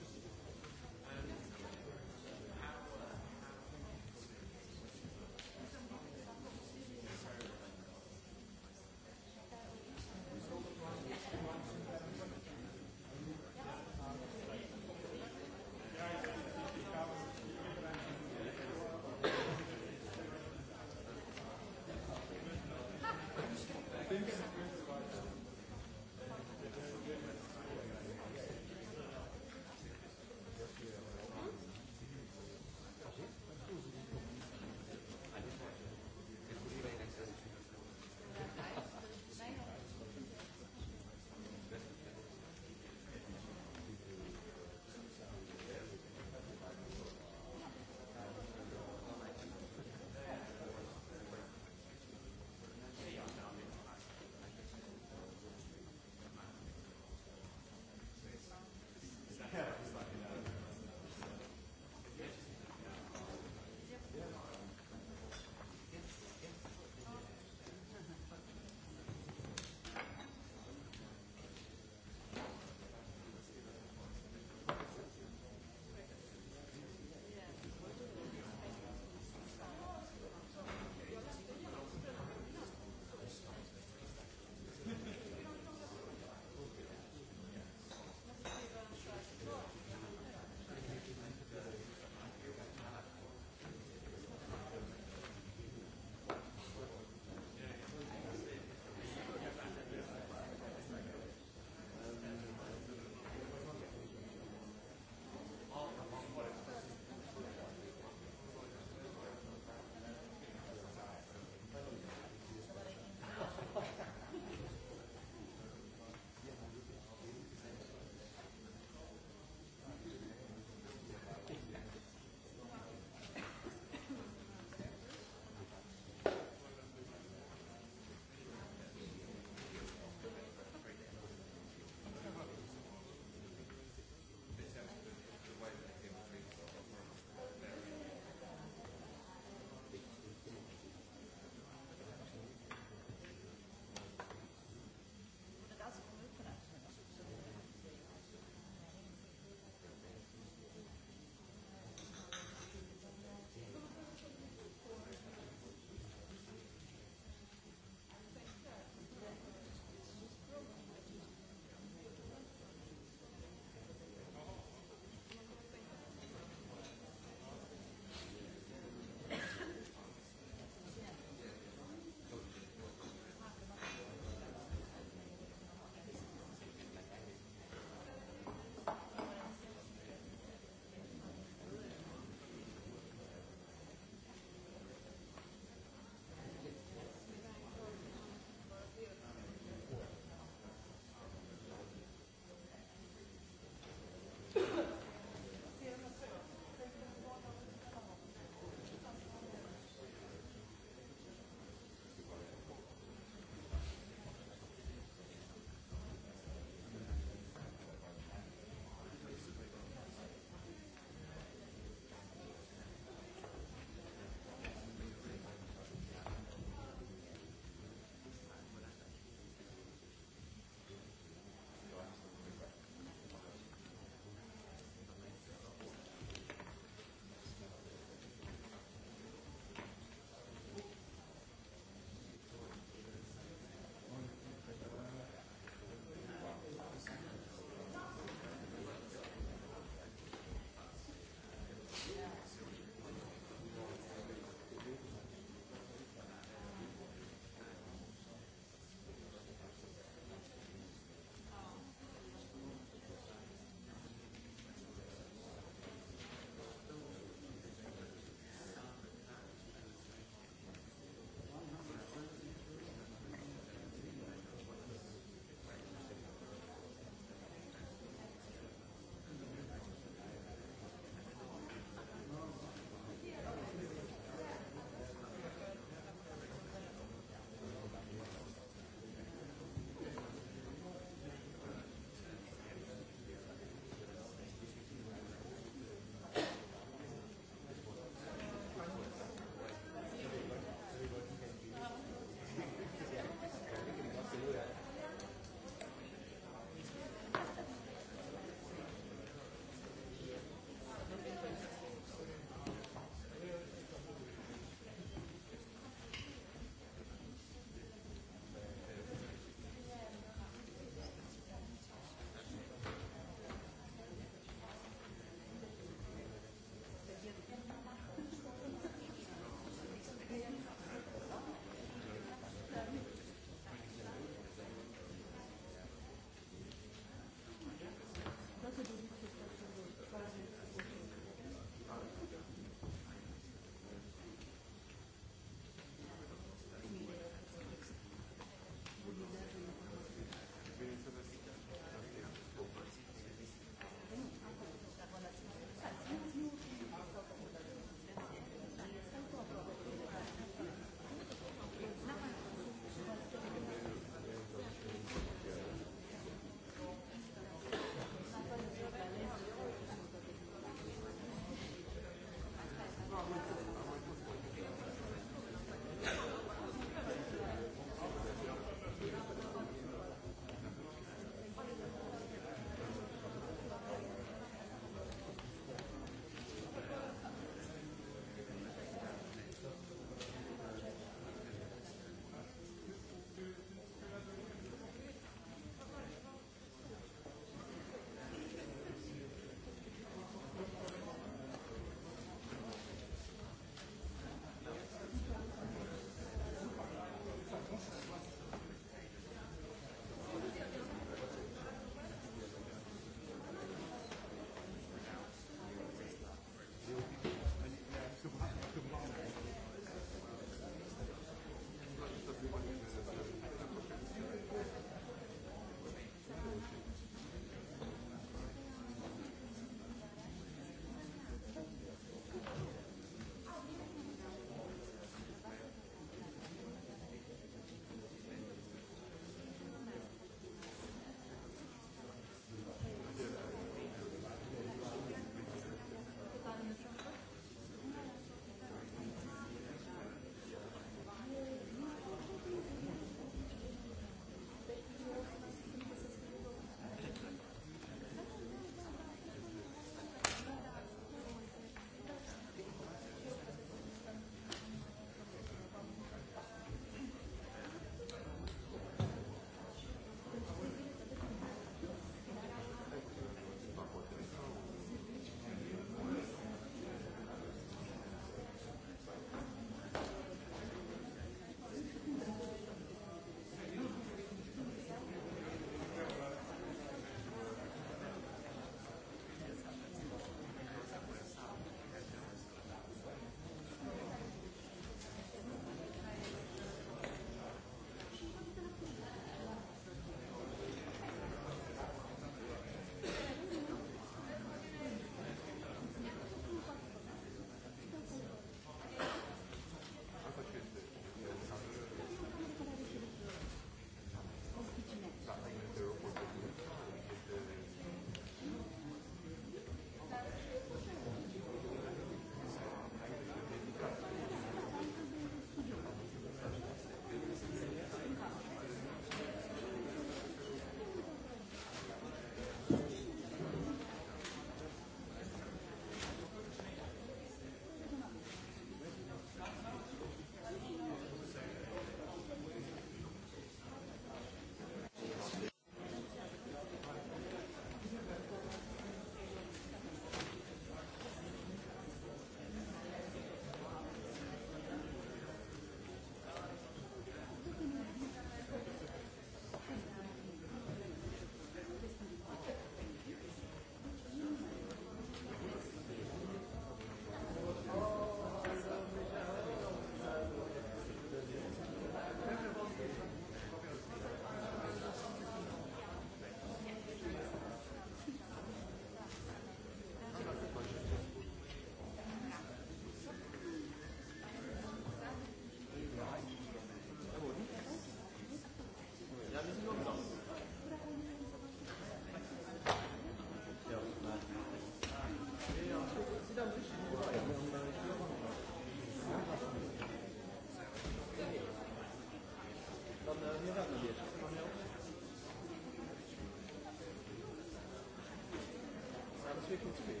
S4: entwickelt.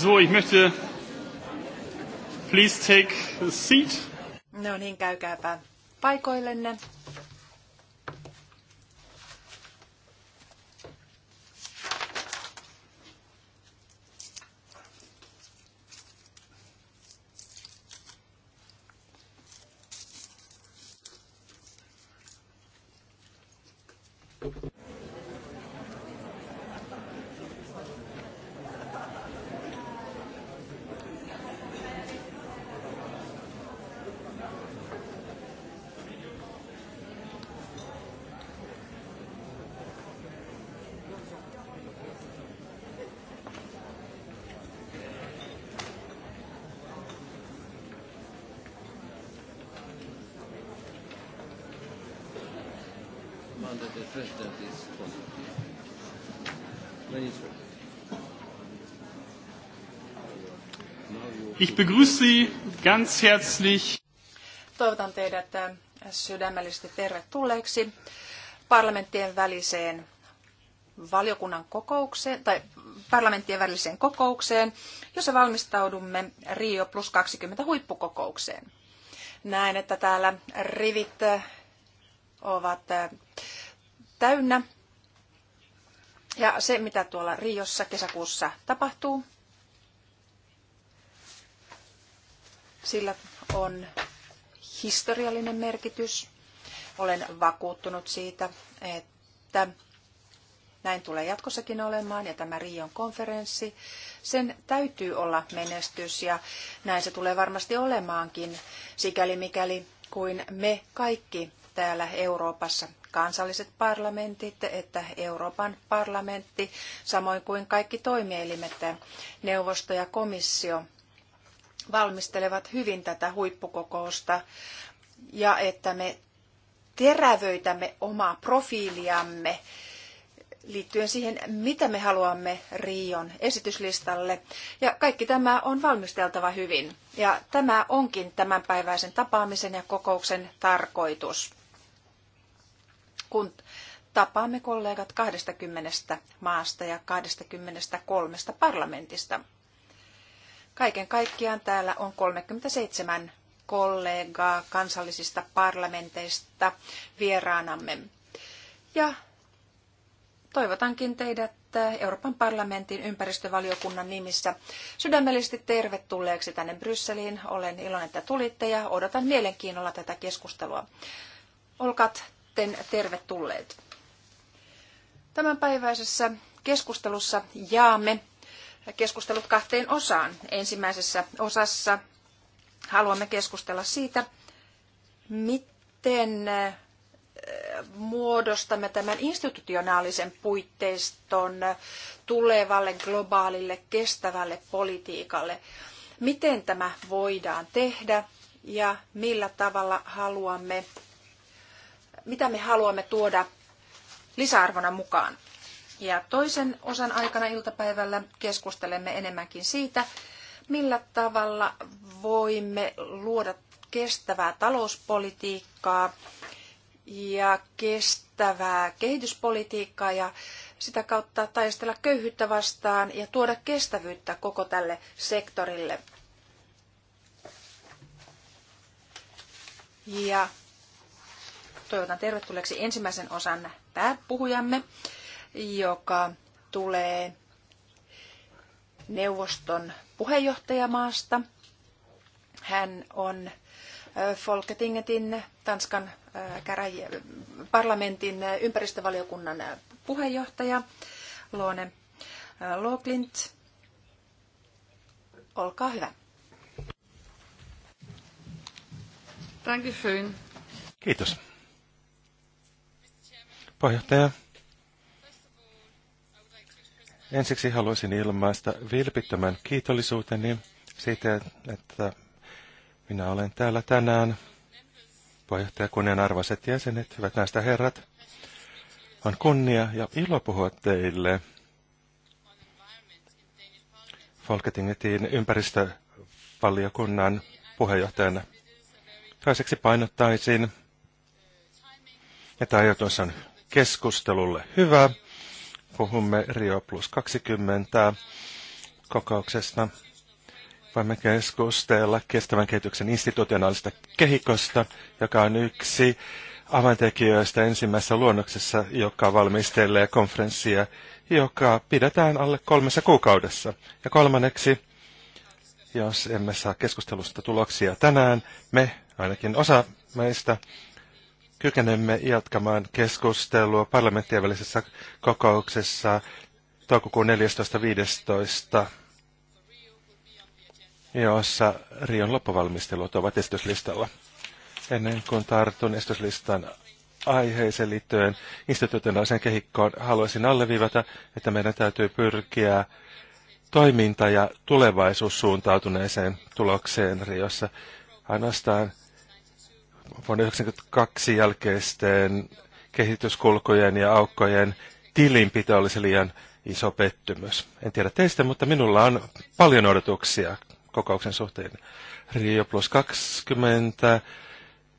S1: So, ich möchte... Please take a seat.
S2: No niin, käykääpä paikoillenne.
S1: Ich begrüße Sie ganz herzlich.
S2: Toivotan teidät äh, sydämellisesti tervetulleeksi parlamenttien väliseen valiokunnan kokoukseen tai parlamenttien väliseen kokoukseen, jossa valmistaudumme Rio plus 20 huippukokoukseen. Näen, että täällä rivit äh, ovat äh, täynnä. Ja se, mitä tuolla Riossa kesäkuussa tapahtuu, Sillä on historiallinen merkitys. Olen vakuuttunut siitä, että näin tulee jatkossakin olemaan ja tämä Rion konferenssi, sen täytyy olla menestys ja näin se tulee varmasti olemaankin, sikäli mikäli kuin me kaikki täällä Euroopassa, kansalliset parlamentit, että Euroopan parlamentti, samoin kuin kaikki toimielimet, neuvosto ja komissio, valmistelevat hyvin tätä huippukokousta ja että me terävöitämme omaa profiiliamme liittyen siihen, mitä me haluamme Rion esityslistalle. Ja kaikki tämä on valmisteltava hyvin. Ja tämä onkin tämänpäiväisen tapaamisen ja kokouksen tarkoitus. Kun tapaamme kollegat 20 maasta ja 23 parlamentista. Kaiken kaikkiaan täällä on 37 kollegaa kansallisista parlamenteista vieraanamme. Ja toivotankin teidät Euroopan parlamentin ympäristövaliokunnan nimissä sydämellisesti tervetulleeksi tänne Brysseliin. Olen iloinen, että tulitte ja odotan mielenkiinnolla tätä keskustelua. Olkat tervetulleet. Tämänpäiväisessä keskustelussa jaamme keskustelut kahteen osaan. Ensimmäisessä osassa haluamme keskustella siitä, miten muodostamme tämän institutionaalisen puitteiston tulevalle globaalille kestävälle politiikalle. Miten tämä voidaan tehdä ja millä tavalla haluamme, mitä me haluamme tuoda lisäarvona mukaan. Ja toisen osan aikana iltapäivällä keskustelemme enemmänkin siitä, millä tavalla voimme luoda kestävää talouspolitiikkaa ja kestävää kehityspolitiikkaa ja sitä kautta taistella köyhyyttä vastaan ja tuoda kestävyyttä koko tälle sektorille. Ja toivotan tervetulleeksi ensimmäisen osan pääpuhujamme, joka tulee neuvoston puheenjohtajamaasta. Hän on Folketingetin, Tanskan parlamentin ympäristövaliokunnan puheenjohtaja Loone Loglint. Olkaa hyvä.
S3: Kiitos. Puheenjohtaja, Ensiksi haluaisin ilmaista vilpittömän kiitollisuuteni siitä, että minä olen täällä tänään. Puheenjohtaja kunnianarvoiset jäsenet, hyvät näistä herrat, on kunnia ja ilo puhua teille Folketingetin ympäristövaliokunnan puheenjohtajana. Toiseksi painottaisin, että ajatus on keskustelulle hyvä puhumme Rio plus 20 kokouksesta. Voimme keskustella kestävän kehityksen institutionaalista kehikosta, joka on yksi avaintekijöistä ensimmäisessä luonnoksessa, joka valmistelee konferenssia, joka pidetään alle kolmessa kuukaudessa. Ja kolmanneksi, jos emme saa keskustelusta tuloksia tänään, me, ainakin osa meistä, kykenemme jatkamaan keskustelua parlamenttien välisessä kokouksessa toukokuun 14.15, jossa Rion loppuvalmistelut ovat esityslistalla. Ennen kuin tartun esityslistan aiheeseen liittyen institutionaaliseen kehikkoon, haluaisin alleviivata, että meidän täytyy pyrkiä toiminta- ja tulevaisuussuuntautuneeseen tulokseen Riossa. Ainoastaan vuonna 1992 jälkeisten kehityskulkujen ja aukkojen tilinpito olisi liian iso pettymys. En tiedä teistä, mutta minulla on paljon odotuksia kokouksen suhteen. Rio plus 20,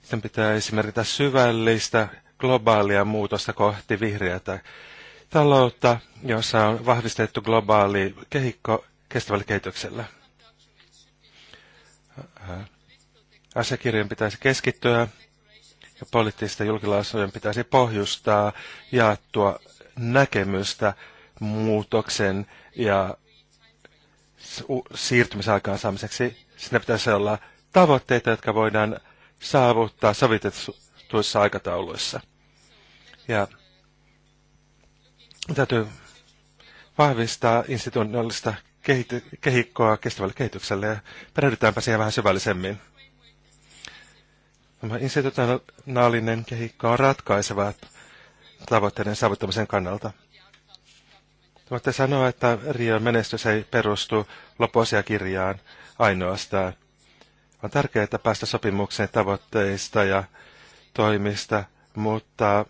S3: sen pitäisi merkitä syvällistä globaalia muutosta kohti vihreätä taloutta, jossa on vahvistettu globaali kehikko kestävällä kehityksellä asiakirjojen pitäisi keskittyä ja poliittisten julkilausujen pitäisi pohjustaa jaettua näkemystä muutoksen ja siirtymisaikaan saamiseksi. Siinä pitäisi olla tavoitteita, jotka voidaan saavuttaa sovitetuissa aikatauluissa. Ja täytyy vahvistaa institutionaalista kehikkoa kestävälle kehitykselle ja perehdytäänpä siihen vähän syvällisemmin. Tämä institutionaalinen kehikko on ratkaiseva tavoitteiden saavuttamisen kannalta. Voitte sanoa, että Rion menestys ei perustu kirjaan ainoastaan. On tärkeää, että päästä sopimukseen tavoitteista ja toimista, mutta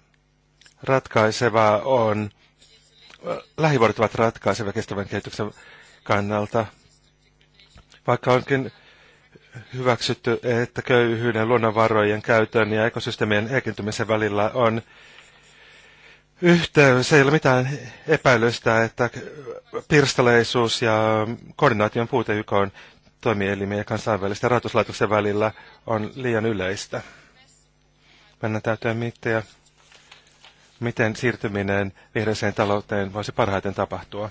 S3: ratkaisevaa on, lähivuodet ovat ratkaisevia kestävän kehityksen kannalta. Vaikka onkin hyväksytty, että köyhyyden, luonnonvarojen käytön ja ekosysteemien heikentymisen välillä on yhteys. Ei ole mitään epäilystä, että pirstaleisuus ja koordinaation puute YK on toimielimien ja kansainvälisten rahoituslaitoksen välillä on liian yleistä. Mennään täytyy miettiä, miten siirtyminen vihreiseen talouteen voisi parhaiten tapahtua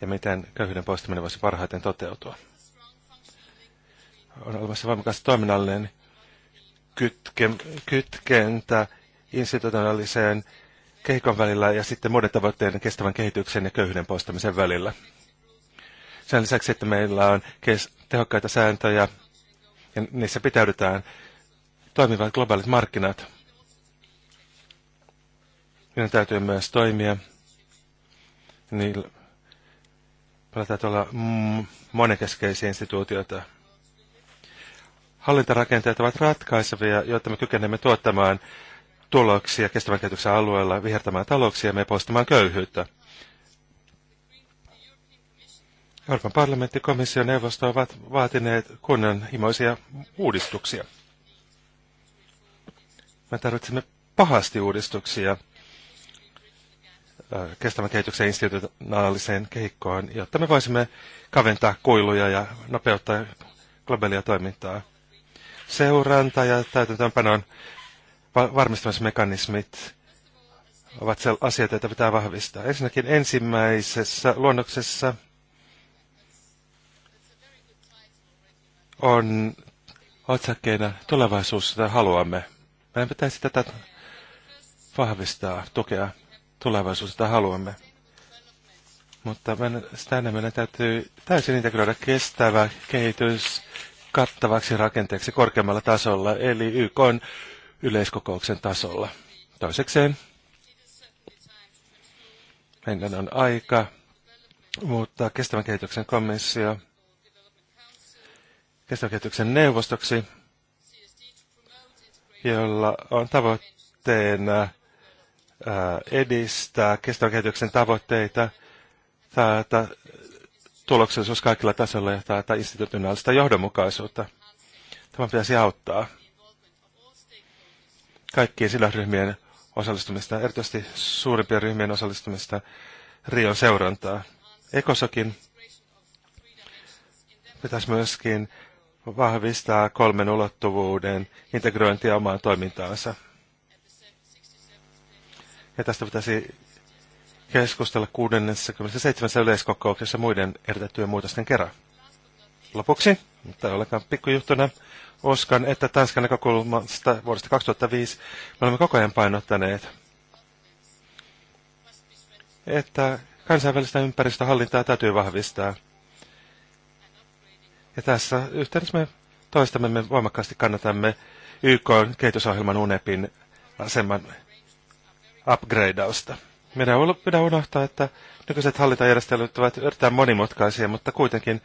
S3: ja miten köyhyyden poistaminen voisi parhaiten toteutua on olemassa voimakas toiminnallinen kytke, kytkentä institutionaaliseen kehikon välillä ja sitten muiden tavoitteiden kestävän kehityksen ja köyhyyden poistamisen välillä. Sen lisäksi, että meillä on kes- tehokkaita sääntöjä ja niissä pitäydytään toimivat globaalit markkinat. Niiden täytyy myös toimia. Niillä niin, täytyy olla monenkeskeisiä instituutioita. Hallintarakenteet ovat ratkaisevia, jotta me kykenemme tuottamaan tuloksia kestävän kehityksen alueella, vihertämään talouksia ja poistamaan köyhyyttä. Euroopan parlamentti, komissio ja neuvosto ovat vaatineet kunnianhimoisia uudistuksia. Me tarvitsemme pahasti uudistuksia kestävän kehityksen institutionaaliseen kehikkoon, jotta me voisimme kaventaa kuiluja ja nopeuttaa globaalia toimintaa seuranta ja täytäntöönpanon varmistamismekanismit ovat asioita, joita pitää vahvistaa. Ensinnäkin ensimmäisessä luonnoksessa on otsakkeena tulevaisuus, jota haluamme. Meidän pitäisi tätä vahvistaa, tukea tulevaisuus, jota haluamme. Mutta meidän, sitä ennen meidän täytyy täysin integroida kestävä kehitys kattavaksi rakenteeksi korkeammalla tasolla, eli YK on yleiskokouksen tasolla. Toisekseen meidän on aika muuttaa kestävän kehityksen komissio kestävän kehityksen neuvostoksi, jolla on tavoitteena edistää kestävän kehityksen tavoitteita, taata tuloksellisuus kaikilla tasolla ja taata institutionaalista johdonmukaisuutta. Tämä pitäisi auttaa kaikkien sidosryhmien osallistumista, erityisesti suurimpien ryhmien osallistumista Rion seurantaa. Ekosokin pitäisi myöskin vahvistaa kolmen ulottuvuuden integrointia omaan toimintaansa. Ja tästä pitäisi keskustella 67. yleiskokouksessa muiden eritettyjen muutosten kerran. Lopuksi, mutta olekaan pikkujuhtuna, uskon, että Tanskan näkökulmasta vuodesta 2005 me olemme koko ajan painottaneet, että kansainvälistä ympäristöhallintaa täytyy vahvistaa. Ja tässä yhteydessä me toistamme me voimakkaasti kannatamme YK kehitysohjelman UNEPin aseman upgradeausta. Meidän pidä unohtaa, että nykyiset hallintajärjestelyt ovat erittäin monimutkaisia, mutta kuitenkin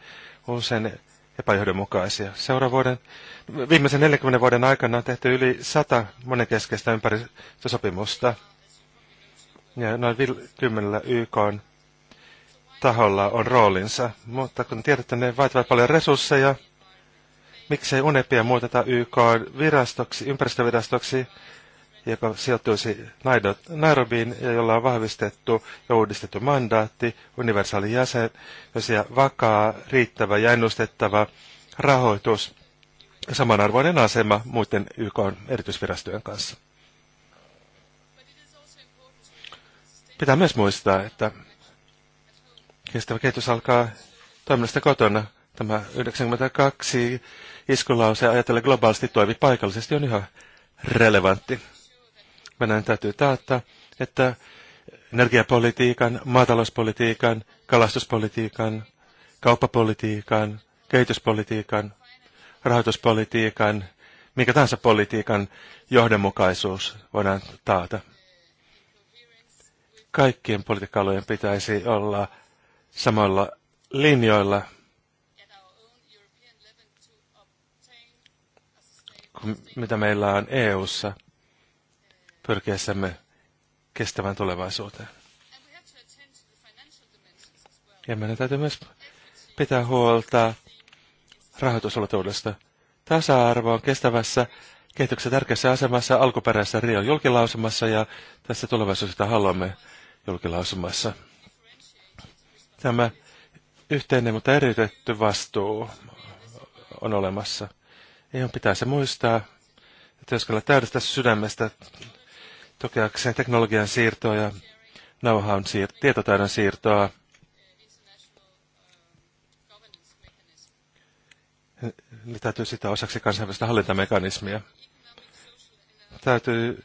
S3: usein epäjohdonmukaisia. Seuraavan vuoden, viimeisen 40 vuoden aikana on tehty yli 100 monenkeskeistä ympäristösopimusta ja noin 10 YK on taholla on roolinsa, mutta kun tiedätte, ne vaativat paljon resursseja, miksei UNEPia muuteta YK virastoksi, ympäristövirastoksi, joka sijoittuisi Nairobiin ja jolla on vahvistettu ja uudistettu mandaatti, universaali jäsen ja vakaa, riittävä ja ennustettava rahoitus ja samanarvoinen asema muiden YK erityisvirastojen kanssa. Pitää myös muistaa, että kestävä kehitys alkaa toiminnasta kotona. Tämä 92 iskulause ajatella globaalisti toimi paikallisesti on ihan relevantti. Meidän täytyy taata, että energiapolitiikan, maatalouspolitiikan, kalastuspolitiikan, kauppapolitiikan, kehityspolitiikan, rahoituspolitiikan, minkä tahansa politiikan johdonmukaisuus voidaan taata. Kaikkien politiikkalojen pitäisi olla samoilla linjoilla, kuin mitä meillä on EU:ssa, pyrkiessämme kestävään tulevaisuuteen. Ja meidän täytyy myös pitää huolta rahoitusolotuudesta. Tasa-arvo on kestävässä kehityksessä tärkeässä asemassa alkuperäisessä Rio julkilausumassa ja tässä tulevaisuudessa haluamme julkilausumassa. Tämä yhteinen, mutta eriytetty vastuu on olemassa. Ei on pitää se muistaa, että jos täydestä sydämestä tukeakseen teknologian siirtoa ja know-hown siir- tietotaidon siirtoa. Eli täytyy sitä osaksi kansainvälistä hallintamekanismia. Täytyy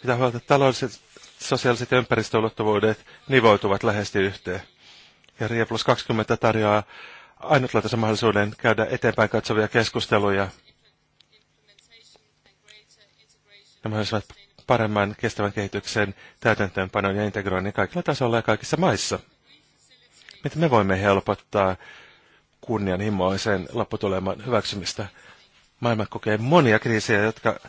S3: pitää huolta, että taloudelliset, sosiaaliset ja ympäristöulottuvuudet nivoutuvat lähesti yhteen. Ja RIA plus 20 tarjoaa ainutlaatuisen mahdollisuuden käydä eteenpäin katsovia keskusteluja – Nämä olisivat paremman kestävän kehityksen täytäntöönpanon ja integroinnin kaikilla tasoilla ja kaikissa maissa. Miten me voimme helpottaa kunnianhimoisen lopputuleman hyväksymistä? Maailma kokee monia kriisejä, jotka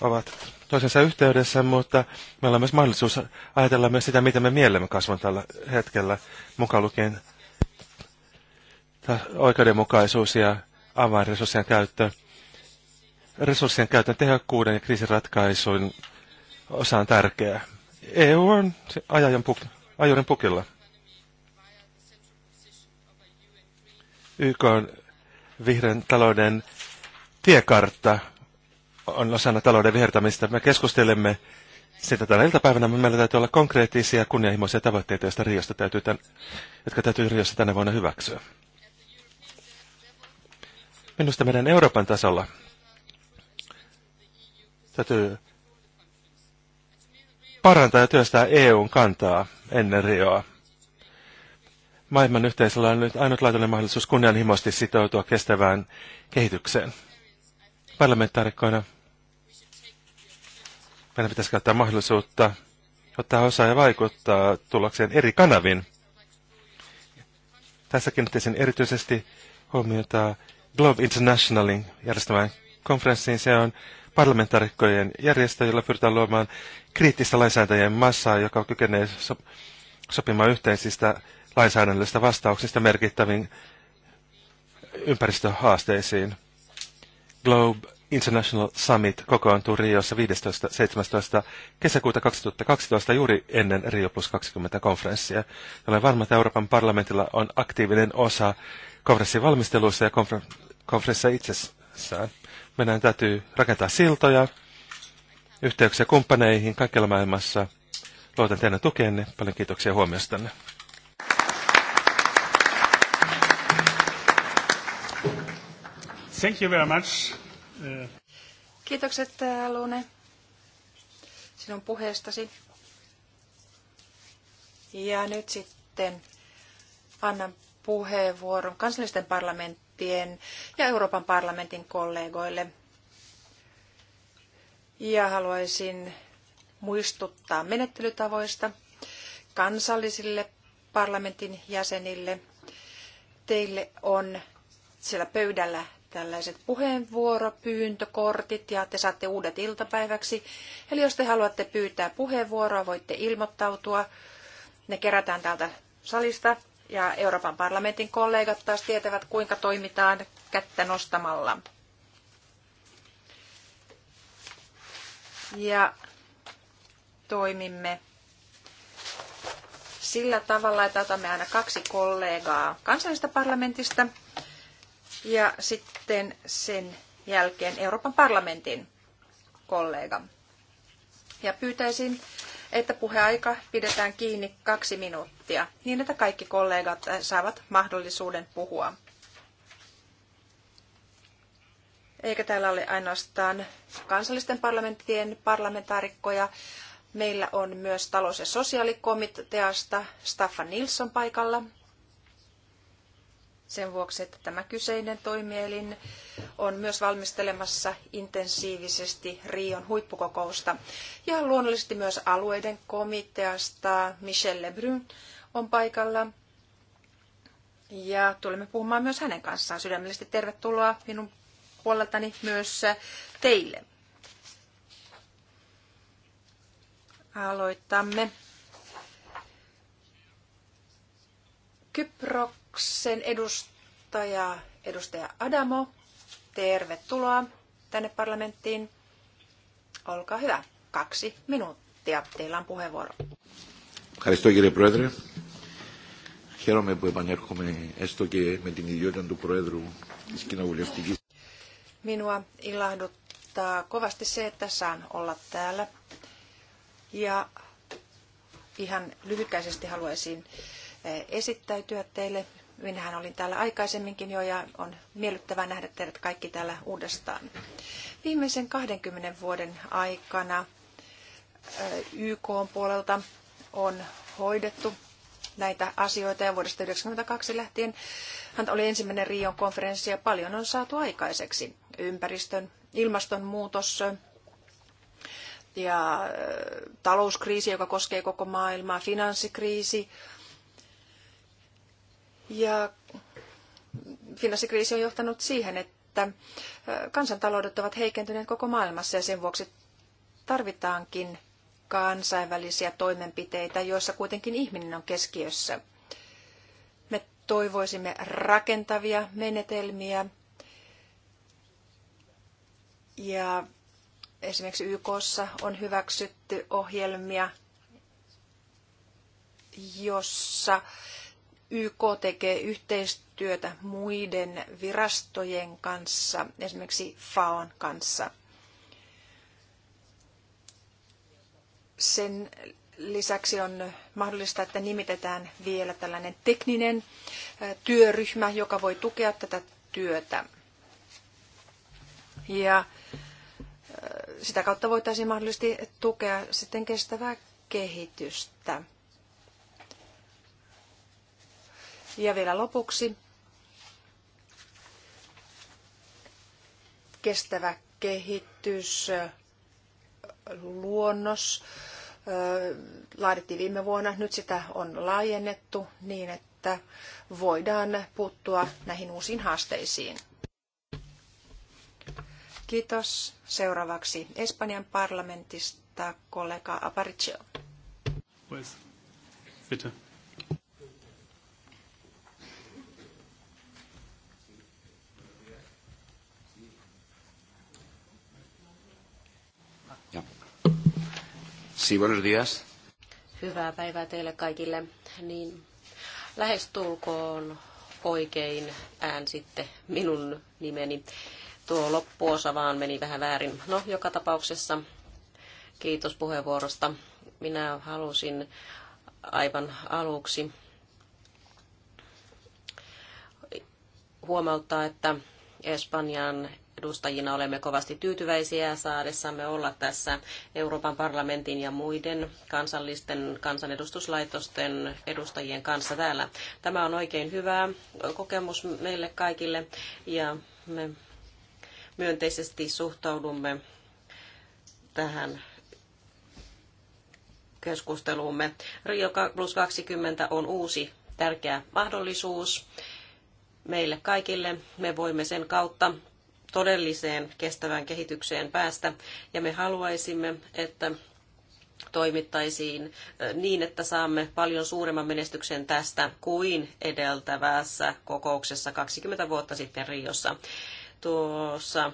S3: ovat toisensa yhteydessä, mutta meillä on myös mahdollisuus ajatella myös sitä, miten me mielemme kasvan tällä hetkellä, mukaan lukien oikeudenmukaisuus ja avainresurssien käyttö resurssien käytön tehokkuuden ja kriisiratkaisun osa on tärkeää. EU on ajajan puk- ajurin pukilla. YK on vihreän talouden tiekartta on osana talouden vihertämistä. Me keskustelemme sitä tänä iltapäivänä. Meillä täytyy olla konkreettisia kunnianhimoisia tavoitteita, joista Riosta täytyy tämän, jotka täytyy Riosta tänä vuonna hyväksyä. Minusta meidän Euroopan tasolla Täytyy parantaa ja työstää EUn kantaa ennen Rioa. Maailman yhteisöllä on nyt ainutlaatuinen mahdollisuus kunnianhimoisesti sitoutua kestävään kehitykseen. Parlamentaarikkoina meidän pitäisi käyttää mahdollisuutta ottaa osaa ja vaikuttaa tulokseen eri kanavin. Tässä kiinnittäisin erityisesti huomiota Globe Internationalin järjestämään konferenssiin. Se on parlamentaarikkojen järjestö, jolla pyritään luomaan kriittistä lainsäätäjien massaa, joka kykenee so sopimaan yhteisistä lainsäädännöllisistä vastauksista merkittäviin ympäristöhaasteisiin. Globe International Summit kokoontuu Riossa 15.17. kesäkuuta 2012 juuri ennen Rio Plus 20 konferenssia. Olen varma, että Euroopan parlamentilla on aktiivinen osa konferenssin valmisteluissa ja konfer konferenssissa itsessään. Meidän täytyy rakentaa siltoja, yhteyksiä kumppaneihin kaikkialla maailmassa. Luotan teidän tukeenne. Paljon kiitoksia huomiostanne.
S1: Thank you very much.
S2: Kiitokset Lune sinun puheestasi. Ja nyt sitten annan puheenvuoron kansallisten parlamenttien parlamenttien ja Euroopan parlamentin kollegoille. Ja haluaisin muistuttaa menettelytavoista kansallisille parlamentin jäsenille. Teille on siellä pöydällä tällaiset puheenvuoropyyntökortit ja te saatte uudet iltapäiväksi. Eli jos te haluatte pyytää puheenvuoroa, voitte ilmoittautua. Ne kerätään täältä salista ja Euroopan parlamentin kollegat taas tietävät, kuinka toimitaan kättä nostamalla. Ja toimimme sillä tavalla, että otamme aina kaksi kollegaa kansallisesta parlamentista ja sitten sen jälkeen Euroopan parlamentin kollega. Ja pyytäisin että puheaika pidetään kiinni kaksi minuuttia, niin että kaikki kollegat saavat mahdollisuuden puhua. Eikä täällä ole ainoastaan kansallisten parlamenttien parlamentaarikkoja. Meillä on myös talous- ja sosiaalikomiteasta Staffan Nilsson paikalla sen vuoksi, että tämä kyseinen toimielin on myös valmistelemassa intensiivisesti Rion huippukokousta. Ja luonnollisesti myös alueiden komiteasta Michel Lebrun on paikalla. Ja tulemme puhumaan myös hänen kanssaan. Sydämellisesti tervetuloa minun puoleltani myös teille. Aloitamme Kyprok hallituksen edustaja, edustaja Adamo. Tervetuloa tänne parlamenttiin. Olkaa hyvä. Kaksi minuuttia. Teillä on puheenvuoro.
S3: Ευχαριστώ κύριε Πρόεδρε. Χαίρομαι που επανέρχομαι έστω και με την ιδιότητα του Προέδρου της Κοινοβουλευτικής.
S2: Minua ilahduttaa kovasti se, että saan olla täällä. Ja ihan lyhykäisesti haluaisin eh, esittäytyä teille. Minähän olin täällä aikaisemminkin jo ja on miellyttävää nähdä teidät kaikki täällä uudestaan. Viimeisen 20 vuoden aikana YK puolelta on hoidettu näitä asioita ja vuodesta 1992 lähtien hän oli ensimmäinen Rion konferenssi ja paljon on saatu aikaiseksi. Ympäristön, ilmastonmuutos ja talouskriisi, joka koskee koko maailmaa, finanssikriisi, ja finanssikriisi on johtanut siihen, että kansantaloudet ovat heikentyneet koko maailmassa ja sen vuoksi tarvitaankin kansainvälisiä toimenpiteitä, joissa kuitenkin ihminen on keskiössä. Me toivoisimme rakentavia menetelmiä ja esimerkiksi YKssa on hyväksytty ohjelmia, jossa YK tekee yhteistyötä muiden virastojen kanssa, esimerkiksi FAON kanssa. Sen lisäksi on mahdollista, että nimitetään vielä tällainen tekninen työryhmä, joka voi tukea tätä työtä. Ja sitä kautta voitaisiin mahdollisesti tukea sitten kestävää kehitystä. Ja vielä lopuksi kestävä kehitys, luonnos laadittiin viime vuonna. Nyt sitä on laajennettu niin, että voidaan puuttua näihin uusiin haasteisiin. Kiitos. Seuraavaksi Espanjan parlamentista kollega Aparicio.
S1: Pues, bitte.
S4: Sí, buenos días.
S5: Hyvää päivää teille kaikille. Niin, lähestulkoon oikein ään sitten minun nimeni. Tuo loppuosa vaan meni vähän väärin. No, joka tapauksessa kiitos puheenvuorosta. Minä halusin aivan aluksi huomauttaa, että Espanjan edustajina olemme kovasti tyytyväisiä saadessamme olla tässä Euroopan parlamentin ja muiden kansallisten kansanedustuslaitosten edustajien kanssa täällä. Tämä on oikein hyvä kokemus meille kaikille ja me myönteisesti suhtaudumme tähän keskusteluumme. Rio Plus 20 on uusi tärkeä mahdollisuus meille kaikille. Me voimme sen kautta todelliseen kestävään kehitykseen päästä. Ja me haluaisimme, että toimittaisiin niin, että saamme paljon suuremman menestyksen tästä kuin edeltävässä kokouksessa 20 vuotta sitten Riossa. Tuossa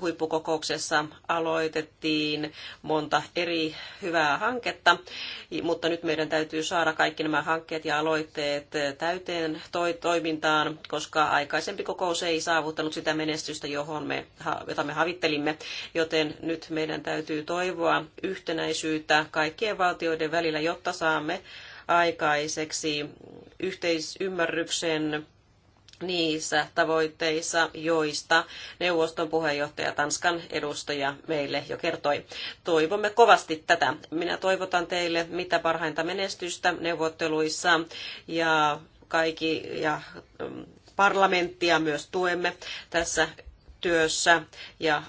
S5: huippukokouksessa aloitettiin monta eri hyvää hanketta, mutta nyt meidän täytyy saada kaikki nämä hankkeet ja aloitteet täyteen toi- toimintaan, koska aikaisempi kokous ei saavuttanut sitä menestystä, johon me, jota me havittelimme, joten nyt meidän täytyy toivoa yhtenäisyyttä kaikkien valtioiden välillä, jotta saamme aikaiseksi yhteisymmärryksen niissä tavoitteissa, joista neuvoston puheenjohtaja Tanskan edustaja meille jo kertoi. Toivomme kovasti tätä. Minä toivotan teille mitä parhainta menestystä neuvotteluissa ja kaikki ja mm, parlamenttia myös tuemme tässä työssä ja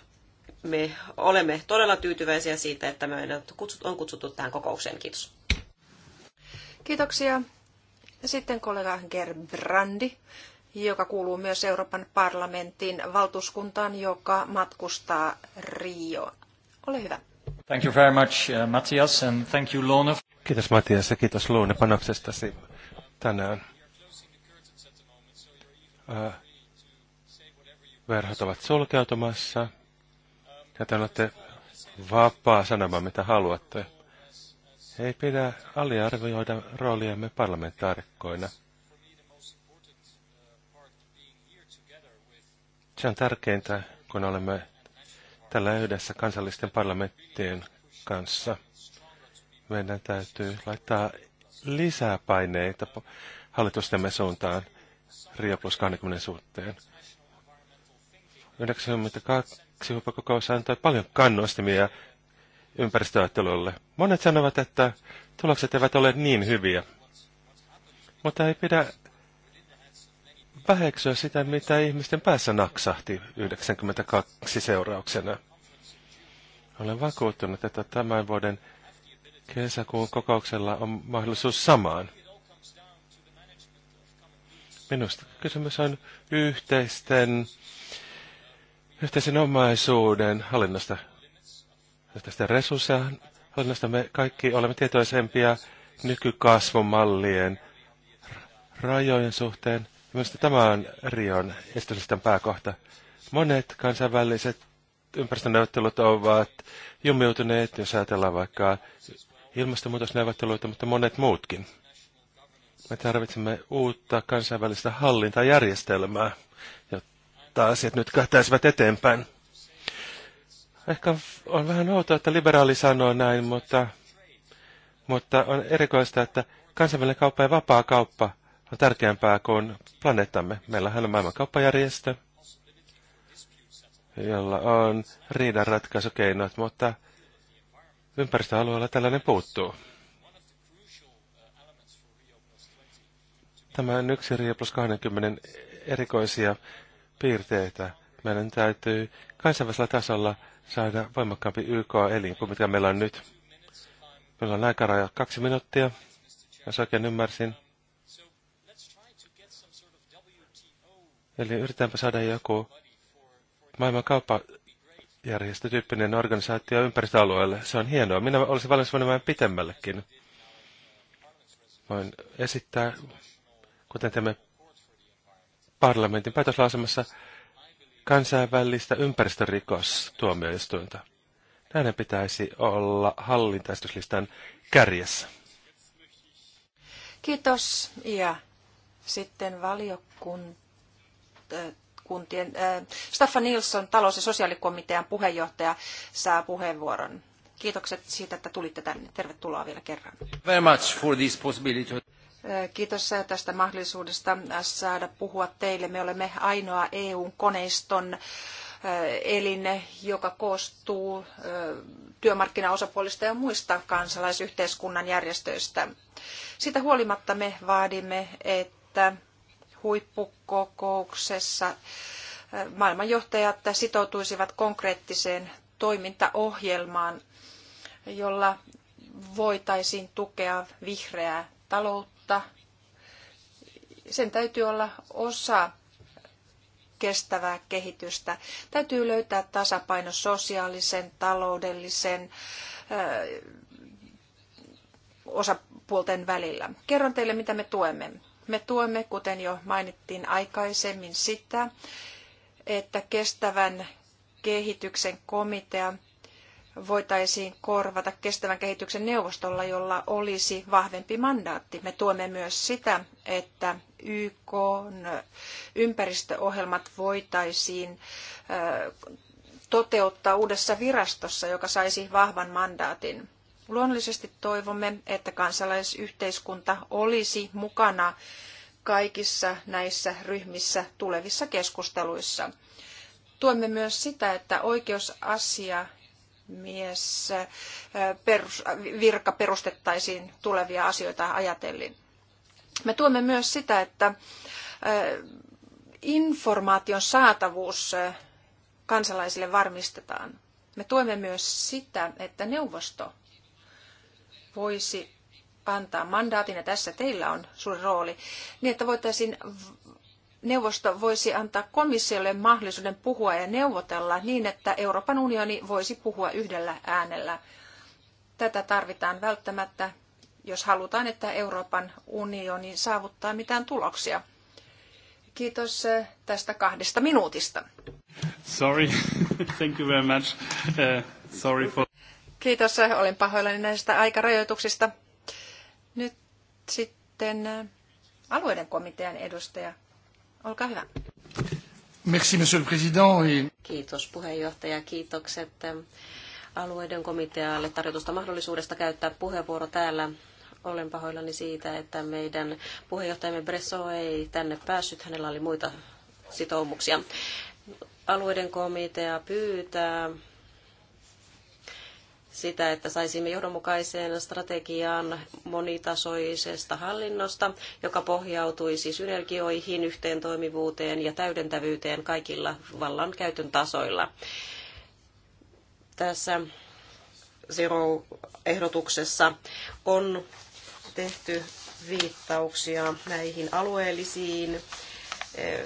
S5: me olemme todella tyytyväisiä siitä, että meidän on kutsuttu tähän kokoukseen. Kiitos. Kiitoksia.
S2: Ja sitten kollega Gerbrandi joka kuuluu myös Euroopan parlamentin valtuuskuntaan, joka matkustaa Rioon. Ole hyvä.
S3: Thank you very much, uh, Matthias, and thank you, Lone. Kiitos Matias ja kiitos Luone panoksestasi tänään. Uh, verhot ovat sulkeutumassa ja te olette vapaa sanomaan mitä haluatte. Ei pidä aliarvioida rooliamme parlamentaarikkoina. Se on tärkeintä, kun olemme tällä yhdessä kansallisten parlamenttien kanssa. Meidän täytyy laittaa lisää paineita hallitustemme suuntaan Rio plus 20 suhteen. 92 huippukokous antoi paljon kannustimia ympäristöajattelulle. Monet sanovat, että tulokset eivät ole niin hyviä. Mutta ei pidä väheksyä sitä, mitä ihmisten päässä naksahti 92 seurauksena. Olen vakuuttunut, että tämän vuoden kesäkuun kokouksella on mahdollisuus samaan. Minusta kysymys on yhteisten, yhteisen omaisuuden hallinnasta. Tästä resursseja hallinnasta me kaikki olemme tietoisempia nykykasvumallien rajojen suhteen. Minusta tämä on Rion esityslistan pääkohta. Monet kansainväliset ympäristöneuvottelut ovat jumiutuneet, jos ajatellaan vaikka ilmastonmuutosneuvotteluita, mutta monet muutkin. Me tarvitsemme uutta kansainvälistä hallintajärjestelmää, jotta asiat nyt kahtaisivat eteenpäin. Ehkä on vähän outoa, että liberaali sanoo näin, mutta, mutta on erikoista, että kansainvälinen kauppa ja vapaa kauppa – on tärkeämpää kuin planeettamme. Meillähän on maailman kauppajärjestö, jolla on riidanratkaisukeinot, mutta ympäristöalueella tällainen puuttuu. Tämä on yksi Rio plus 20 erikoisia piirteitä. Meidän täytyy kansainvälisellä tasolla saada voimakkaampi YK-elin kuin mitä meillä on nyt. Meillä on aikaraja kaksi minuuttia, jos oikein ymmärsin. Eli yritetäänpä saada joku maailman kauppajärjestötyyppinen organisaatio ympäristöalueelle. Se on hienoa. Minä olisin valmis menemään pitemmällekin. Voin esittää, kuten teemme parlamentin päätöslausemassa, kansainvälistä ympäristörikostuomioistuinta. Näiden pitäisi olla hallintaistuslistan kärjessä.
S2: Kiitos. Ja sitten valiokunta kuntien. Äh, Staffan Nilsson, talous- ja sosiaalikomitean puheenjohtaja, saa puheenvuoron. Kiitokset siitä, että tulitte tänne. Tervetuloa vielä kerran.
S4: Very much for this possibility.
S2: Äh, kiitos äh, tästä mahdollisuudesta saada puhua teille. Me olemme ainoa EU-koneiston elin, joka koostuu työmarkkinaosapuolista ja muista kansalaisyhteiskunnan järjestöistä. Sitä huolimatta me vaadimme, että huippukokouksessa maailmanjohtajat sitoutuisivat konkreettiseen toimintaohjelmaan, jolla voitaisiin tukea vihreää taloutta. Sen täytyy olla osa kestävää kehitystä. Täytyy löytää tasapaino sosiaalisen, taloudellisen osapuolten välillä. Kerron teille, mitä me tuemme. Me tuemme, kuten jo mainittiin aikaisemmin, sitä, että kestävän kehityksen komitea voitaisiin korvata kestävän kehityksen neuvostolla, jolla olisi vahvempi mandaatti. Me tuemme myös sitä, että YK ympäristöohjelmat voitaisiin toteuttaa uudessa virastossa, joka saisi vahvan mandaatin. Luonnollisesti toivomme, että kansalaisyhteiskunta olisi mukana kaikissa näissä ryhmissä tulevissa keskusteluissa. Tuemme myös sitä, että oikeusasia mies perus, virka perustettaisiin tulevia asioita ajatellen. Me tuomme myös sitä, että informaation saatavuus kansalaisille varmistetaan. Me tuemme myös sitä, että neuvosto voisi antaa mandaatin, ja tässä teillä on suuri rooli, niin että voitaisiin neuvosto voisi antaa komissiolle mahdollisuuden puhua ja neuvotella niin, että Euroopan unioni voisi puhua yhdellä äänellä. Tätä tarvitaan välttämättä, jos halutaan, että Euroopan unioni saavuttaa mitään tuloksia. Kiitos eh, tästä kahdesta
S1: minuutista. Sorry, thank you very much. Uh, sorry for...
S2: Kiitos, olen pahoillani näistä aikarajoituksista. Nyt sitten äh, alueiden komitean edustaja. Olkaa hyvä.
S1: Merci, monsieur le président.
S5: Kiitos puheenjohtaja, kiitokset äh, alueiden komitealle tarjotusta mahdollisuudesta käyttää puheenvuoro täällä. Olen pahoillani siitä, että meidän puheenjohtajamme Bresso ei tänne päässyt. Hänellä oli muita sitoumuksia. Alueiden komitea pyytää sitä, että saisimme johdonmukaiseen strategian monitasoisesta hallinnosta, joka pohjautuisi synergioihin, yhteentoimivuuteen ja täydentävyyteen kaikilla vallan käytön tasoilla. Tässä Zero-ehdotuksessa on tehty viittauksia näihin alueellisiin eh,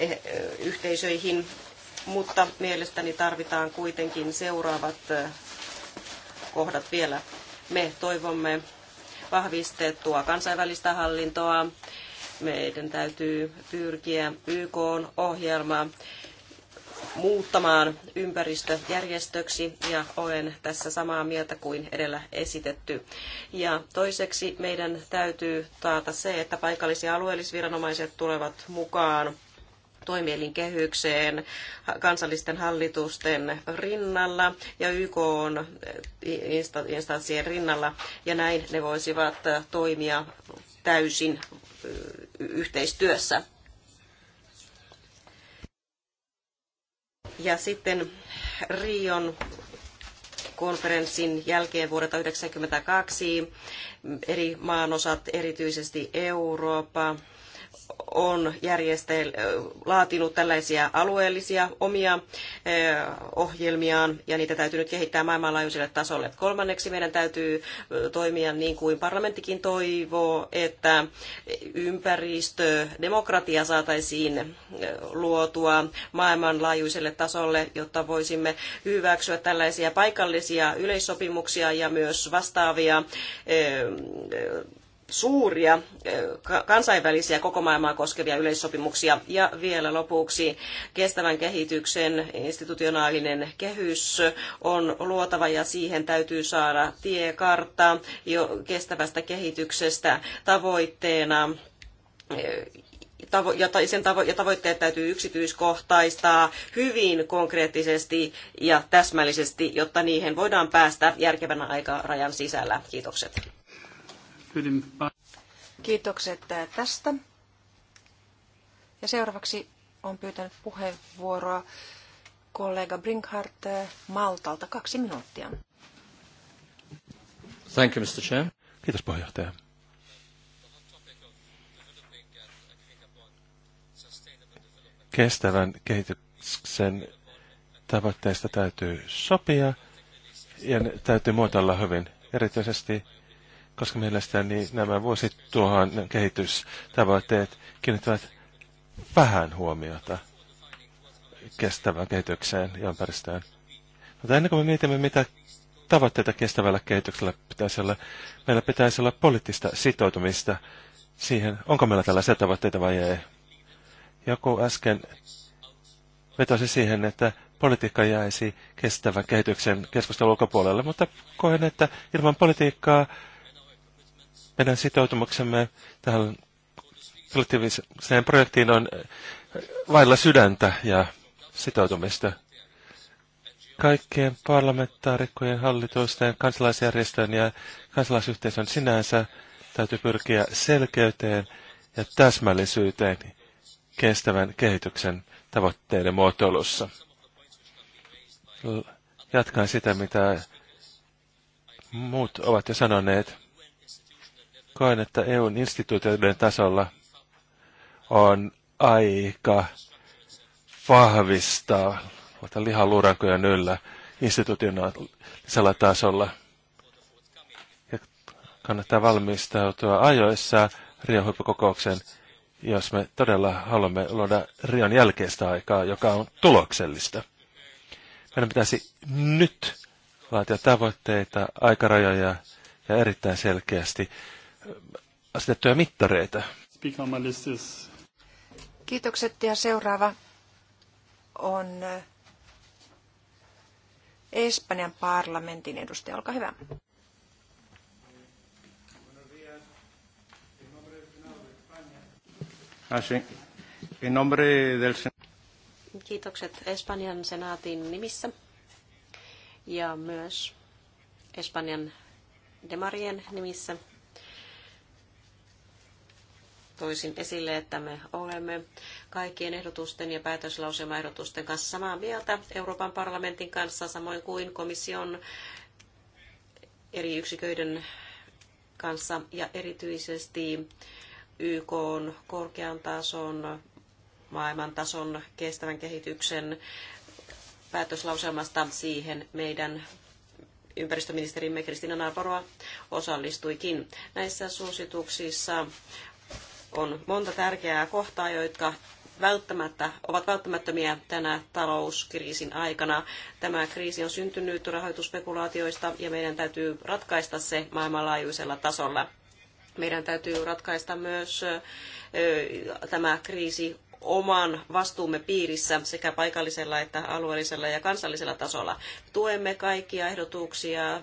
S5: eh, yhteisöihin, mutta mielestäni tarvitaan kuitenkin seuraavat eh, kohdat vielä. Me toivomme vahvistettua kansainvälistä hallintoa. Meidän täytyy pyrkiä YK-ohjelmaa muuttamaan ympäristöjärjestöksi ja olen tässä samaa mieltä kuin edellä esitetty. Ja toiseksi meidän täytyy taata se, että paikallisia alueellisviranomaiset tulevat mukaan toimielinkehykseen kansallisten hallitusten rinnalla ja YK on eh, instanssien rinnalla ja näin ne voisivat eh, toimia täysin eh, yhteistyössä. Ja sitten Rion konferenssin jälkeen vuodelta 1992 eri maanosat, erityisesti Eurooppa, on järjestel, laatinut tällaisia alueellisia omia ohjelmiaan ja niitä täytyy nyt kehittää maailmanlaajuiselle tasolle. Kolmanneksi meidän täytyy toimia niin kuin parlamenttikin toivoo, että ympäristödemokratia saataisiin luotua maailmanlaajuiselle tasolle, jotta voisimme hyväksyä tällaisia paikallisia yleissopimuksia ja myös vastaavia suuria eh, kansainvälisiä koko maailmaa koskevia yleissopimuksia. Ja vielä lopuksi kestävän kehityksen institutionaalinen kehys on luotava ja siihen täytyy saada tiekartta jo kestävästä kehityksestä tavoitteena eh, ja, sen ja tavoitteet täytyy yksityiskohtaistaa hyvin konkreettisesti ja täsmällisesti, jotta niihin voidaan päästä järkevänä aikarajan sisällä. Kiitokset. Kiitokset äh, tästä. Ja seuraavaksi
S2: on pyytänyt puheenvuoroa kollega Brinkhardt äh, Maltalta. Kaksi minuuttia.
S3: Thank you, Mr. Chair. Kiitos puheenjohtaja. Kestävän kehityksen tavoitteista täytyy sopia ja ne täytyy muotoilla hyvin, erityisesti koska mielestäni nämä tuohon kehitystavoitteet kiinnittävät vähän huomiota kestävään kehitykseen ja ympäristöön. Mutta ennen kuin me mietimme, mitä tavoitteita kestävällä kehityksellä pitäisi olla, meillä pitäisi olla poliittista sitoutumista siihen, onko meillä tällaisia tavoitteita vai ei. Joku äsken vetosi siihen, että politiikka jäisi kestävän kehityksen keskustelun ulkopuolelle, mutta koen, että ilman politiikkaa meidän sitoutumuksemme tähän kollektiiviseen projektiin on vailla sydäntä ja sitoutumista. Kaikkien parlamentaarikkojen, hallitusten, kansalaisjärjestön ja kansalaisyhteisön sinänsä täytyy pyrkiä selkeyteen ja täsmällisyyteen kestävän kehityksen tavoitteiden muotoilussa. Jatkan sitä, mitä muut ovat jo sanoneet. Koen, että EUn instituutioiden tasolla on aika vahvistaa lihaluurankojen yllä institutionaalisella tasolla. Ja kannattaa valmistautua ajoissa Rion jos me todella haluamme luoda Rion jälkeistä aikaa, joka on tuloksellista. Meidän pitäisi nyt laatia tavoitteita, aikarajoja ja erittäin selkeästi asetettuja mittareita.
S2: Kiitokset ja seuraava on eh, Espanjan parlamentin edustaja. Olkaa hyvä.
S3: Ah,
S5: Kiitokset Espanjan senaatin nimissä ja myös Espanjan demarien nimissä toisin esille, että me olemme kaikkien ehdotusten ja päätöslauselmaehdotusten kanssa samaa mieltä Euroopan parlamentin kanssa, samoin kuin komission eri yksiköiden kanssa ja erityisesti YK on korkean tason, maailman tason kestävän kehityksen päätöslauselmasta siihen meidän ympäristöministerimme Kristina Naaporoa osallistuikin. Näissä suosituksissa on monta tärkeää kohtaa, jotka välttämättä, ovat välttämättömiä tänä talouskriisin aikana. Tämä kriisi on syntynyt rahoitusspekulaatioista ja meidän täytyy ratkaista se maailmanlaajuisella tasolla. Meidän täytyy ratkaista myös tämä kriisi oman vastuumme piirissä sekä paikallisella että alueellisella ja kansallisella tasolla. Tuemme kaikkia ehdotuksia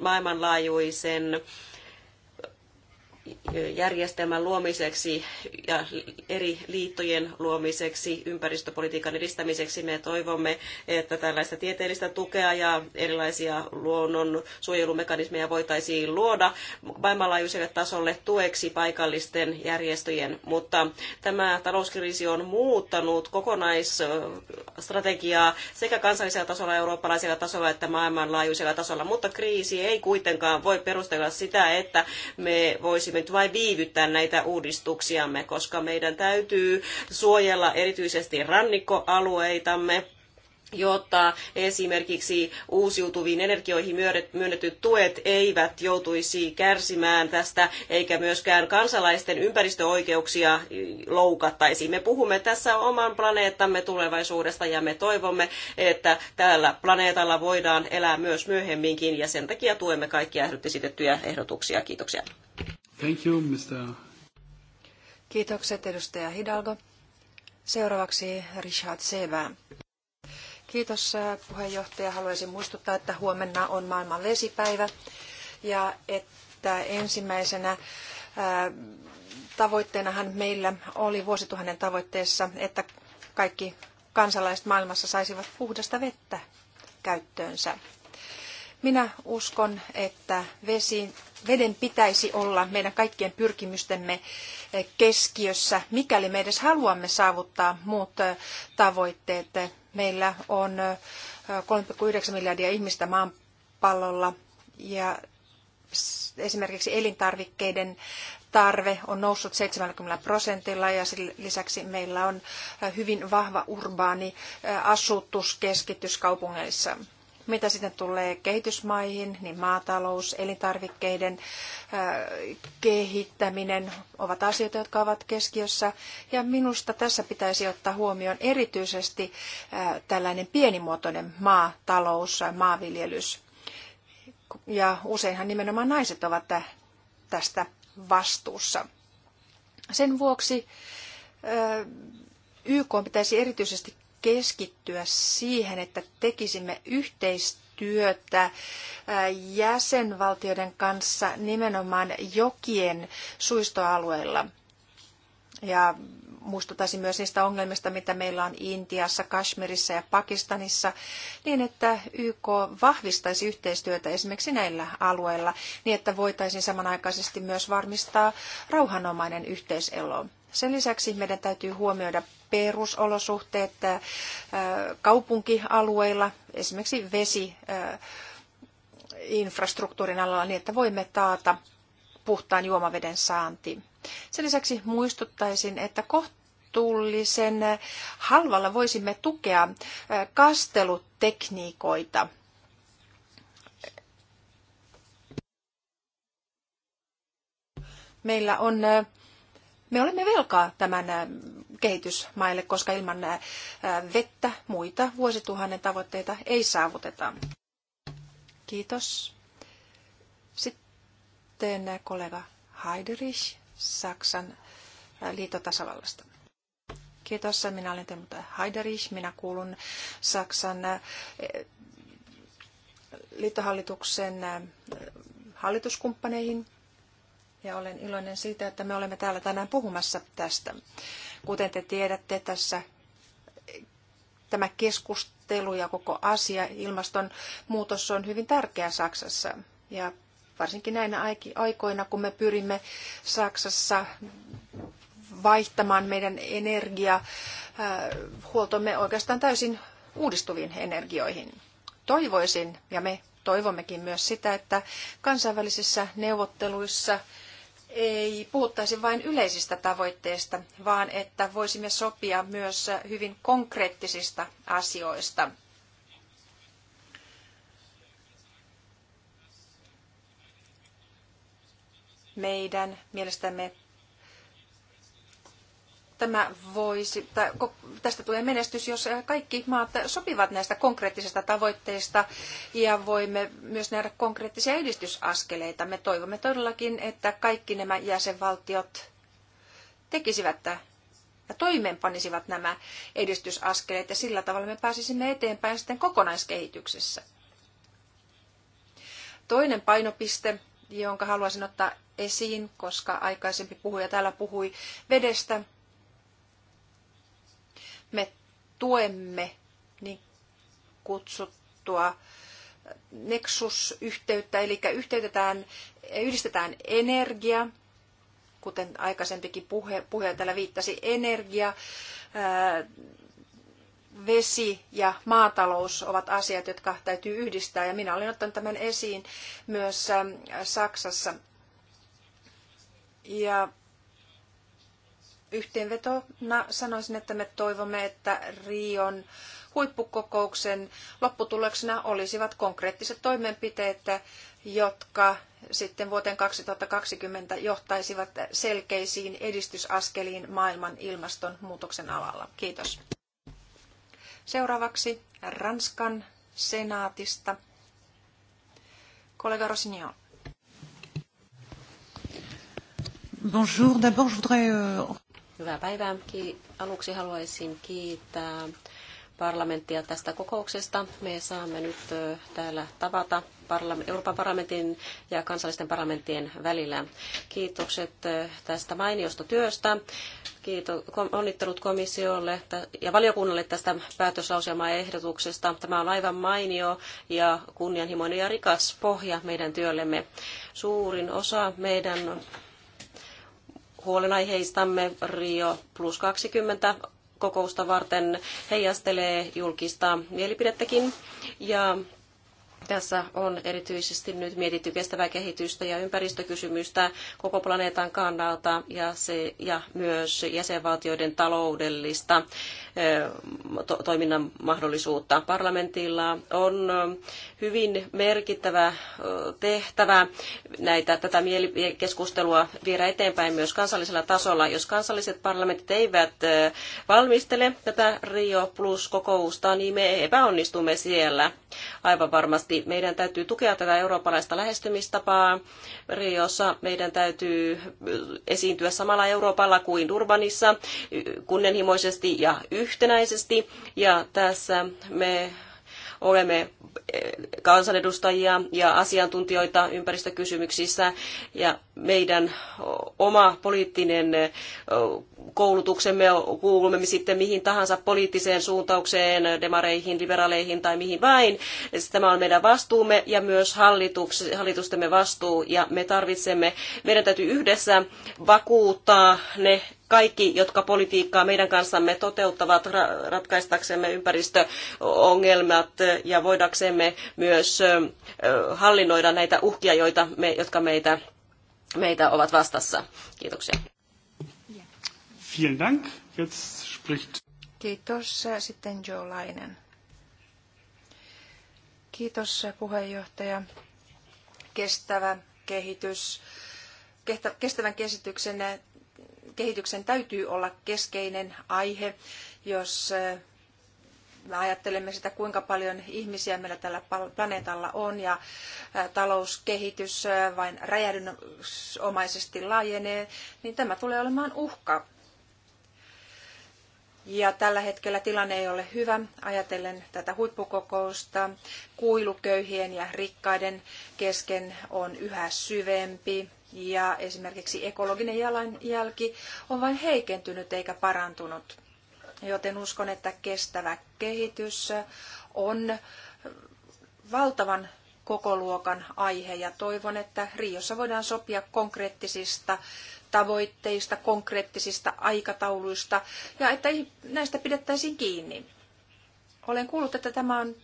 S5: maailmanlaajuisen järjestelmän luomiseksi ja eri liittojen luomiseksi, ympäristöpolitiikan edistämiseksi. Me toivomme, että tällaista tieteellistä tukea ja erilaisia luonnonsuojelumekanismeja voitaisiin luoda maailmanlaajuiselle tasolle tueksi paikallisten järjestöjen, mutta tämä talouskriisi on muuttanut kokonaisstrategiaa sekä kansallisella tasolla, eurooppalaisella tasolla että maailmanlaajuisella tasolla, mutta kriisi ei kuitenkaan voi perustella sitä, että me voisimme nyt vain viivyttää näitä uudistuksiamme, koska meidän täytyy suojella erityisesti rannikkoalueitamme jotta esimerkiksi uusiutuviin energioihin myönnetyt tuet eivät joutuisi kärsimään tästä, eikä myöskään kansalaisten ympäristöoikeuksia loukattaisi. Me puhumme tässä oman planeettamme tulevaisuudesta ja me toivomme, että tällä planeetalla voidaan elää myös myöhemminkin ja sen takia tuemme kaikkia esitettyjä ehdotuksia. Kiitoksia.
S1: Thank you, Mr.
S2: Kiitokset edustaja Hidalgo. Seuraavaksi Richard Sebä. Kiitos äh, puheenjohtaja. Haluaisin muistuttaa, että huomenna on maailman vesipäivä ja että ensimmäisenä ää, äh, tavoitteenahan meillä oli vuosituhannen tavoitteessa, että kaikki kansalaiset maailmassa saisivat puhdasta vettä käyttöönsä. Minä uskon, että vesi, veden pitäisi olla meidän kaikkien pyrkimystemme eh, keskiössä, mikäli me edes haluamme saavuttaa muut eh, tavoitteet. Meillä on 3,9 eh, miljardia ihmistä maanpallolla ja esimerkiksi elintarvikkeiden tarve on noussut 70 prosentilla ja sen lisäksi meillä on hyvin vahva urbaani asutus keskityskaupungeissa. Mitä sitten tulee kehitysmaihin, niin maatalous, elintarvikkeiden kehittäminen ovat asioita, jotka ovat keskiössä. Ja minusta tässä pitäisi ottaa huomioon erityisesti tällainen pienimuotoinen maatalous, maanviljelys. Ja useinhan nimenomaan naiset ovat tästä vastuussa. Sen vuoksi YK pitäisi erityisesti keskittyä siihen, että tekisimme yhteistyötä jäsenvaltioiden kanssa nimenomaan jokien suistoalueilla. Ja muistuttaisin myös niistä ongelmista, mitä meillä on Intiassa, Kashmirissa ja Pakistanissa, niin että YK vahvistaisi yhteistyötä esimerkiksi näillä alueilla, niin että voitaisiin samanaikaisesti myös varmistaa rauhanomainen yhteiselo. Sen lisäksi meidän täytyy huomioida perusolosuhteet äh, kaupunkialueilla, esimerkiksi vesi äh, infrastruktuurin alalla niin, että voimme taata puhtaan juomaveden saanti. Sen lisäksi muistuttaisin, että kohtuullisen halvalla voisimme tukea äh, kastelutekniikoita. Meillä on me olemme velkaa tämän kehitysmaille, koska ilman vettä muita vuosituhannen tavoitteita ei saavuteta. Kiitos. Sitten kollega Heiderich Saksan liitotasavallasta. Kiitos. Minä olen Teemu Heiderich. Minä kuulun Saksan liittohallituksen hallituskumppaneihin ja olen iloinen siitä, että me olemme täällä tänään puhumassa tästä. Kuten te tiedätte, tässä tämä keskustelu ja koko asia, ilmastonmuutos on hyvin tärkeä Saksassa. Ja varsinkin näinä aikoina, kun me pyrimme Saksassa vaihtamaan meidän energiahuoltomme äh, oikeastaan täysin uudistuviin energioihin. Toivoisin, ja me toivommekin myös sitä, että kansainvälisissä neuvotteluissa – ei puhuttaisi vain yleisistä tavoitteista, vaan että voisimme sopia myös hyvin konkreettisista asioista. Meidän mielestämme tämä voisi, tai tästä tulee menestys, jos kaikki maat sopivat näistä konkreettisista tavoitteista ja voimme myös nähdä konkreettisia edistysaskeleita. Me toivomme todellakin, että kaikki nämä jäsenvaltiot tekisivät ja toimeenpanisivat nämä edistysaskeleet ja sillä tavalla me pääsisimme eteenpäin sitten kokonaiskehityksessä. Toinen painopiste, jonka haluaisin ottaa esiin, koska aikaisempi puhuja täällä puhui vedestä, me tuemme niin kutsuttua nexusyhteyttä, eli yhteytetään, yhdistetään energia, kuten aikaisempikin puhe, puhe täällä viittasi, energia, ää, vesi ja maatalous ovat asiat, jotka täytyy yhdistää. Ja minä olen ottanut tämän esiin myös Saksassa. Ja yhteenvetona sanoisin, että me toivomme, että Rion huippukokouksen lopputuloksena olisivat konkreettiset toimenpiteet, jotka sitten vuoteen 2020 johtaisivat selkeisiin edistysaskeliin maailman ilmastonmuutoksen alalla. Kiitos. Seuraavaksi Ranskan senaatista.
S5: Kollega Rosignon.
S4: Bonjour. D'abord, je voudrais euh,
S5: Hyvää päivää. Aluksi haluaisin kiittää parlamenttia tästä kokouksesta. Me saamme nyt täällä tavata Euroopan parlamentin ja kansallisten parlamenttien välillä. Kiitokset tästä mainiosta työstä. Kiito, onnittelut komissiolle ja valiokunnalle tästä päätöslauselmaehdotuksesta. Tämä on aivan mainio ja kunnianhimoinen ja rikas pohja meidän työllemme. Suurin osa meidän huolenaiheistamme Rio plus 20 kokousta varten heijastelee julkista mielipidettäkin. Ja tässä on erityisesti nyt mietitty kestävää kehitystä ja ympäristökysymystä koko planeetan kannalta ja, se, ja myös jäsenvaltioiden taloudellista toiminnan mahdollisuutta. Parlamentilla on hyvin merkittävä tehtävä näitä, tätä mielikeskustelua viedä eteenpäin myös kansallisella tasolla. Jos kansalliset parlamentit eivät valmistele tätä Rio Plus-kokousta, niin me epäonnistumme siellä aivan varmasti. Meidän täytyy tukea tätä eurooppalaista lähestymistapaa. Riossa meidän täytyy esiintyä samalla Euroopalla kuin Durbanissa kunnianhimoisesti ja yhdessä yhtenäisesti ja tässä me olemme eh, kansanedustajia ja asiantuntijoita ympäristökysymyksissä ja meidän oma poliittinen eh, koulutuksemme, kuulumme sitten mihin tahansa poliittiseen suuntaukseen, demareihin, liberaaleihin tai mihin vain. Tämä on meidän vastuumme ja myös hallituks, hallitustemme vastuu ja me tarvitsemme, meidän täytyy yhdessä vakuuttaa ne kaikki, jotka politiikkaa meidän kanssamme toteuttavat ratkaistaksemme ympäristöongelmat ja voidaksemme myös hallinnoida näitä uhkia, joita me, jotka meitä, meitä ovat vastassa. Kiitoksia.
S1: Vielen Dank. Jetzt spricht...
S2: Kiitos. Sitten Joe Lainen. Kiitos puheenjohtaja. Kestävä kehitys. Kestävän kesityksen kehityksen täytyy olla keskeinen aihe, jos me ajattelemme sitä, kuinka paljon ihmisiä meillä tällä planeetalla on ja talouskehitys vain räjähdysomaisesti laajenee, niin tämä tulee olemaan uhka. Ja tällä hetkellä tilanne ei ole hyvä, ajatellen tätä huippukokousta. Kuilu köyhien ja rikkaiden kesken on yhä syvempi ja esimerkiksi ekologinen jalanjälki on vain heikentynyt eikä parantunut. Joten uskon, että kestävä kehitys on valtavan kokoluokan aihe ja toivon, että Riossa voidaan sopia konkreettisista tavoitteista, konkreettisista aikatauluista ja että näistä pidettäisiin kiinni. Olen kuullut, että tämä on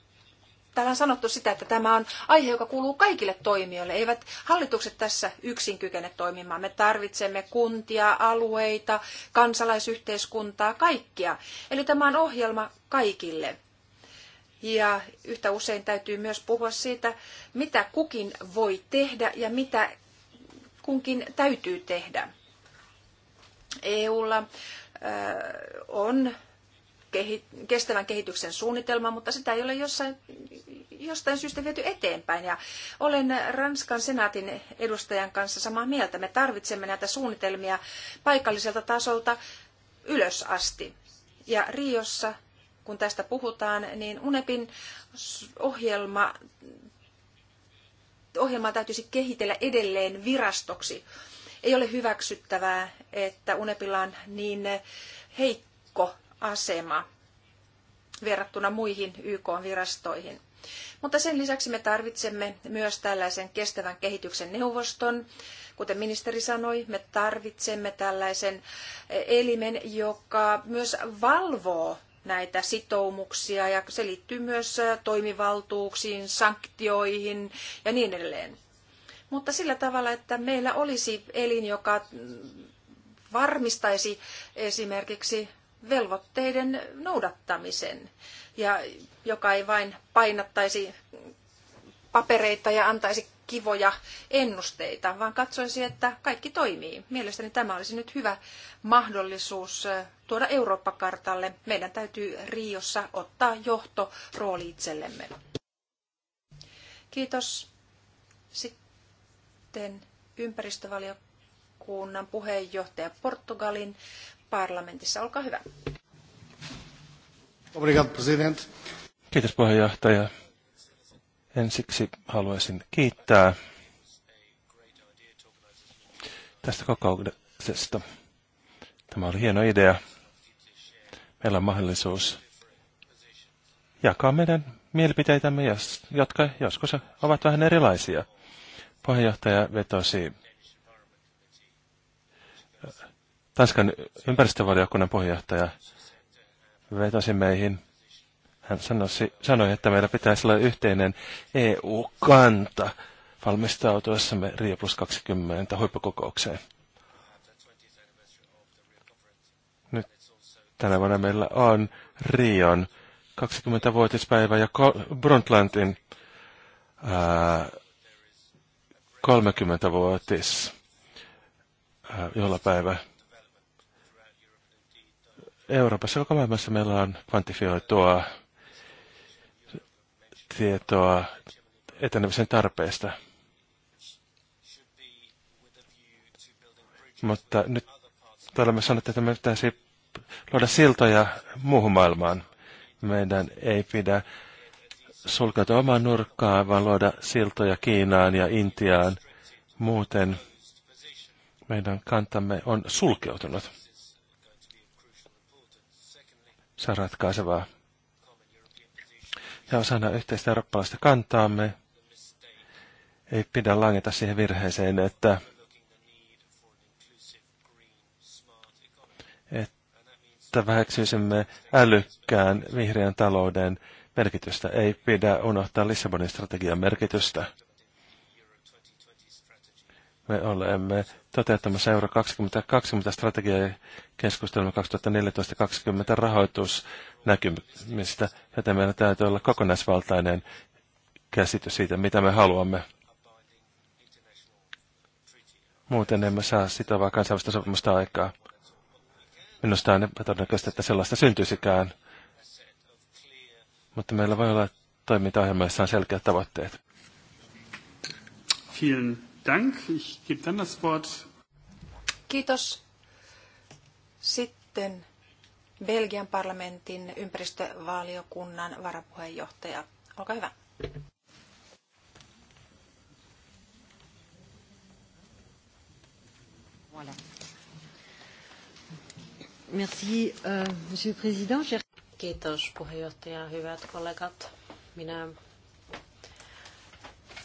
S2: täällä on sanottu sitä, että tämä on aihe, joka kuuluu kaikille toimijoille. Eivät hallitukset tässä yksin kykene toimimaan. Me tarvitsemme kuntia, alueita, kansalaisyhteiskuntaa, kaikkia. Eli tämä on ohjelma kaikille. Ja yhtä usein täytyy myös puhua siitä, mitä kukin voi tehdä ja mitä kunkin täytyy tehdä. EUlla on kestävän kehityksen suunnitelma, mutta sitä ei ole jossain, jostain syystä viety eteenpäin. Ja olen Ranskan senaatin edustajan kanssa samaa mieltä. Me tarvitsemme näitä suunnitelmia paikalliselta tasolta ylös asti. Ja Riossa, kun tästä puhutaan, niin UNEPin ohjelma, ohjelmaa täytyisi kehitellä edelleen virastoksi. Ei ole hyväksyttävää, että UNEPilla on niin heikko asema verrattuna muihin YK-virastoihin. Mutta sen lisäksi me tarvitsemme myös tällaisen kestävän kehityksen neuvoston. Kuten ministeri sanoi, me tarvitsemme tällaisen eh, elimen, joka myös valvoo näitä sitoumuksia ja se liittyy myös eh, toimivaltuuksiin, sanktioihin ja niin edelleen. Mutta sillä tavalla, että meillä olisi elin, joka mm, varmistaisi esimerkiksi velvoitteiden noudattamisen, ja joka ei vain painattaisi papereita ja antaisi kivoja ennusteita, vaan katsoisi, että kaikki toimii. Mielestäni tämä olisi nyt hyvä mahdollisuus tuoda Eurooppa-kartalle. Meidän täytyy Riossa ottaa johto rooli itsellemme. Kiitos. Sitten ympäristövaliokunnan puheenjohtaja Portugalin parlamentissa. Olkaa hyvä.
S3: Kiitos puheenjohtaja. Ensiksi haluaisin kiittää tästä kokouksesta. Tämä oli hieno idea. Meillä on mahdollisuus jakaa meidän mielipiteitämme, jotka joskus ovat vähän erilaisia. Puheenjohtaja vetosi Tanskan ympäristövaliokunnan puheenjohtaja vetosi meihin. Hän sanosi, sanoi, että meillä pitäisi olla yhteinen EU-kanta valmistautuessamme Rio plus 20 huippukokoukseen. Nyt tänä vuonna meillä on Rion 20-vuotispäivä ja Brundtlandin 30-vuotis juhlapäivä. Euroopassa ja maailmassa meillä on kvantifioitua tietoa etenemisen tarpeesta. Mutta nyt olemme sanoneet, että me pitäisi luoda siltoja muuhun maailmaan. Meidän ei pidä sulkeutua omaan nurkkaan, vaan luoda siltoja Kiinaan ja Intiaan. Muuten meidän kantamme on sulkeutunut. Se on ratkaisevaa. Ja osana yhteistä eurooppalaista kantaamme ei pidä langeta siihen virheeseen, että, että väheksyisimme älykkään vihreän talouden merkitystä. Ei pidä unohtaa Lissabonin strategian merkitystä. Me olemme toteuttamassa Euro 2020 strategiaa ja 2014-2020 rahoitusnäkymistä, joten meillä täytyy olla kokonaisvaltainen käsitys siitä, mitä me haluamme. Muuten emme saa sitovaa kansainvälistä sopimusta aikaa. Minusta on epätodennäköistä, että sellaista syntyisikään. Mutta meillä voi olla toimintaohjelma, jossa on selkeät tavoitteet.
S1: Vielen Dank. Ich gebe dann das Wort.
S2: Kiitos. Sitten Belgian parlamentin ympäristövaliokunnan varapuheenjohtaja. Olkaa hyvä.
S4: Voilà. Merci, euh, Monsieur Président.
S5: Kiitos puheenjohtaja, hyvät kollegat. Minä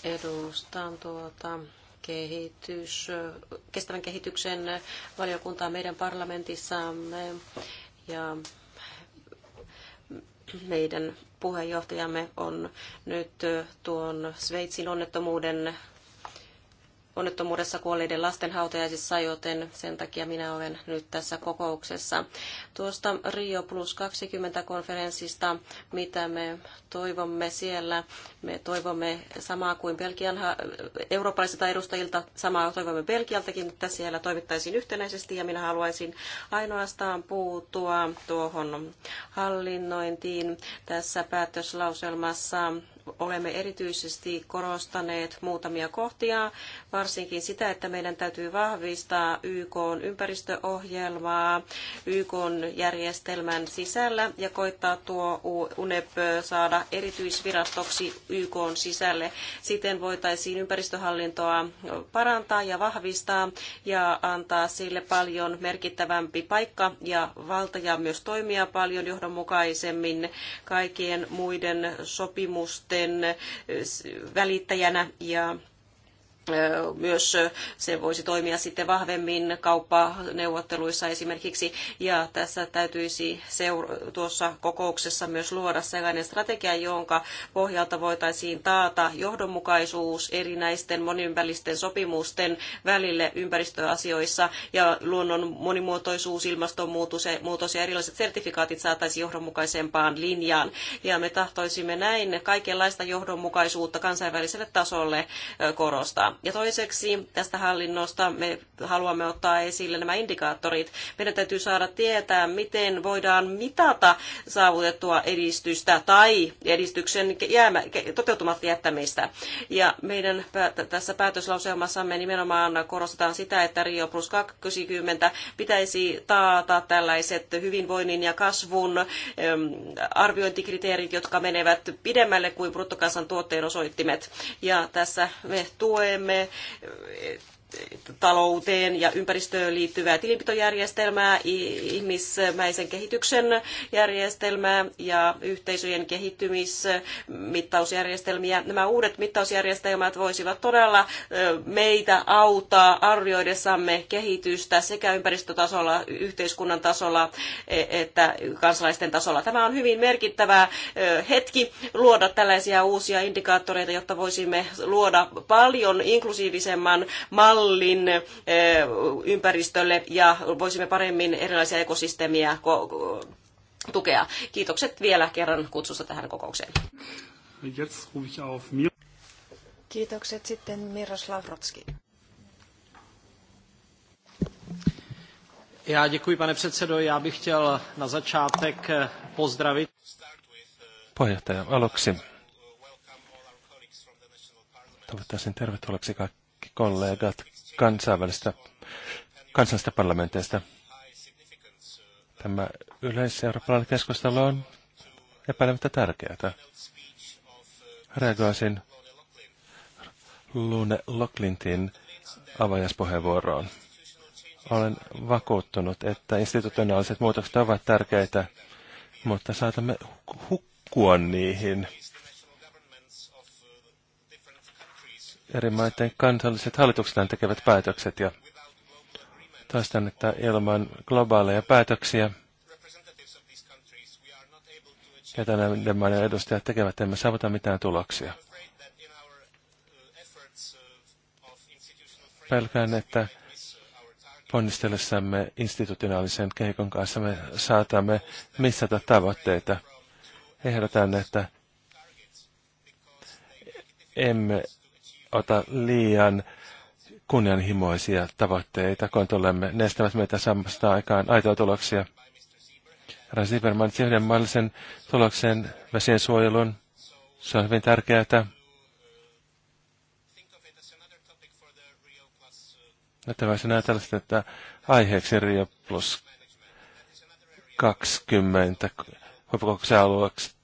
S5: edustan tuota kehitys, kestävän kehityksen valiokuntaa meidän parlamentissamme ja meidän puheenjohtajamme on nyt tuon Sveitsin onnettomuuden onnettomuudessa kuolleiden lasten hautajaisissa, joten sen takia minä olen nyt tässä kokouksessa. Tuosta Rio Plus 20 konferenssista, mitä me toivomme siellä, me toivomme samaa kuin Belgian eurooppalaisilta edustajilta, samaa toivomme Belgialtakin, että siellä toimittaisiin yhtenäisesti ja minä haluaisin ainoastaan puuttua tuohon hallinnointiin tässä päätöslauselmassa olemme erityisesti korostaneet muutamia kohtia, varsinkin sitä, että meidän täytyy vahvistaa YK ympäristöohjelmaa YK järjestelmän sisällä ja koittaa tuo UNEP saada erityisvirastoksi YK sisälle. Siten voitaisiin ympäristöhallintoa parantaa ja vahvistaa ja antaa sille paljon merkittävämpi paikka ja valta ja myös toimia paljon johdonmukaisemmin kaikkien muiden sopimusten kuten välittäjänä ja myös se voisi toimia sitten vahvemmin kauppaneuvotteluissa esimerkiksi. Ja tässä täytyisi seura- tuossa kokouksessa myös luoda sellainen strategia, jonka pohjalta voitaisiin taata johdonmukaisuus erinäisten monivälisten sopimusten välille ympäristöasioissa ja luonnon monimuotoisuus, ilmastonmuutos ja erilaiset sertifikaatit saataisiin johdonmukaisempaan linjaan. Ja me tahtoisimme näin kaikenlaista johdonmukaisuutta kansainväliselle tasolle korostaa ja toiseksi tästä hallinnosta me haluamme ottaa esille nämä indikaattorit. Meidän täytyy saada tietää, miten voidaan mitata saavutettua edistystä tai edistyksen jäämä, toteutumatta jättämistä. Ja meidän tässä me nimenomaan korostetaan sitä, että Rio Plus 20 pitäisi taata tällaiset hyvinvoinnin ja kasvun arviointikriteerit, jotka menevät pidemmälle kuin bruttokansantuotteen osoittimet. Ja tässä me tuemme olemme talouteen ja ympäristöön liittyvää tilinpitojärjestelmää, ihmismäisen kehityksen järjestelmää ja yhteisöjen kehittymismittausjärjestelmiä. Nämä uudet mittausjärjestelmät voisivat todella meitä auttaa arvioidessamme kehitystä sekä ympäristötasolla, yhteiskunnan tasolla e- että kansalaisten tasolla. Tämä on hyvin merkittävä hetki luoda tällaisia uusia indikaattoreita, jotta voisimme luoda paljon inklusiivisemman mallin mallin eh, ympäristölle ja voisimme paremmin erilaisia ekosysteemiä tukea. Kiitokset vielä kerran kutsusta tähän kokoukseen. Kiitokset sitten Miroslav Rotski. Já děkuji, pane předsedo. Já bych chtěl na začátek eh, pozdravit.
S3: Puheenjohtaja, aluksi toivottaisin tervetulleeksi kaikki kollegat kansainvälistä, kansallisista parlamenteista. Tämä yleiseurooppalainen keskustelu on epäilemättä tärkeää. Reagoisin Lune Locklintin avajaspuheenvuoroon. Olen vakuuttunut, että institutionaaliset muutokset ovat tärkeitä, mutta saatamme hukkua niihin – eri maiden kansalliset hallituksethan tekevät päätökset ja toistan, että ilman globaaleja päätöksiä, ketä näiden maiden edustajat tekevät, emme saavuta mitään tuloksia. Pelkään, että ponnistellessamme institutionaalisen kehikon kanssa me saatamme missata tavoitteita. Ehdotan, että emme ota liian kunnianhimoisia tavoitteita, kun tulemme. Ne meitä samasta aikaan aitoja tuloksia. Herra Sieberman yhden mallisen tuloksen vesien suojelun. Se on hyvin tärkeää. Että voisin ajatella sitä, että aiheeksi Rio plus 20 huippukokouksen alueeksi.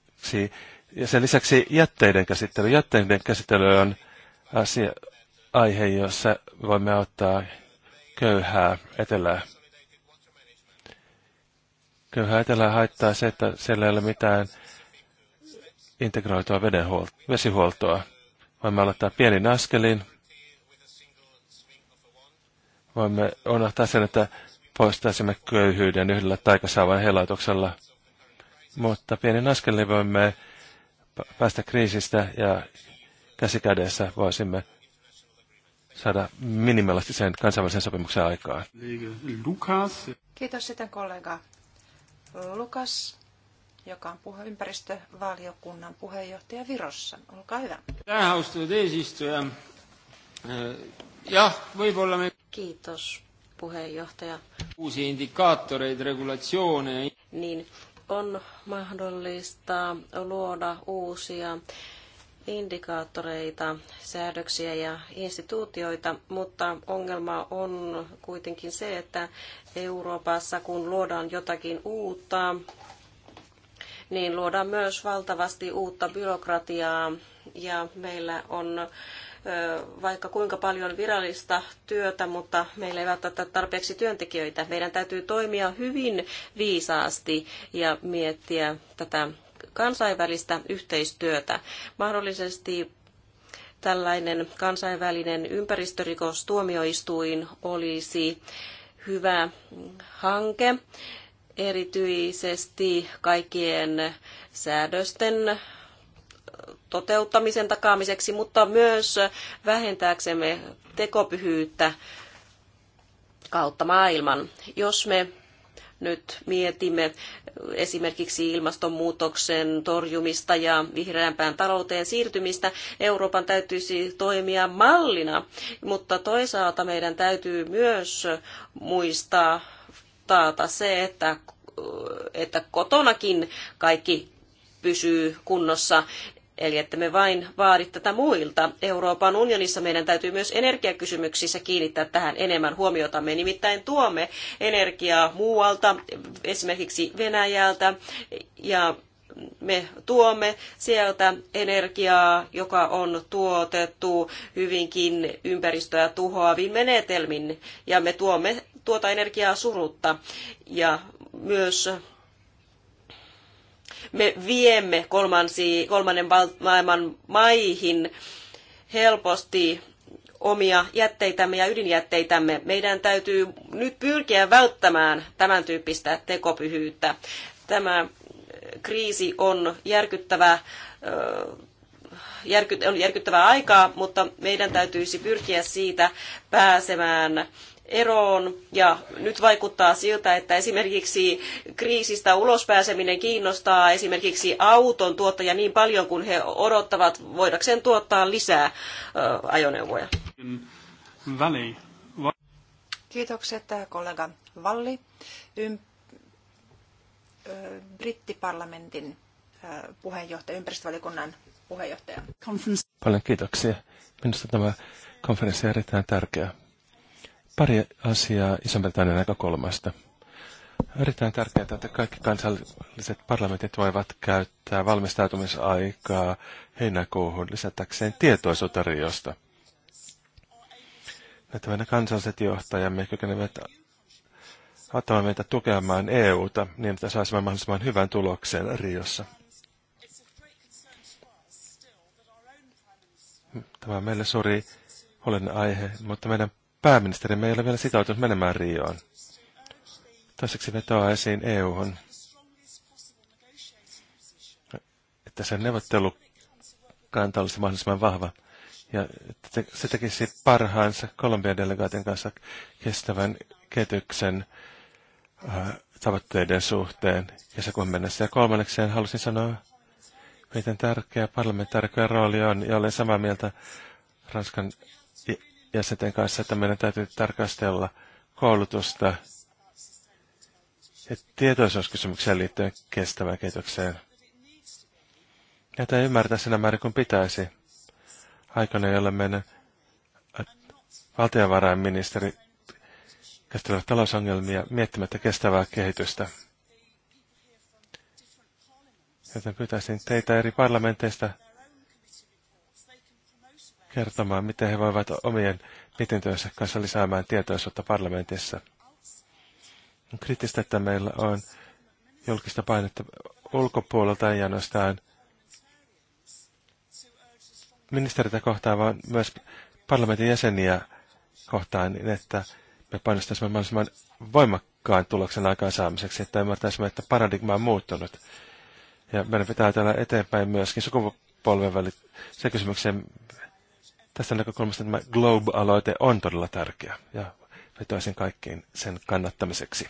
S3: Ja sen lisäksi jätteiden käsittely. Jätteiden käsittely on asia, aihe, jossa voimme auttaa köyhää etelää. Köyhää etelää haittaa se, että siellä ei ole mitään integroitua vesihuoltoa. Voimme aloittaa pienin askelin. Voimme unohtaa sen, että poistaisimme köyhyyden yhdellä taikasaavan helautuksella. Mutta pienin askelin voimme päästä kriisistä ja käsi kädessä voisimme saada sen kansainvälisen sopimuksen aikaan.
S1: Lukas.
S2: Kiitos sitten kollega Lukas, joka on puhe- ympäristövaliokunnan puheenjohtaja Virossa. Olkaa hyvä.
S4: Tähän
S5: äh, olla me... Kiitos, puheenjohtaja.
S4: Uusi indikaattoreid, regulatsioone.
S5: Niin, on mahdollista luoda uusia indikaattoreita, säädöksiä ja instituutioita, mutta ongelma on kuitenkin se, että Euroopassa kun luodaan jotakin uutta, niin luodaan myös valtavasti uutta byrokratiaa ja meillä on vaikka kuinka paljon virallista työtä, mutta meillä ei välttämättä tarpeeksi työntekijöitä. Meidän täytyy toimia hyvin viisaasti ja miettiä tätä kansainvälistä yhteistyötä. Mahdollisesti tällainen kansainvälinen ympäristörikostuomioistuin olisi hyvä hanke erityisesti kaikkien säädösten toteuttamisen takaamiseksi, mutta myös vähentääksemme tekopyhyyttä kautta maailman. Jos me nyt mietimme esimerkiksi ilmastonmuutoksen torjumista ja vihreämpään talouteen siirtymistä, Euroopan täytyisi toimia mallina, mutta toisaalta meidän täytyy myös muistaa taata se, että, että kotonakin kaikki pysyy kunnossa Eli että me vain vaadi tätä muilta. Euroopan unionissa meidän täytyy myös energiakysymyksissä kiinnittää tähän enemmän huomiota. Me nimittäin tuomme energiaa muualta, esimerkiksi Venäjältä, ja me tuomme sieltä energiaa, joka on tuotettu hyvinkin ympäristöä tuhoaviin menetelmin, ja me tuomme tuota energiaa surutta. Ja myös me viemme kolmansi, kolmannen val, maailman maihin helposti omia jätteitämme ja ydinjätteitämme. Meidän täytyy nyt pyrkiä välttämään tämän tyyppistä tekopyhyyttä. Tämä äh, kriisi on järkyttävä äh, järky, on järkyttävää aikaa, mutta meidän täytyisi pyrkiä siitä pääsemään eroon ja nyt vaikuttaa siltä, että esimerkiksi kriisistä ulospääseminen kiinnostaa esimerkiksi auton tuottajia niin paljon kuin he odottavat voidakseen tuottaa lisää ajoneuvoja.
S2: Kiitokset kollega Valli. Ym- Brittiparlamentin puheenjohtaja, ympäristövaliokunnan puheenjohtaja.
S3: Paljon kiitoksia. Minusta tämä konferenssi on erittäin tärkeä Pari asiaa Iso-Britannian näkökulmasta. Erittäin tärkeää, että kaikki kansalliset parlamentit voivat käyttää valmistautumisaikaa heinäkuuhun lisätäkseen tietoisuutta Riosta. Että meidän kansalliset johtajamme kykenevät auttamaan meitä tukemaan EUta niin, että saisimme mahdollisimman hyvän tuloksen Riossa. Tämä on meille suuri olen aihe, mutta meidän pääministerimme ei ole vielä sitoutunut menemään Rioon. Toiseksi vetoaa esiin EU-hon, että sen neuvottelukanta olisi mahdollisimman vahva. Ja se tekisi parhaansa Kolumbian delegaatin kanssa kestävän ketyksen äh, tavoitteiden suhteen kesäkuun mennessä. Ja kolmanneksi halusin sanoa, miten tärkeä parlamentaarikkojen rooli on, ja olen samaa mieltä Ranskan jäsenten kanssa, että meidän täytyy tarkastella koulutusta ja tietoisuuskysymykseen liittyen kestävään kehitykseen. Ja tämä ymmärtää siinä määrin kuin pitäisi. Aikana, jolla meidän valtiovarainministeri käsittelevät talousongelmia miettimättä kestävää kehitystä. Joten pyytäisin teitä eri parlamenteista kertomaan, miten he voivat omien mietintöönsä kanssa lisäämään tietoisuutta parlamentissa. On kriittistä, että meillä on julkista painetta ulkopuolelta ei ainoastaan ministeritä kohtaan, vaan myös parlamentin jäseniä kohtaan, niin että me painostaisimme mahdollisimman voimakkaan tuloksen aikaansaamiseksi, että ymmärtäisimme, että paradigma on muuttunut. Ja meidän pitää täällä eteenpäin myöskin sukupolven välit, se kysymykseen, Tästä näkökulmasta tämä Globe-aloite on todella tärkeä ja vetoisin kaikkiin sen kannattamiseksi.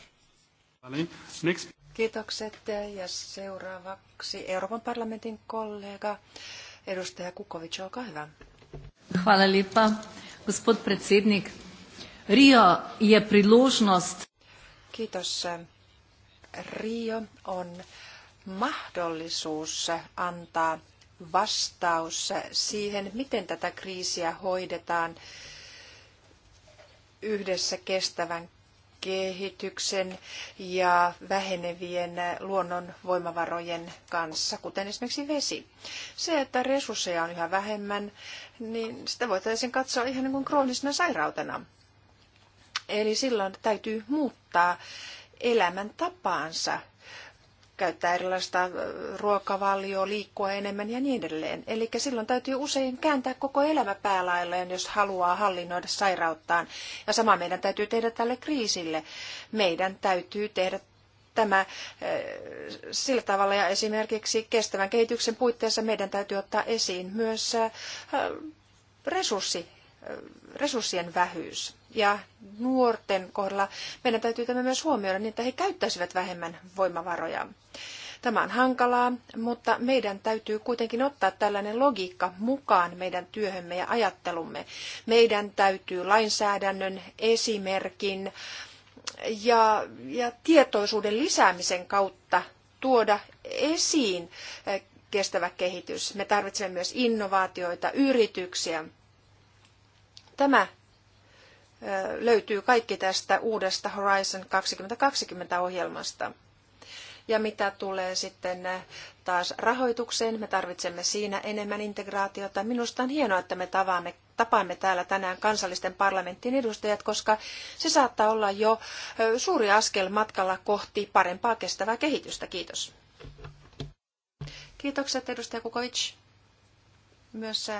S2: Kiitokset ja seuraavaksi Euroopan parlamentin kollega edustaja Kukovic, olkaa hyvä.
S5: Hvala lipa, gospod Rio je priložnost.
S2: Kiitos. Rio on mahdollisuus antaa vastaus siihen, miten tätä kriisiä hoidetaan yhdessä kestävän kehityksen ja vähenevien luonnon voimavarojen kanssa, kuten esimerkiksi vesi. Se, että resursseja on yhä vähemmän, niin sitä voitaisiin katsoa ihan niin kuin kroonisena sairautena. Eli silloin täytyy muuttaa elämäntapaansa käyttää erilaista äh, ruokavalioa, liikkua enemmän ja niin edelleen. Eli silloin täytyy usein kääntää koko elämä päälailleen, jos haluaa hallinnoida sairauttaan. Ja sama meidän täytyy tehdä tälle kriisille. Meidän täytyy tehdä tämä äh, sillä tavalla ja esimerkiksi kestävän kehityksen puitteissa meidän täytyy ottaa esiin myös äh, resurssi, resurssien vähyys ja nuorten kohdalla meidän täytyy tämä myös huomioida niin, että he käyttäisivät vähemmän voimavaroja. Tämä on hankalaa, mutta meidän täytyy kuitenkin ottaa tällainen logiikka mukaan meidän työhömme ja ajattelumme. Meidän täytyy lainsäädännön esimerkin ja, ja tietoisuuden lisäämisen kautta tuoda esiin eh, kestävä kehitys. Me tarvitsemme myös innovaatioita, yrityksiä. Tämä löytyy kaikki tästä uudesta Horizon 2020-ohjelmasta. Ja mitä tulee sitten taas rahoitukseen, me tarvitsemme siinä enemmän integraatiota. Minusta on hienoa, että me tavaamme, tapaamme täällä tänään kansallisten parlamenttien edustajat, koska se saattaa olla jo suuri askel matkalla kohti parempaa kestävää kehitystä. Kiitos. Kiitokset edustaja Kukovic. Myös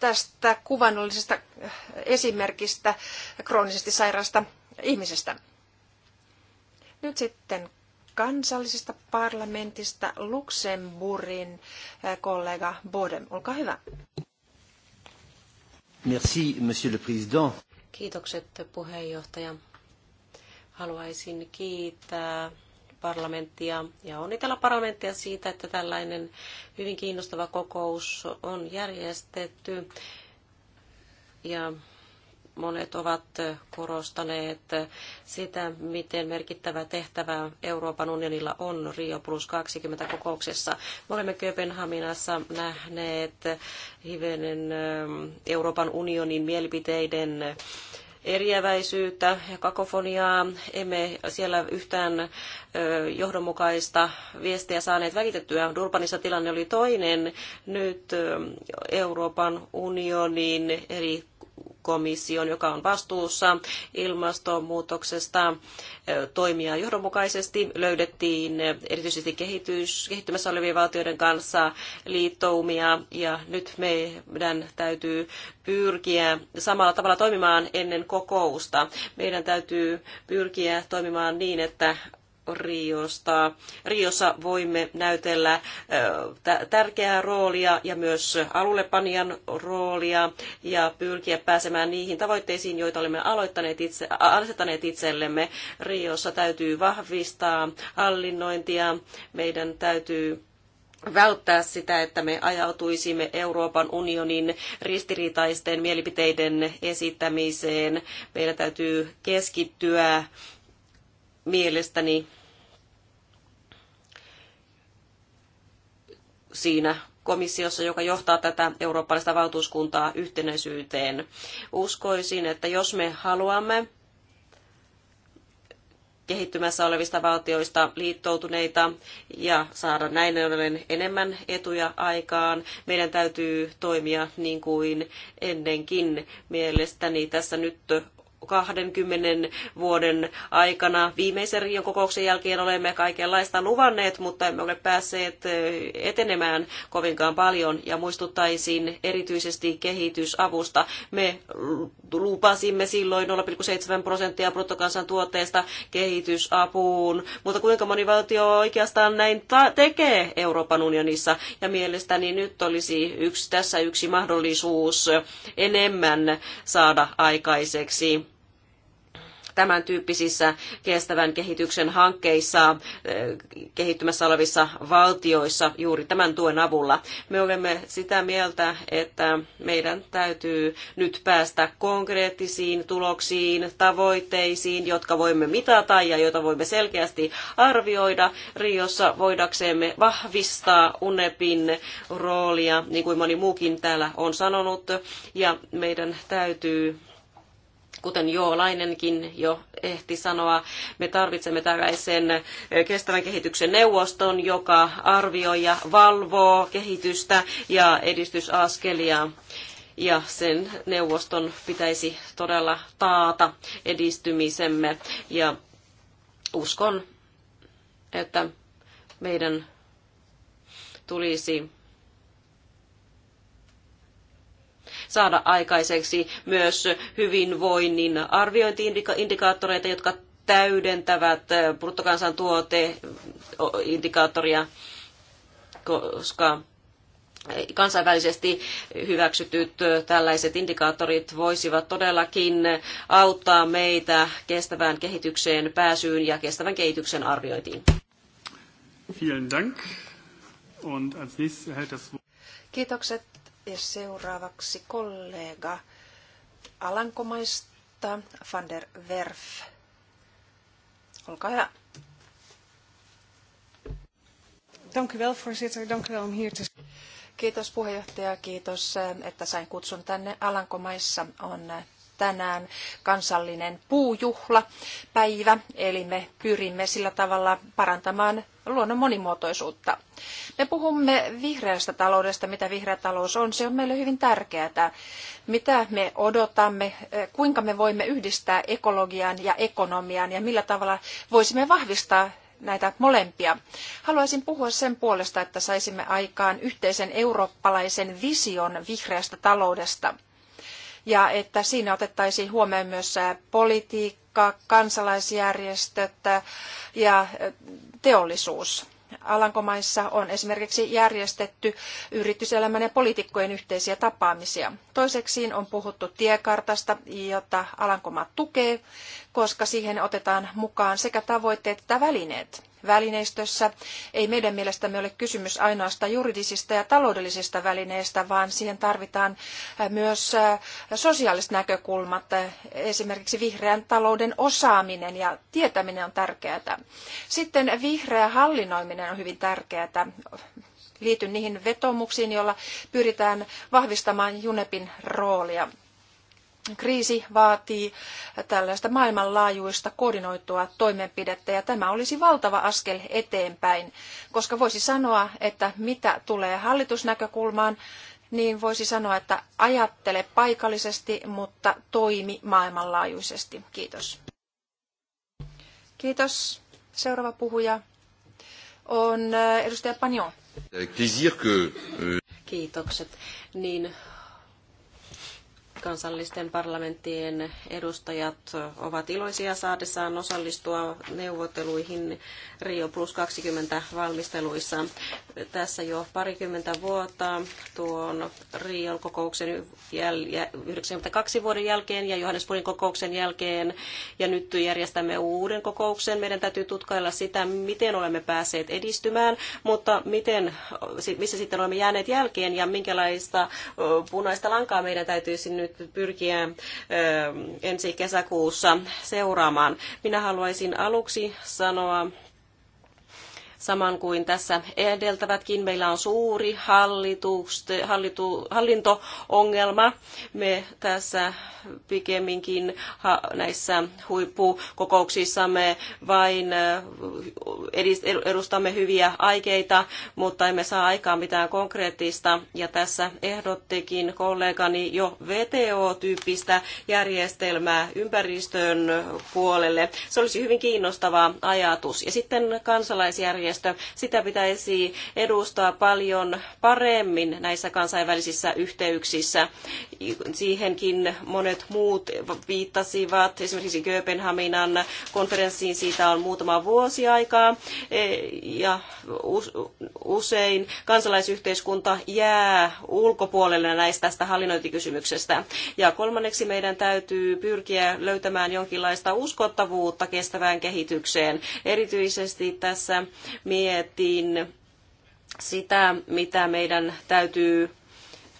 S2: tästä kuvannollisesta äh, esimerkistä kroonisesti sairaasta ihmisestä. Nyt sitten kansallisesta parlamentista Luxemburgin äh, kollega Bodem. Olkaa hyvä.
S4: Merci, monsieur le président.
S5: Kiitokset puheenjohtaja. Haluaisin kiittää parlamenttia ja onnitella parlamenttia siitä, että tällainen hyvin kiinnostava kokous on järjestetty. Ja monet ovat korostaneet sitä, miten merkittävä tehtävä Euroopan unionilla on Rio plus 20 kokouksessa. Me olemme Kööpenhaminassa nähneet hivenen Euroopan unionin mielipiteiden eriäväisyyttä ja kakofoniaa. Emme siellä yhtään johdonmukaista viestiä saaneet välitettyä. Durbanissa tilanne oli toinen. Nyt Euroopan unionin eri komission, joka on vastuussa ilmastonmuutoksesta toimia johdonmukaisesti. Löydettiin erityisesti kehitys, kehittymässä olevien valtioiden kanssa liittoumia ja nyt meidän täytyy pyrkiä samalla tavalla toimimaan ennen kokousta. Meidän täytyy pyrkiä toimimaan niin, että Riosta. Riossa voimme näytellä tärkeää roolia ja myös alullepanijan roolia ja pyrkiä pääsemään niihin tavoitteisiin, joita olemme aloittaneet itse, asettaneet itsellemme. Riossa täytyy vahvistaa hallinnointia. Meidän täytyy välttää sitä, että me ajautuisimme Euroopan unionin ristiriitaisten mielipiteiden esittämiseen. Meidän täytyy keskittyä mielestäni siinä komissiossa, joka johtaa tätä eurooppalaista valtuuskuntaa yhtenäisyyteen. Uskoisin, että jos me haluamme kehittymässä olevista valtioista liittoutuneita ja saada näin ollen enemmän etuja aikaan. Meidän täytyy toimia niin kuin ennenkin. Mielestäni tässä nyt 20 vuoden aikana viimeisen Rion kokouksen jälkeen olemme kaikenlaista luvanneet, mutta emme ole päässeet etenemään kovinkaan paljon ja muistuttaisin erityisesti kehitysavusta. Me lupasimme silloin 0,7 prosenttia bruttokansantuotteesta kehitysapuun, mutta kuinka moni valtio oikeastaan näin tekee Euroopan unionissa ja mielestäni nyt olisi yksi, tässä yksi mahdollisuus enemmän saada aikaiseksi tämän tyyppisissä kestävän kehityksen hankkeissa kehittymässä olevissa valtioissa juuri tämän tuen avulla. Me olemme sitä mieltä, että meidän täytyy nyt päästä konkreettisiin tuloksiin, tavoitteisiin, jotka voimme mitata ja joita voimme selkeästi arvioida Riossa voidaksemme vahvistaa UNEPin roolia, niin kuin moni muukin täällä on sanonut, ja meidän täytyy kuten Jo Lainenkin jo ehti sanoa, me tarvitsemme tällaisen kestävän kehityksen neuvoston, joka arvioi ja valvoo kehitystä ja edistysaskelia. Ja sen neuvoston pitäisi todella taata edistymisemme. Ja uskon, että meidän tulisi saada aikaiseksi myös hyvinvoinnin arviointiindikaattoreita, jotka täydentävät eh, bruttokansantuoteindikaattoria, koska kansainvälisesti hyväksytyt eh, tällaiset indikaattorit voisivat todellakin auttaa meitä kestävään kehitykseen pääsyyn ja kestävän kehityksen arviointiin.
S1: Vielen Dank. Und als nächstes erhält das
S2: Kiitokset. Ja seuraavaksi kollega Alankomaista, van der Werf. Olkaa hyvä. Dank u wel, voorzitter. Dank u wel om hier te Kiitos puheenjohtaja, kiitos, eh, että sain kutsun tänne. Alankomaissa on eh, tänään kansallinen puujuhlapäivä, eli me pyrimme sillä tavalla parantamaan luonnon monimuotoisuutta. Me puhumme vihreästä taloudesta, mitä vihreä talous on, se on meille hyvin tärkeää. Mitä me odotamme, eh, kuinka me voimme yhdistää ekologian ja ekonomian ja millä tavalla voisimme vahvistaa näitä molempia. Haluaisin puhua sen puolesta, että saisimme aikaan yhteisen eurooppalaisen vision vihreästä taloudesta – ja että siinä otettaisiin huomioon myös politiikka, kansalaisjärjestöt ja teollisuus. Alankomaissa on esimerkiksi järjestetty yrityselämän ja poliitikkojen yhteisiä tapaamisia. Toiseksi on puhuttu tiekartasta, jota Alankomaat tukee, koska siihen otetaan mukaan sekä tavoitteet että välineet välineistössä. Ei meidän mielestämme ole kysymys ainoastaan juridisista ja taloudellisista välineistä, vaan siihen tarvitaan äh, myös äh, sosiaaliset näkökulmat. Äh, esimerkiksi vihreän talouden osaaminen ja tietäminen on tärkeää. Sitten vihreä hallinnoiminen on hyvin tärkeää. Liityn niihin vetomuksiin, joilla pyritään vahvistamaan Junepin roolia. Kriisi vaatii tällaista maailmanlaajuista koordinoitua toimenpidettä ja tämä olisi valtava askel eteenpäin, koska voisi sanoa, että mitä tulee hallitusnäkökulmaan, niin voisi sanoa, että ajattele paikallisesti, mutta toimi maailmanlaajuisesti. Kiitos. Kiitos. Seuraava puhuja on äh, edustaja Panion.
S4: Euh,
S5: Kiitokset. Niin kansallisten parlamenttien edustajat ovat iloisia saadessaan osallistua neuvotteluihin Rio Plus 20 valmisteluissa. Tässä jo parikymmentä vuotta tuon Rion kokouksen jäl- 92 vuoden jälkeen ja Johannesburgin kokouksen jälkeen ja nyt järjestämme uuden kokouksen. Meidän täytyy tutkailla sitä, miten olemme päässeet edistymään, mutta miten, missä sitten olemme jääneet jälkeen ja minkälaista punaista lankaa meidän täytyisi nyt nyt pyrkiä ensi kesäkuussa seuraamaan. Minä haluaisin aluksi sanoa saman kuin tässä edeltävätkin. Meillä on suuri hallitu, hallinto-ongelma. Me tässä pikemminkin näissä huippukokouksissamme vain edustamme hyviä aikeita, mutta emme saa aikaan mitään konkreettista. Ja tässä ehdottikin kollegani jo VTO-tyyppistä järjestelmää ympäristön puolelle. Se olisi hyvin kiinnostava ajatus. Ja sitten kansalaisjärjestelmä järjestö, sitä pitäisi edustaa paljon paremmin näissä kansainvälisissä yhteyksissä. Siihenkin monet muut viittasivat, esimerkiksi Kööpenhaminan konferenssiin siitä on muutama vuosi aikaa, e, ja usein kansalaisyhteiskunta jää ulkopuolelle näistä tästä hallinnointikysymyksestä. Ja kolmanneksi meidän täytyy pyrkiä löytämään jonkinlaista uskottavuutta kestävään kehitykseen, erityisesti tässä mietin sitä, mitä meidän täytyy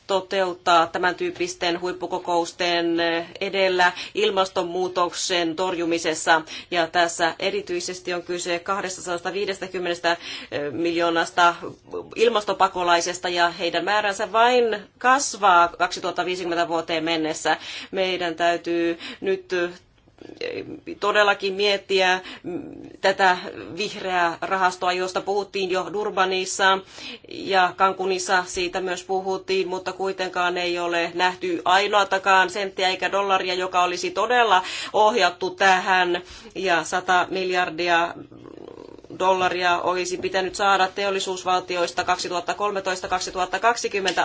S5: toteuttaa tämän tyyppisten huippukokousten edellä ilmastonmuutoksen torjumisessa. Ja tässä erityisesti on kyse 250 eh, miljoonasta ilmastopakolaisesta ja heidän määränsä vain kasvaa 2050 vuoteen mennessä. Meidän täytyy nyt todellakin miettiä tätä vihreää rahastoa, josta puhuttiin jo Durbanissa ja Kankunissa siitä myös puhuttiin, mutta kuitenkaan ei ole nähty ainoatakaan senttiä eikä dollaria, joka olisi todella ohjattu tähän ja 100 miljardia dollaria olisi pitänyt saada teollisuusvaltioista 2013-2020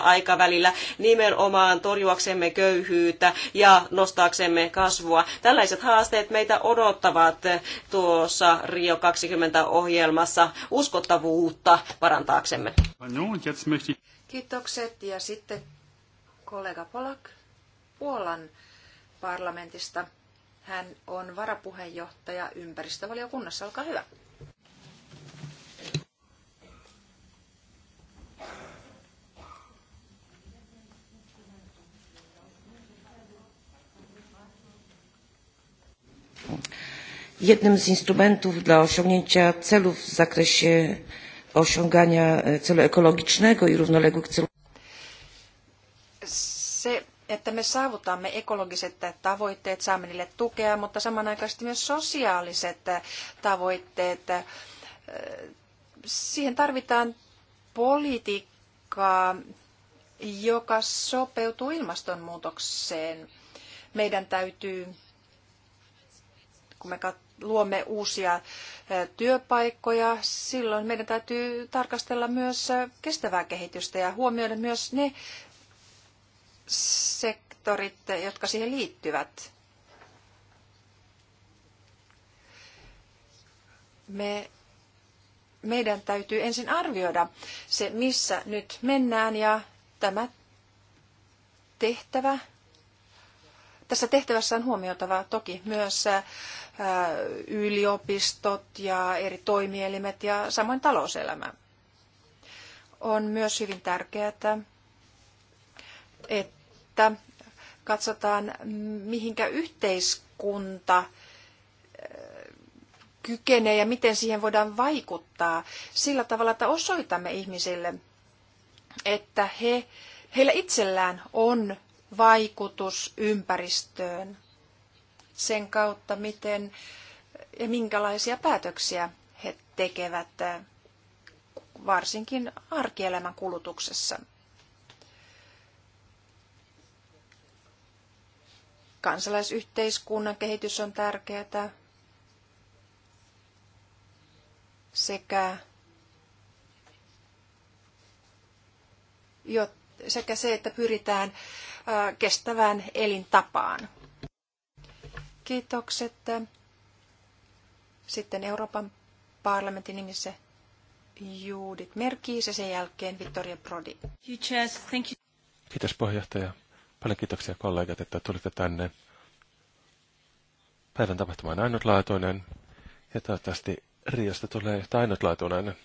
S5: aikavälillä nimenomaan torjuaksemme köyhyyttä ja nostaaksemme kasvua. Tällaiset haasteet meitä odottavat tuossa Rio 20-ohjelmassa uskottavuutta parantaaksemme.
S2: Kiitokset ja sitten kollega Polak Puolan parlamentista. Hän on varapuheenjohtaja ympäristövaliokunnassa. Olkaa hyvä.
S5: Jednym z instrumentów dla osiągnięcia celów w zakresie osiągania e, celu
S2: ekologicznego i równoległych celów. Se, että me saavutamme ekologiset tavoitteet, saamme niille tukea, mutta samanaikaisesti myös sosiaaliset tavoitteet. E, siihen tarvitaan politiikkaa, joka sopeutuu ilmastonmuutokseen. Meidän täytyy, kun me luomme uusia työpaikkoja, silloin meidän täytyy tarkastella myös kestävää kehitystä ja huomioida myös ne sektorit, jotka siihen liittyvät. Me meidän täytyy ensin arvioida se, missä nyt mennään ja tämä tehtävä. Tässä tehtävässä on huomioitava toki myös äh, yliopistot ja eri toimielimet ja samoin talouselämä. On myös hyvin tärkeää, että katsotaan, mihinkä yhteiskunta – kykenee ja miten siihen voidaan vaikuttaa sillä tavalla, että osoitamme ihmisille, että he, heillä itsellään on vaikutus ympäristöön sen kautta, miten ja minkälaisia päätöksiä he tekevät varsinkin arkielämän kulutuksessa. Kansalaisyhteiskunnan kehitys on tärkeää sekä, jo, sekä se, että pyritään kestävään elintapaan. Kiitokset. Sitten Euroopan parlamentin nimissä Juudit Merkiis ja sen jälkeen Vittoria Prodi.
S3: Kiitos puheenjohtaja. Paljon kiitoksia kollegat, että tulitte tänne. Päivän tapahtuma on ainutlaatuinen ja toivottavasti Riasta tulee ainutlaatuinen.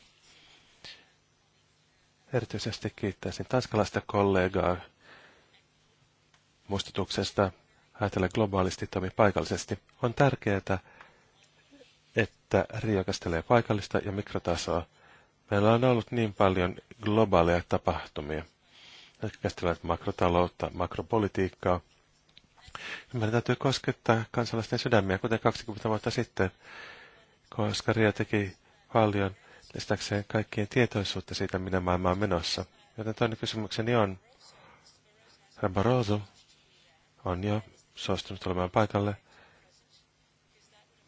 S3: Erityisesti kiittäisin tanskalaista kollegaa muistutuksesta ajatella globaalisti toimi paikallisesti. On tärkeää, että Rio käsittelee paikallista ja mikrotasoa. Meillä on ollut niin paljon globaaleja tapahtumia, jotka käsittelevät makrotaloutta, makropolitiikkaa. Meidän täytyy koskettaa kansalaisten sydämiä, kuten 20 vuotta sitten koska Ria teki paljon lisäkseen kaikkien tietoisuutta siitä, minä maailma on menossa. Joten toinen kysymykseni on, Rosu on jo suostunut olemaan paikalle.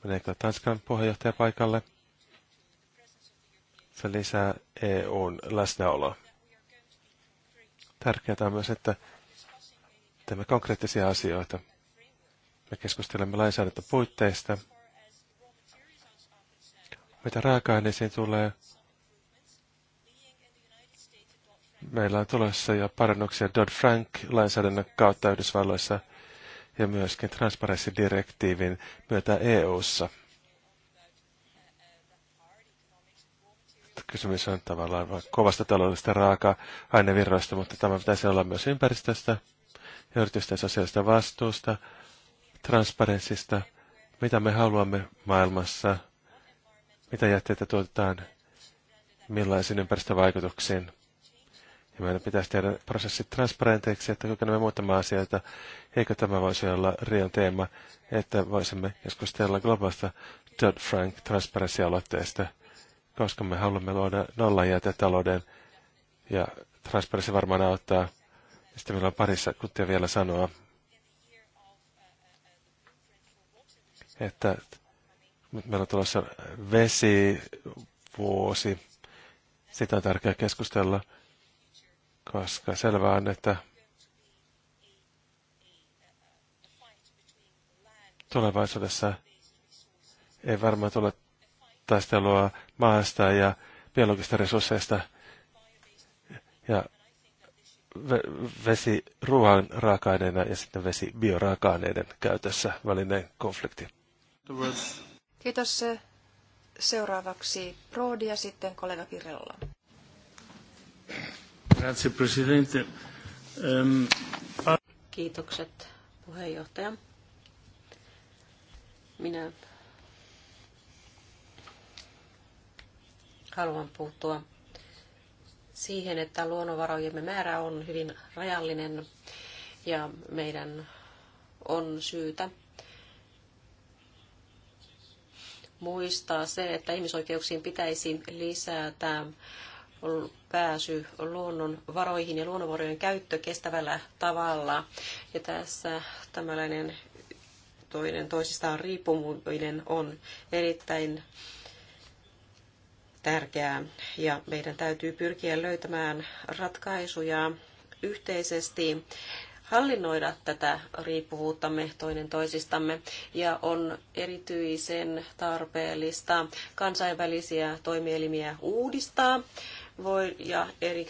S3: Meneekö Tanskan puheenjohtaja paikalle? Se lisää EUn läsnäoloa. Tärkeää on myös, että teemme konkreettisia asioita. Me keskustelemme lainsäädäntöpuitteista puitteista mitä raaka-aineisiin tulee, meillä on tulossa jo parannuksia Dodd-Frank-lainsäädännön kautta Yhdysvalloissa ja myöskin transparenssidirektiivin myötä EU-ssa. Kysymys on tavallaan kovasta taloudellista raaka-ainevirroista, mutta tämä pitäisi olla myös ympäristöstä ja yritysten sosiaalista vastuusta, transparenssista, mitä me haluamme maailmassa – mitä jätteitä tuotetaan, millaisiin ympäristövaikutuksiin. Ja meidän pitäisi tehdä prosessit transparenteiksi, että kykenemme muuttamaan asioita. Eikö tämä voisi olla Rion teema, että voisimme keskustella globaalista Dodd-Frank transparenssialoitteesta, koska me haluamme luoda nollajätetalouden ja transparenssi varmaan auttaa. Sitten meillä on parissa kuttia vielä sanoa, että Meillä on tulossa vesivuosi. Sitä on tärkeää keskustella, koska selvää on, että tulevaisuudessa ei varmaan tule taistelua maasta ja biologisista resursseista ja vesi ruoan raaka-aineena ja sitten vesi bioraaka-aineiden käytössä välinen konflikti.
S2: Kiitos. Seuraavaksi Prodi ja sitten kollega Pirello.
S1: Grazie, Presidente. Ehm,
S5: Kiitokset, puheenjohtaja. Minä haluan puuttua siihen, että luonnonvarojemme määrä on hyvin rajallinen ja meidän on syytä muistaa se, että ihmisoikeuksiin pitäisi lisätä pääsy luonnonvaroihin ja luonnonvarojen käyttö kestävällä tavalla. Ja tässä tämmöinen toinen toisistaan riippuminen on erittäin tärkeää ja meidän täytyy pyrkiä löytämään ratkaisuja yhteisesti hallinnoida tätä riippuvuuttamme toinen toisistamme ja on erityisen tarpeellista kansainvälisiä toimielimiä uudistaa. Voi, ja eri,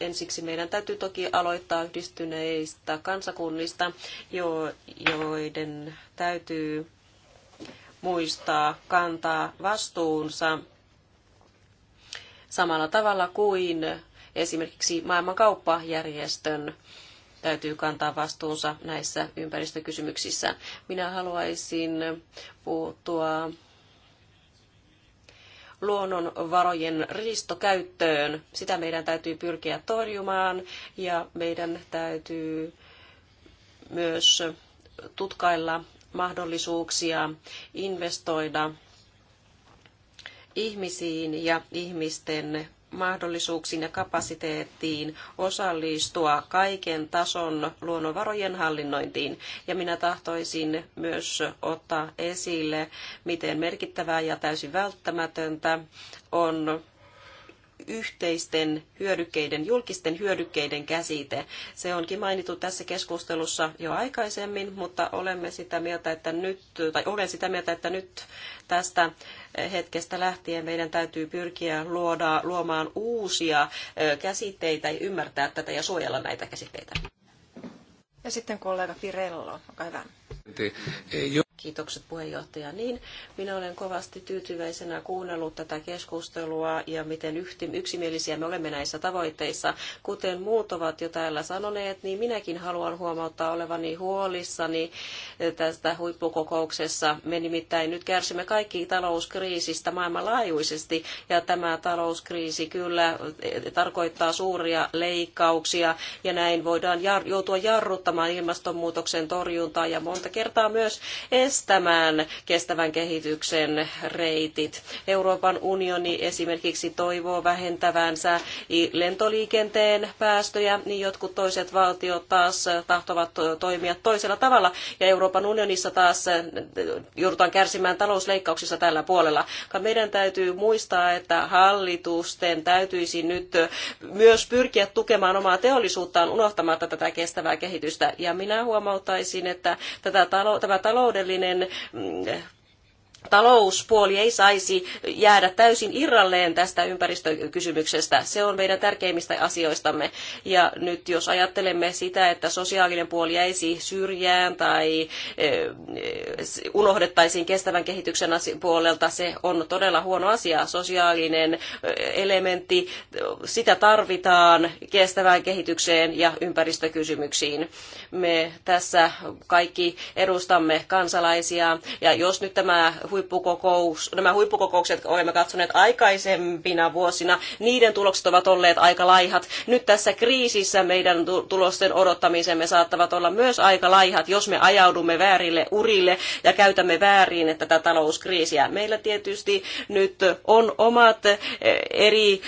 S5: ensiksi meidän täytyy toki aloittaa yhdistyneistä kansakunnista, jo, joiden täytyy muistaa kantaa vastuunsa samalla tavalla kuin esimerkiksi maailmankauppajärjestön täytyy kantaa vastuunsa näissä ympäristökysymyksissä. Minä haluaisin puuttua luonnonvarojen riistokäyttöön. Sitä meidän täytyy pyrkiä torjumaan ja meidän täytyy myös tutkailla mahdollisuuksia investoida ihmisiin ja ihmisten mahdollisuuksiin ja kapasiteettiin osallistua kaiken tason luonnonvarojen hallinnointiin. Ja minä tahtoisin myös ottaa esille, miten merkittävää ja täysin välttämätöntä on yhteisten hyödykkeiden, julkisten hyödykkeiden käsite. Se onkin mainittu tässä keskustelussa jo aikaisemmin, mutta olemme sitä mieltä, että nyt, tai olen sitä mieltä, että nyt tästä hetkestä lähtien meidän täytyy pyrkiä luoda, luomaan uusia käsitteitä ja ymmärtää tätä ja suojella näitä käsitteitä. Ja sitten kollega Pirello, olkaa hyvä. Kiitokset puheenjohtaja. Niin, minä olen kovasti tyytyväisenä kuunnellut tätä keskustelua ja miten yksimielisiä me olemme näissä tavoitteissa. Kuten muut ovat jo täällä sanoneet, niin minäkin haluan huomauttaa olevani huolissani eh, tästä huippukokouksessa. Me nimittäin nyt kärsimme kaikki talouskriisistä maailmanlaajuisesti ja tämä talouskriisi kyllä eh, tarkoittaa suuria leikkauksia ja näin voidaan joutua jarruttamaan ilmastonmuutoksen torjuntaa ja monta kertaa myös kestämään kestävän kehityksen reitit. Euroopan unioni esimerkiksi toivoo vähentävänsä lentoliikenteen päästöjä, niin jotkut toiset valtiot taas tahtovat toimia toisella tavalla. Ja Euroopan unionissa taas äh, joudutaan kärsimään talousleikkauksissa tällä puolella. Meidän täytyy muistaa, että hallitusten täytyisi nyt äh, myös pyrkiä tukemaan omaa teollisuuttaan unohtamatta tätä kestävää kehitystä. Ja minä huomauttaisin, että tätä talo, tämä taloudellinen mahdollinen mm, talouspuoli ei saisi jäädä täysin irralleen tästä ympäristökysymyksestä. Se on meidän tärkeimmistä asioistamme. Ja nyt jos ajattelemme sitä, että sosiaalinen puoli jäisi syrjään tai eh, eh, unohdettaisiin kestävän kehityksen puolelta, se on todella huono asia. Sosiaalinen eh, elementti, sitä tarvitaan kestävään kehitykseen ja ympäristökysymyksiin. Me tässä kaikki edustamme kansalaisia ja jos nyt tämä huippukokous, nämä huippukokoukset olemme katsoneet aikaisempina vuosina, niiden tulokset ovat olleet aika laihat. Nyt tässä kriisissä meidän tulosten odottamisemme saattavat olla myös aika laihat, jos me ajaudumme väärille urille ja käytämme väärin tätä talouskriisiä. Meillä tietysti nyt on omat e, eri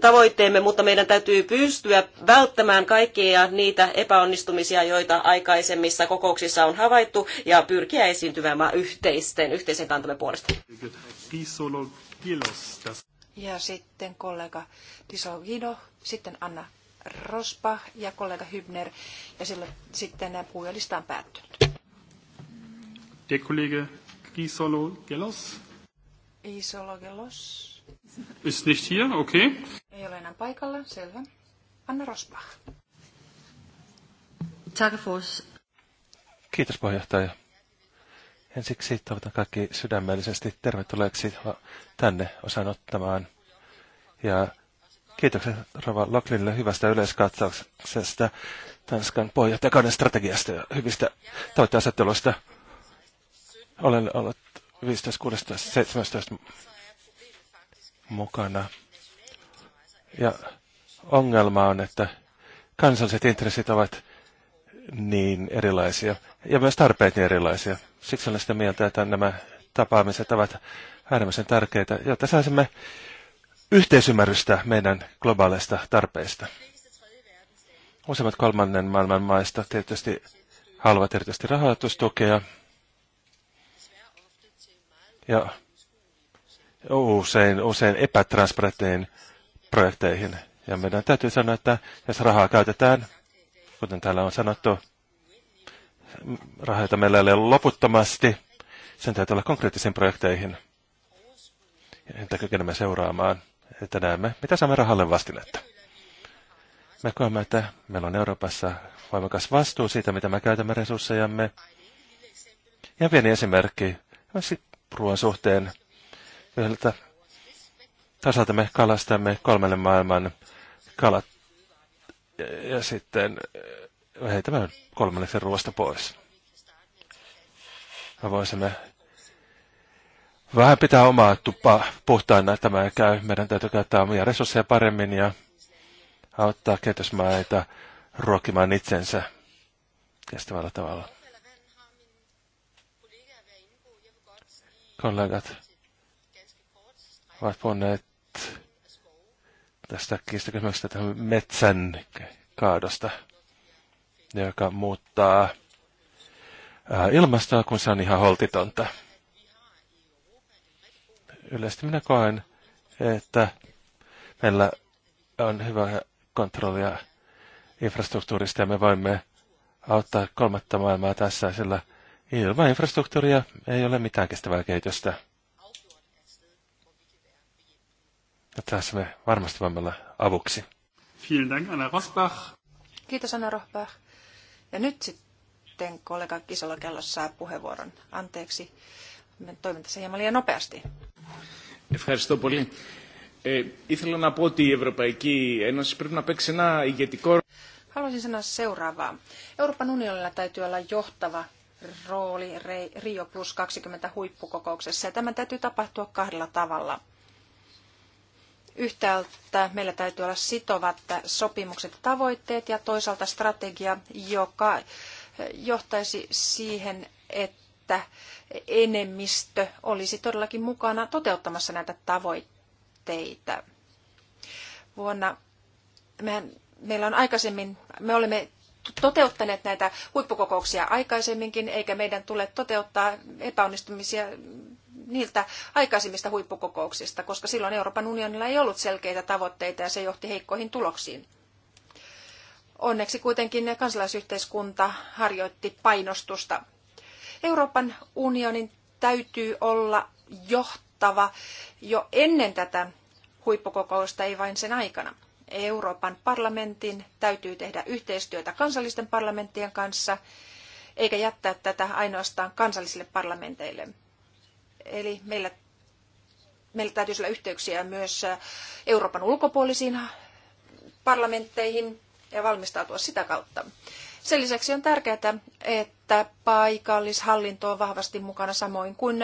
S5: tavoitteemme, mutta meidän täytyy pystyä välttämään kaikkia niitä epäonnistumisia, joita aikaisemmissa kokouksissa on havaittu ja pyrkiä esiintymään yhteisten, yhteisen kantamme puolesta.
S2: Ja sitten kollega Tisogino, sitten Anna Rospa ja kollega Hybner, ja silloin sitten puhujalista on päättynyt.
S1: Der Kollege Isolo Gelos.
S2: Isolo Gelos.
S1: Ist nicht hier, okay.
S2: Ei ole enää paikalla, selvä. Anna Rospa
S1: Tack
S3: Kiitos puheenjohtaja. Ensiksi toivotan kaikki sydämellisesti tervetulleeksi tänne osanottamaan. Ja kiitokset Rova Loklinille hyvästä yleiskatsauksesta Tanskan puheenjohtajakauden strategiasta ja hyvistä tavoitteasetteluista. Olen ollut 15, 16, 17 mukana. Ja ongelma on, että kansalliset intressit ovat niin erilaisia ja myös tarpeet niin erilaisia. Siksi olen sitä mieltä, että nämä tapaamiset ovat äärimmäisen tärkeitä, jotta saisimme yhteisymmärrystä meidän globaaleista tarpeista. Useimmat kolmannen maailman maista tietysti haluavat erityisesti rahoitustukea. Ja usein, usein epätransparenttiin projekteihin. Ja meidän täytyy sanoa, että jos rahaa käytetään Kuten täällä on sanottu, rahoita meillä ei ole loputtomasti. Sen täytyy olla konkreettisiin projekteihin, että kykenemme seuraamaan, että näemme, mitä saamme rahalle vastinetta. Me koemme, että meillä on Euroopassa voimakas vastuu siitä, mitä me käytämme resurssejamme. Ja pieni esimerkki ruoan suhteen, yhdeltä tasalta me kalastamme kolmelle maailman kalat ja, ja sitten eh, heitämme kolmanneksen ruoasta pois. Me voisimme vähän pitää omaa tuppaa puhtaana. Tämä käy. Meidän täytyy käyttää omia resursseja paremmin ja auttaa kehitysmaita ruokimaan itsensä kestävällä tavalla. Kollegat ovat puhuneet tästä kiistakysymyksestä tähän metsän kaadosta, joka muuttaa ilmastoa, kun se on ihan holtitonta. Yleisesti minä koen, että meillä on hyvä kontrollia infrastruktuurista ja me voimme auttaa kolmatta maailmaa tässä, sillä ilman infrastruktuuria ei ole mitään kestävää kehitystä. Ja tässä me varmasti voimme olla avuksi.
S1: Vielen Dank, Anna Rosbach.
S2: Kiitos, Anna Rosbach. Ja nyt sitten kollega Kisola kello saa puheenvuoron. Anteeksi, me toimin tässä hieman liian nopeasti.
S4: Ευχαριστώ πολύ. Ε, ήθελα να πω ότι η Ευρωπαϊκή Ένωση πρέπει να παίξει ένα ηγετικό
S2: Haluaisin sanoa seuraavaa. Euroopan unionilla täytyy olla johtava rooli Rio plus 20 huippukokouksessa ja tämä täytyy tapahtua kahdella tavalla – Yhtäältä meillä täytyy olla sitovat sopimukset ja tavoitteet ja toisaalta strategia, joka johtaisi siihen, että enemmistö olisi todellakin mukana toteuttamassa näitä tavoitteita. Vuonna mehän, meillä on aikaisemmin, me olemme toteuttaneet näitä huippukokouksia aikaisemminkin, eikä meidän tule toteuttaa epäonnistumisia niiltä aikaisemmista huippukokouksista, koska silloin Euroopan unionilla ei ollut selkeitä tavoitteita ja se johti heikkoihin tuloksiin. Onneksi kuitenkin kansalaisyhteiskunta harjoitti painostusta. Euroopan unionin täytyy olla johtava jo ennen tätä huippukokousta, ei vain sen aikana. Euroopan parlamentin täytyy tehdä yhteistyötä kansallisten parlamenttien kanssa, eikä jättää tätä ainoastaan kansallisille parlamenteille. Eli meillä, meillä täytyisi olla yhteyksiä myös Euroopan ulkopuolisiin parlamentteihin ja valmistautua sitä kautta. Sen lisäksi on tärkeää, että paikallishallinto on vahvasti mukana samoin kuin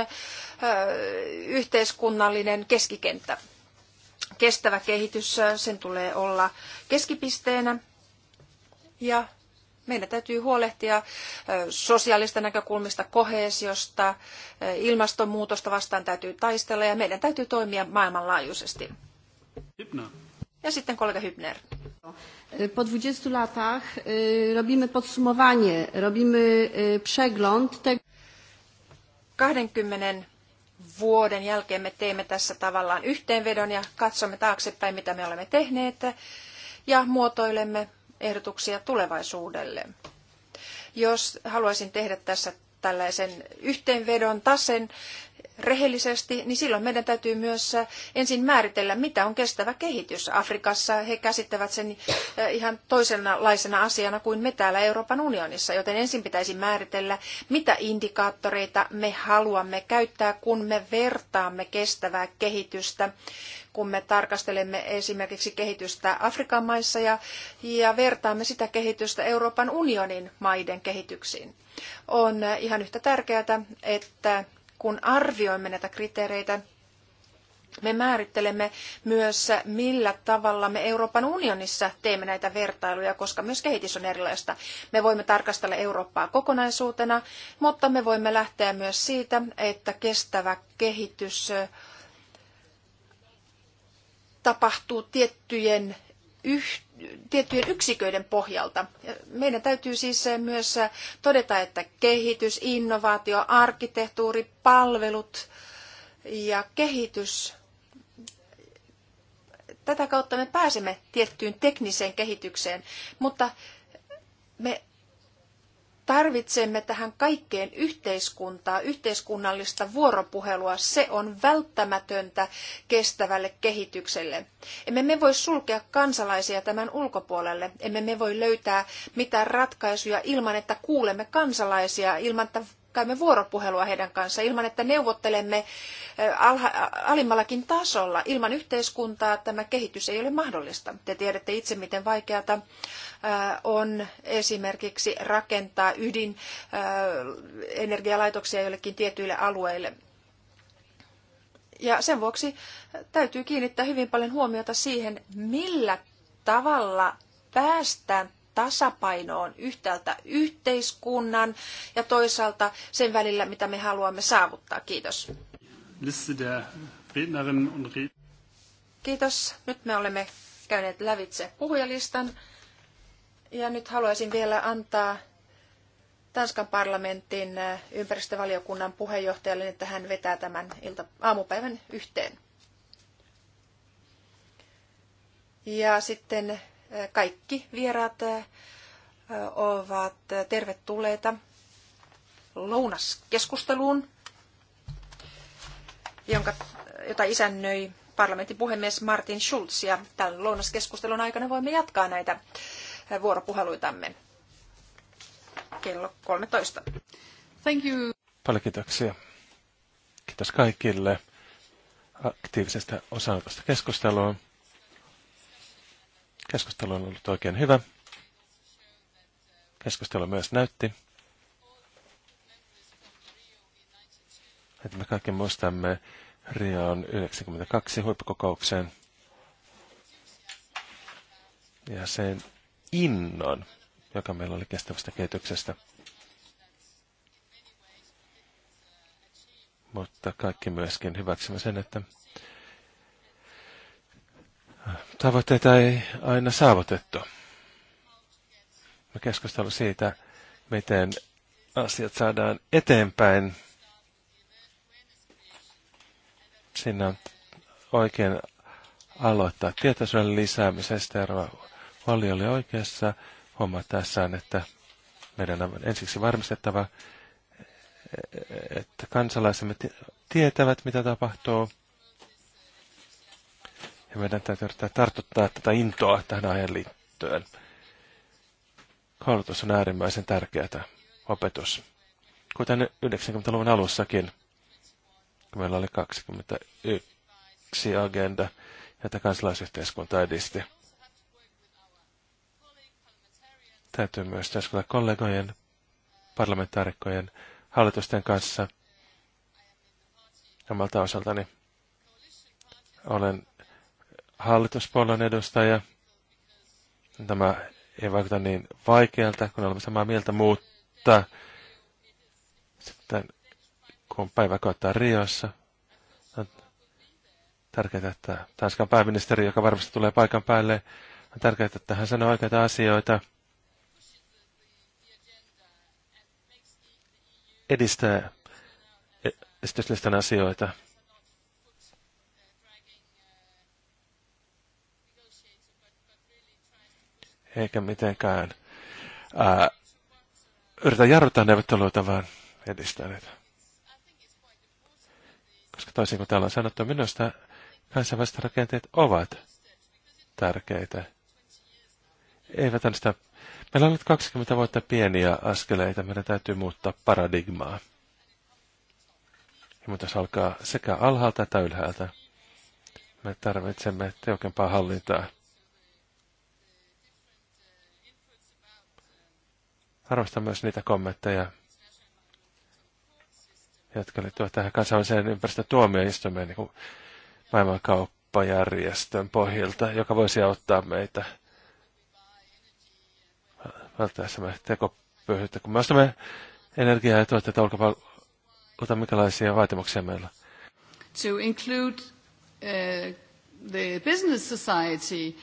S2: yhteiskunnallinen keskikenttä. Kestävä kehitys, sen tulee olla keskipisteenä ja meidän täytyy huolehtia sosiaalista näkökulmista, kohesiosta, ilmastonmuutosta vastaan täytyy taistella ja meidän täytyy toimia maailmanlaajuisesti. Hypnä. Ja sitten kollega Hübner.
S5: Po 20 latach robimy podsumowanie, robimy przegląd tego.
S2: 20 vuoden jälkeen me teemme tässä tavallaan yhteenvedon ja katsomme taaksepäin, mitä me olemme tehneet ja muotoilemme ehdotuksia tulevaisuudelle. Jos haluaisin tehdä tässä tällaisen yhteenvedon tasen rehellisesti, niin silloin meidän täytyy myös ensin määritellä, mitä on kestävä kehitys. Afrikassa he käsittävät sen eh, ihan toisenlaisena asiana kuin me täällä Euroopan unionissa, joten ensin pitäisi määritellä, mitä indikaattoreita me haluamme käyttää, kun me vertaamme kestävää kehitystä kun me tarkastelemme esimerkiksi kehitystä Afrikan maissa ja, ja vertaamme sitä kehitystä Euroopan unionin maiden kehityksiin. On ihan yhtä tärkeää, että kun arvioimme näitä kriteereitä, me määrittelemme myös, millä tavalla me Euroopan unionissa teemme näitä vertailuja, koska myös kehitys on erilaista. Me voimme tarkastella Eurooppaa kokonaisuutena, mutta me voimme lähteä myös siitä, että kestävä kehitys tapahtuu tiettyjen, yh, tiettyjen yksiköiden pohjalta. Meidän täytyy siis eh, myös eh, todeta, että kehitys, innovaatio, arkkitehtuuri, palvelut ja kehitys tätä kautta me pääsemme tiettyyn tekniseen kehitykseen, mutta me tarvitsemme tähän kaikkeen yhteiskuntaa, yhteiskunnallista vuoropuhelua. Se on välttämätöntä kestävälle kehitykselle. Emme me voi sulkea kansalaisia tämän ulkopuolelle. Emme me voi löytää mitään ratkaisuja ilman, että kuulemme kansalaisia, ilman, että käymme vuoropuhelua heidän kanssaan, ilman, että neuvottelemme alha, alimmallakin tasolla. Ilman yhteiskuntaa tämä kehitys ei ole mahdollista. Te tiedätte itse, miten vaikeata on esimerkiksi rakentaa ydinenergialaitoksia joillekin tietyille alueille. Ja sen vuoksi täytyy kiinnittää hyvin paljon huomiota siihen, millä tavalla päästään tasapainoon yhtäältä yhteiskunnan ja toisaalta sen välillä, mitä me haluamme saavuttaa. Kiitos. Kiitos. Nyt me olemme käyneet lävitse puhujalistan. Ja nyt haluaisin vielä antaa Tanskan parlamentin eh, ympäristövaliokunnan puheenjohtajalle, että hän vetää tämän ilta- aamupäivän yhteen. Ja sitten eh, kaikki vieraat eh, ovat tervetulleita lounaskeskusteluun, jonka, jota isännöi parlamentin puhemies Martin Schulz. Ja tämän lounaskeskustelun aikana voimme jatkaa näitä vuoropuheluitamme kello 13.
S1: Thank
S4: you.
S3: Paljon kiitoksia. Kiitos kaikille aktiivisesta osanotosta keskusteluun. Keskustelu on ollut oikein hyvä. Keskustelu myös näytti, että me kaikki muistamme Rion 92 huippukokoukseen ja sen innon, joka meillä oli kestävästä kehityksestä. Mutta kaikki myöskin hyväksymme sen, että tavoitteita ei aina saavutettu. Me keskustelu siitä, miten asiat saadaan eteenpäin. Siinä on oikein aloittaa tietoisuuden lisäämisestä ja Valli oli oikeassa huomattaessaan, että meidän on ensiksi varmistettava, että kansalaisemme tietävät, mitä tapahtuu. Ja meidän täytyy yrittää tartuttaa tätä intoa tähän ajan liittyen. Koulutus on äärimmäisen tärkeää, opetus. Kuten 90-luvun alussakin, kun meillä oli 21 agenda, jota kansalaisyhteiskunta edisti. Täytyy myös työskennellä kollegojen, parlamentaarikkojen, hallitusten kanssa omalta osaltani. Olen hallituspuolueen edustaja. Tämä ei vaikuta niin vaikealta, kun olemme samaa mieltä, mutta sitten kun päivä koittaa Riossa, on tärkeää, että Tanskan pääministeri, joka varmasti tulee paikan päälle, on tärkeää, että hän sanoo oikeita asioita. edistää esityslistan asioita. Eikä mitenkään ää, yritä jarruttaa neuvotteluita, vaan edistää niitä. Koska toisin kuin täällä on sanottu, minusta kansainväliset rakenteet ovat tärkeitä. Eivät ainoastaan Meillä on nyt 20 vuotta pieniä askeleita, meidän täytyy muuttaa paradigmaa. Ja se alkaa sekä alhaalta että ylhäältä. Me tarvitsemme tiukempaa hallintaa. Arvostan myös niitä kommentteja, jotka liittyvät tähän kansainväliseen ympäristötuomioistuimeen niin maailmankauppajärjestön pohjalta, joka voisi auttaa meitä – semmoinen tekopöyhyyttä. Kun me ostamme energiaa ja tuotteita ulkopuolelta, minkälaisia vaatimuksia meillä
S1: To include uh, the business society.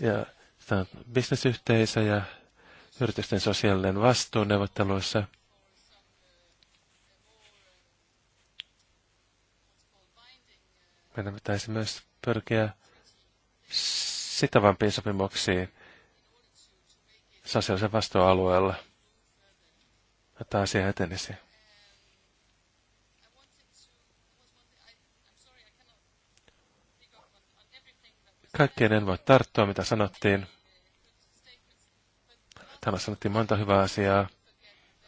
S3: Ja tämä on bisnesyhteisö ja yritysten sosiaalinen vastuu neuvotteluissa. Meidän pitäisi myös pyrkiä sitovampiin sopimuksiin sosiaalisen vastuualueella, jotta asia etenisi. Kaikkeen en voi tarttua, mitä sanottiin. Täällä sanottiin monta hyvää asiaa.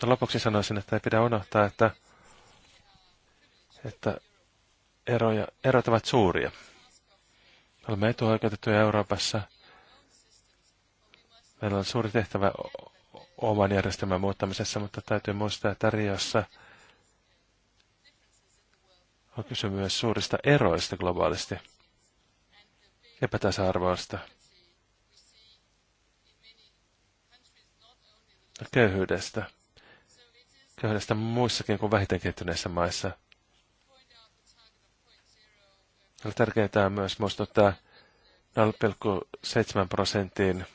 S3: Ja lopuksi sanoisin, että ei pidä unohtaa, että, että eroja, erot ovat suuria olemme etuoikeutettuja Euroopassa. Meillä on suuri tehtävä oman järjestelmän muuttamisessa, mutta täytyy muistaa, että Riossa on kyse myös suurista eroista globaalisti, epätasa-arvoista, köyhyydestä, köyhyydestä muissakin kuin vähiten kehittyneissä maissa – tärkeintä on myös muistuttaa 0,7 prosentin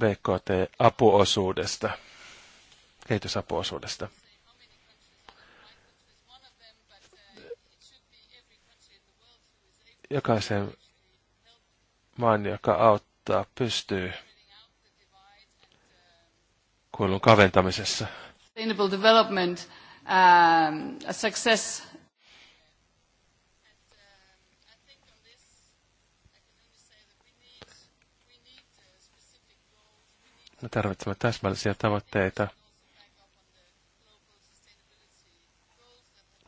S3: BKT-apuosuudesta, kehitysapuosuudesta. Jokaisen maan, joka auttaa, pystyy kuilun kaventamisessa.
S1: Sustainable development, um, a success
S3: Me tarvitsemme täsmällisiä tavoitteita.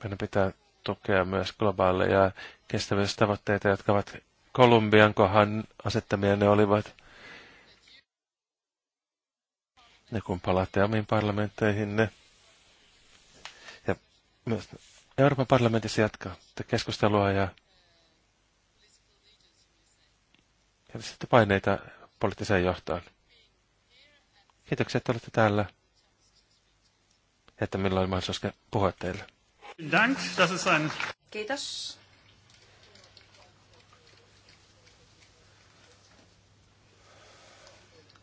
S3: Meidän pitää tukea myös globaaleja kestävyystavoitteita, jotka ovat Kolumbian kohan asettamia ne olivat. Ja kun palaatte omiin parlamentteihinne ja myös Euroopan parlamentissa jatkaa keskustelua ja, ja sitten paineita poliittiseen johtoon. Kiitoksia, että olette täällä. että milloin mahdollisuus puhua teille.
S1: Kiitos.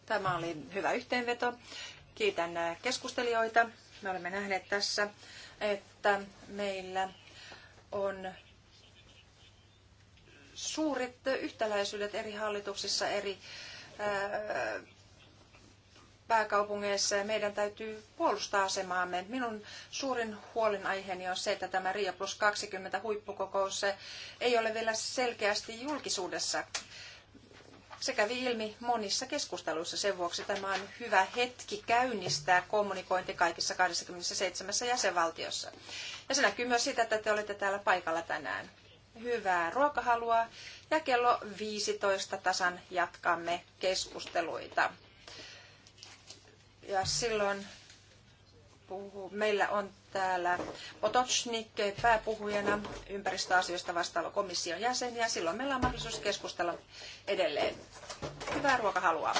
S2: Tämä oli hyvä yhteenveto. Kiitän äh, keskustelijoita. Me olemme nähneet tässä, että meillä on suuret yhtäläisyydet eri hallituksissa, eri äh, pääkaupungeissa ja meidän täytyy puolustaa asemaamme. Minun suurin huolenaiheeni on se, että tämä Rio plus 20 huippukokous ei ole vielä selkeästi julkisuudessa. Se kävi ilmi monissa keskusteluissa. Sen vuoksi tämä on hyvä hetki käynnistää kommunikointi kaikissa 27 jäsenvaltiossa. Ja se näkyy myös siitä, että te olette täällä paikalla tänään. Hyvää ruokahalua ja kello 15 tasan jatkamme keskusteluita. Ja silloin puhuu, meillä on täällä Potocnik pääpuhujana ympäristöasioista vastaava komission jäsen ja silloin meillä on mahdollisuus keskustella edelleen. Hyvää ruokahalua!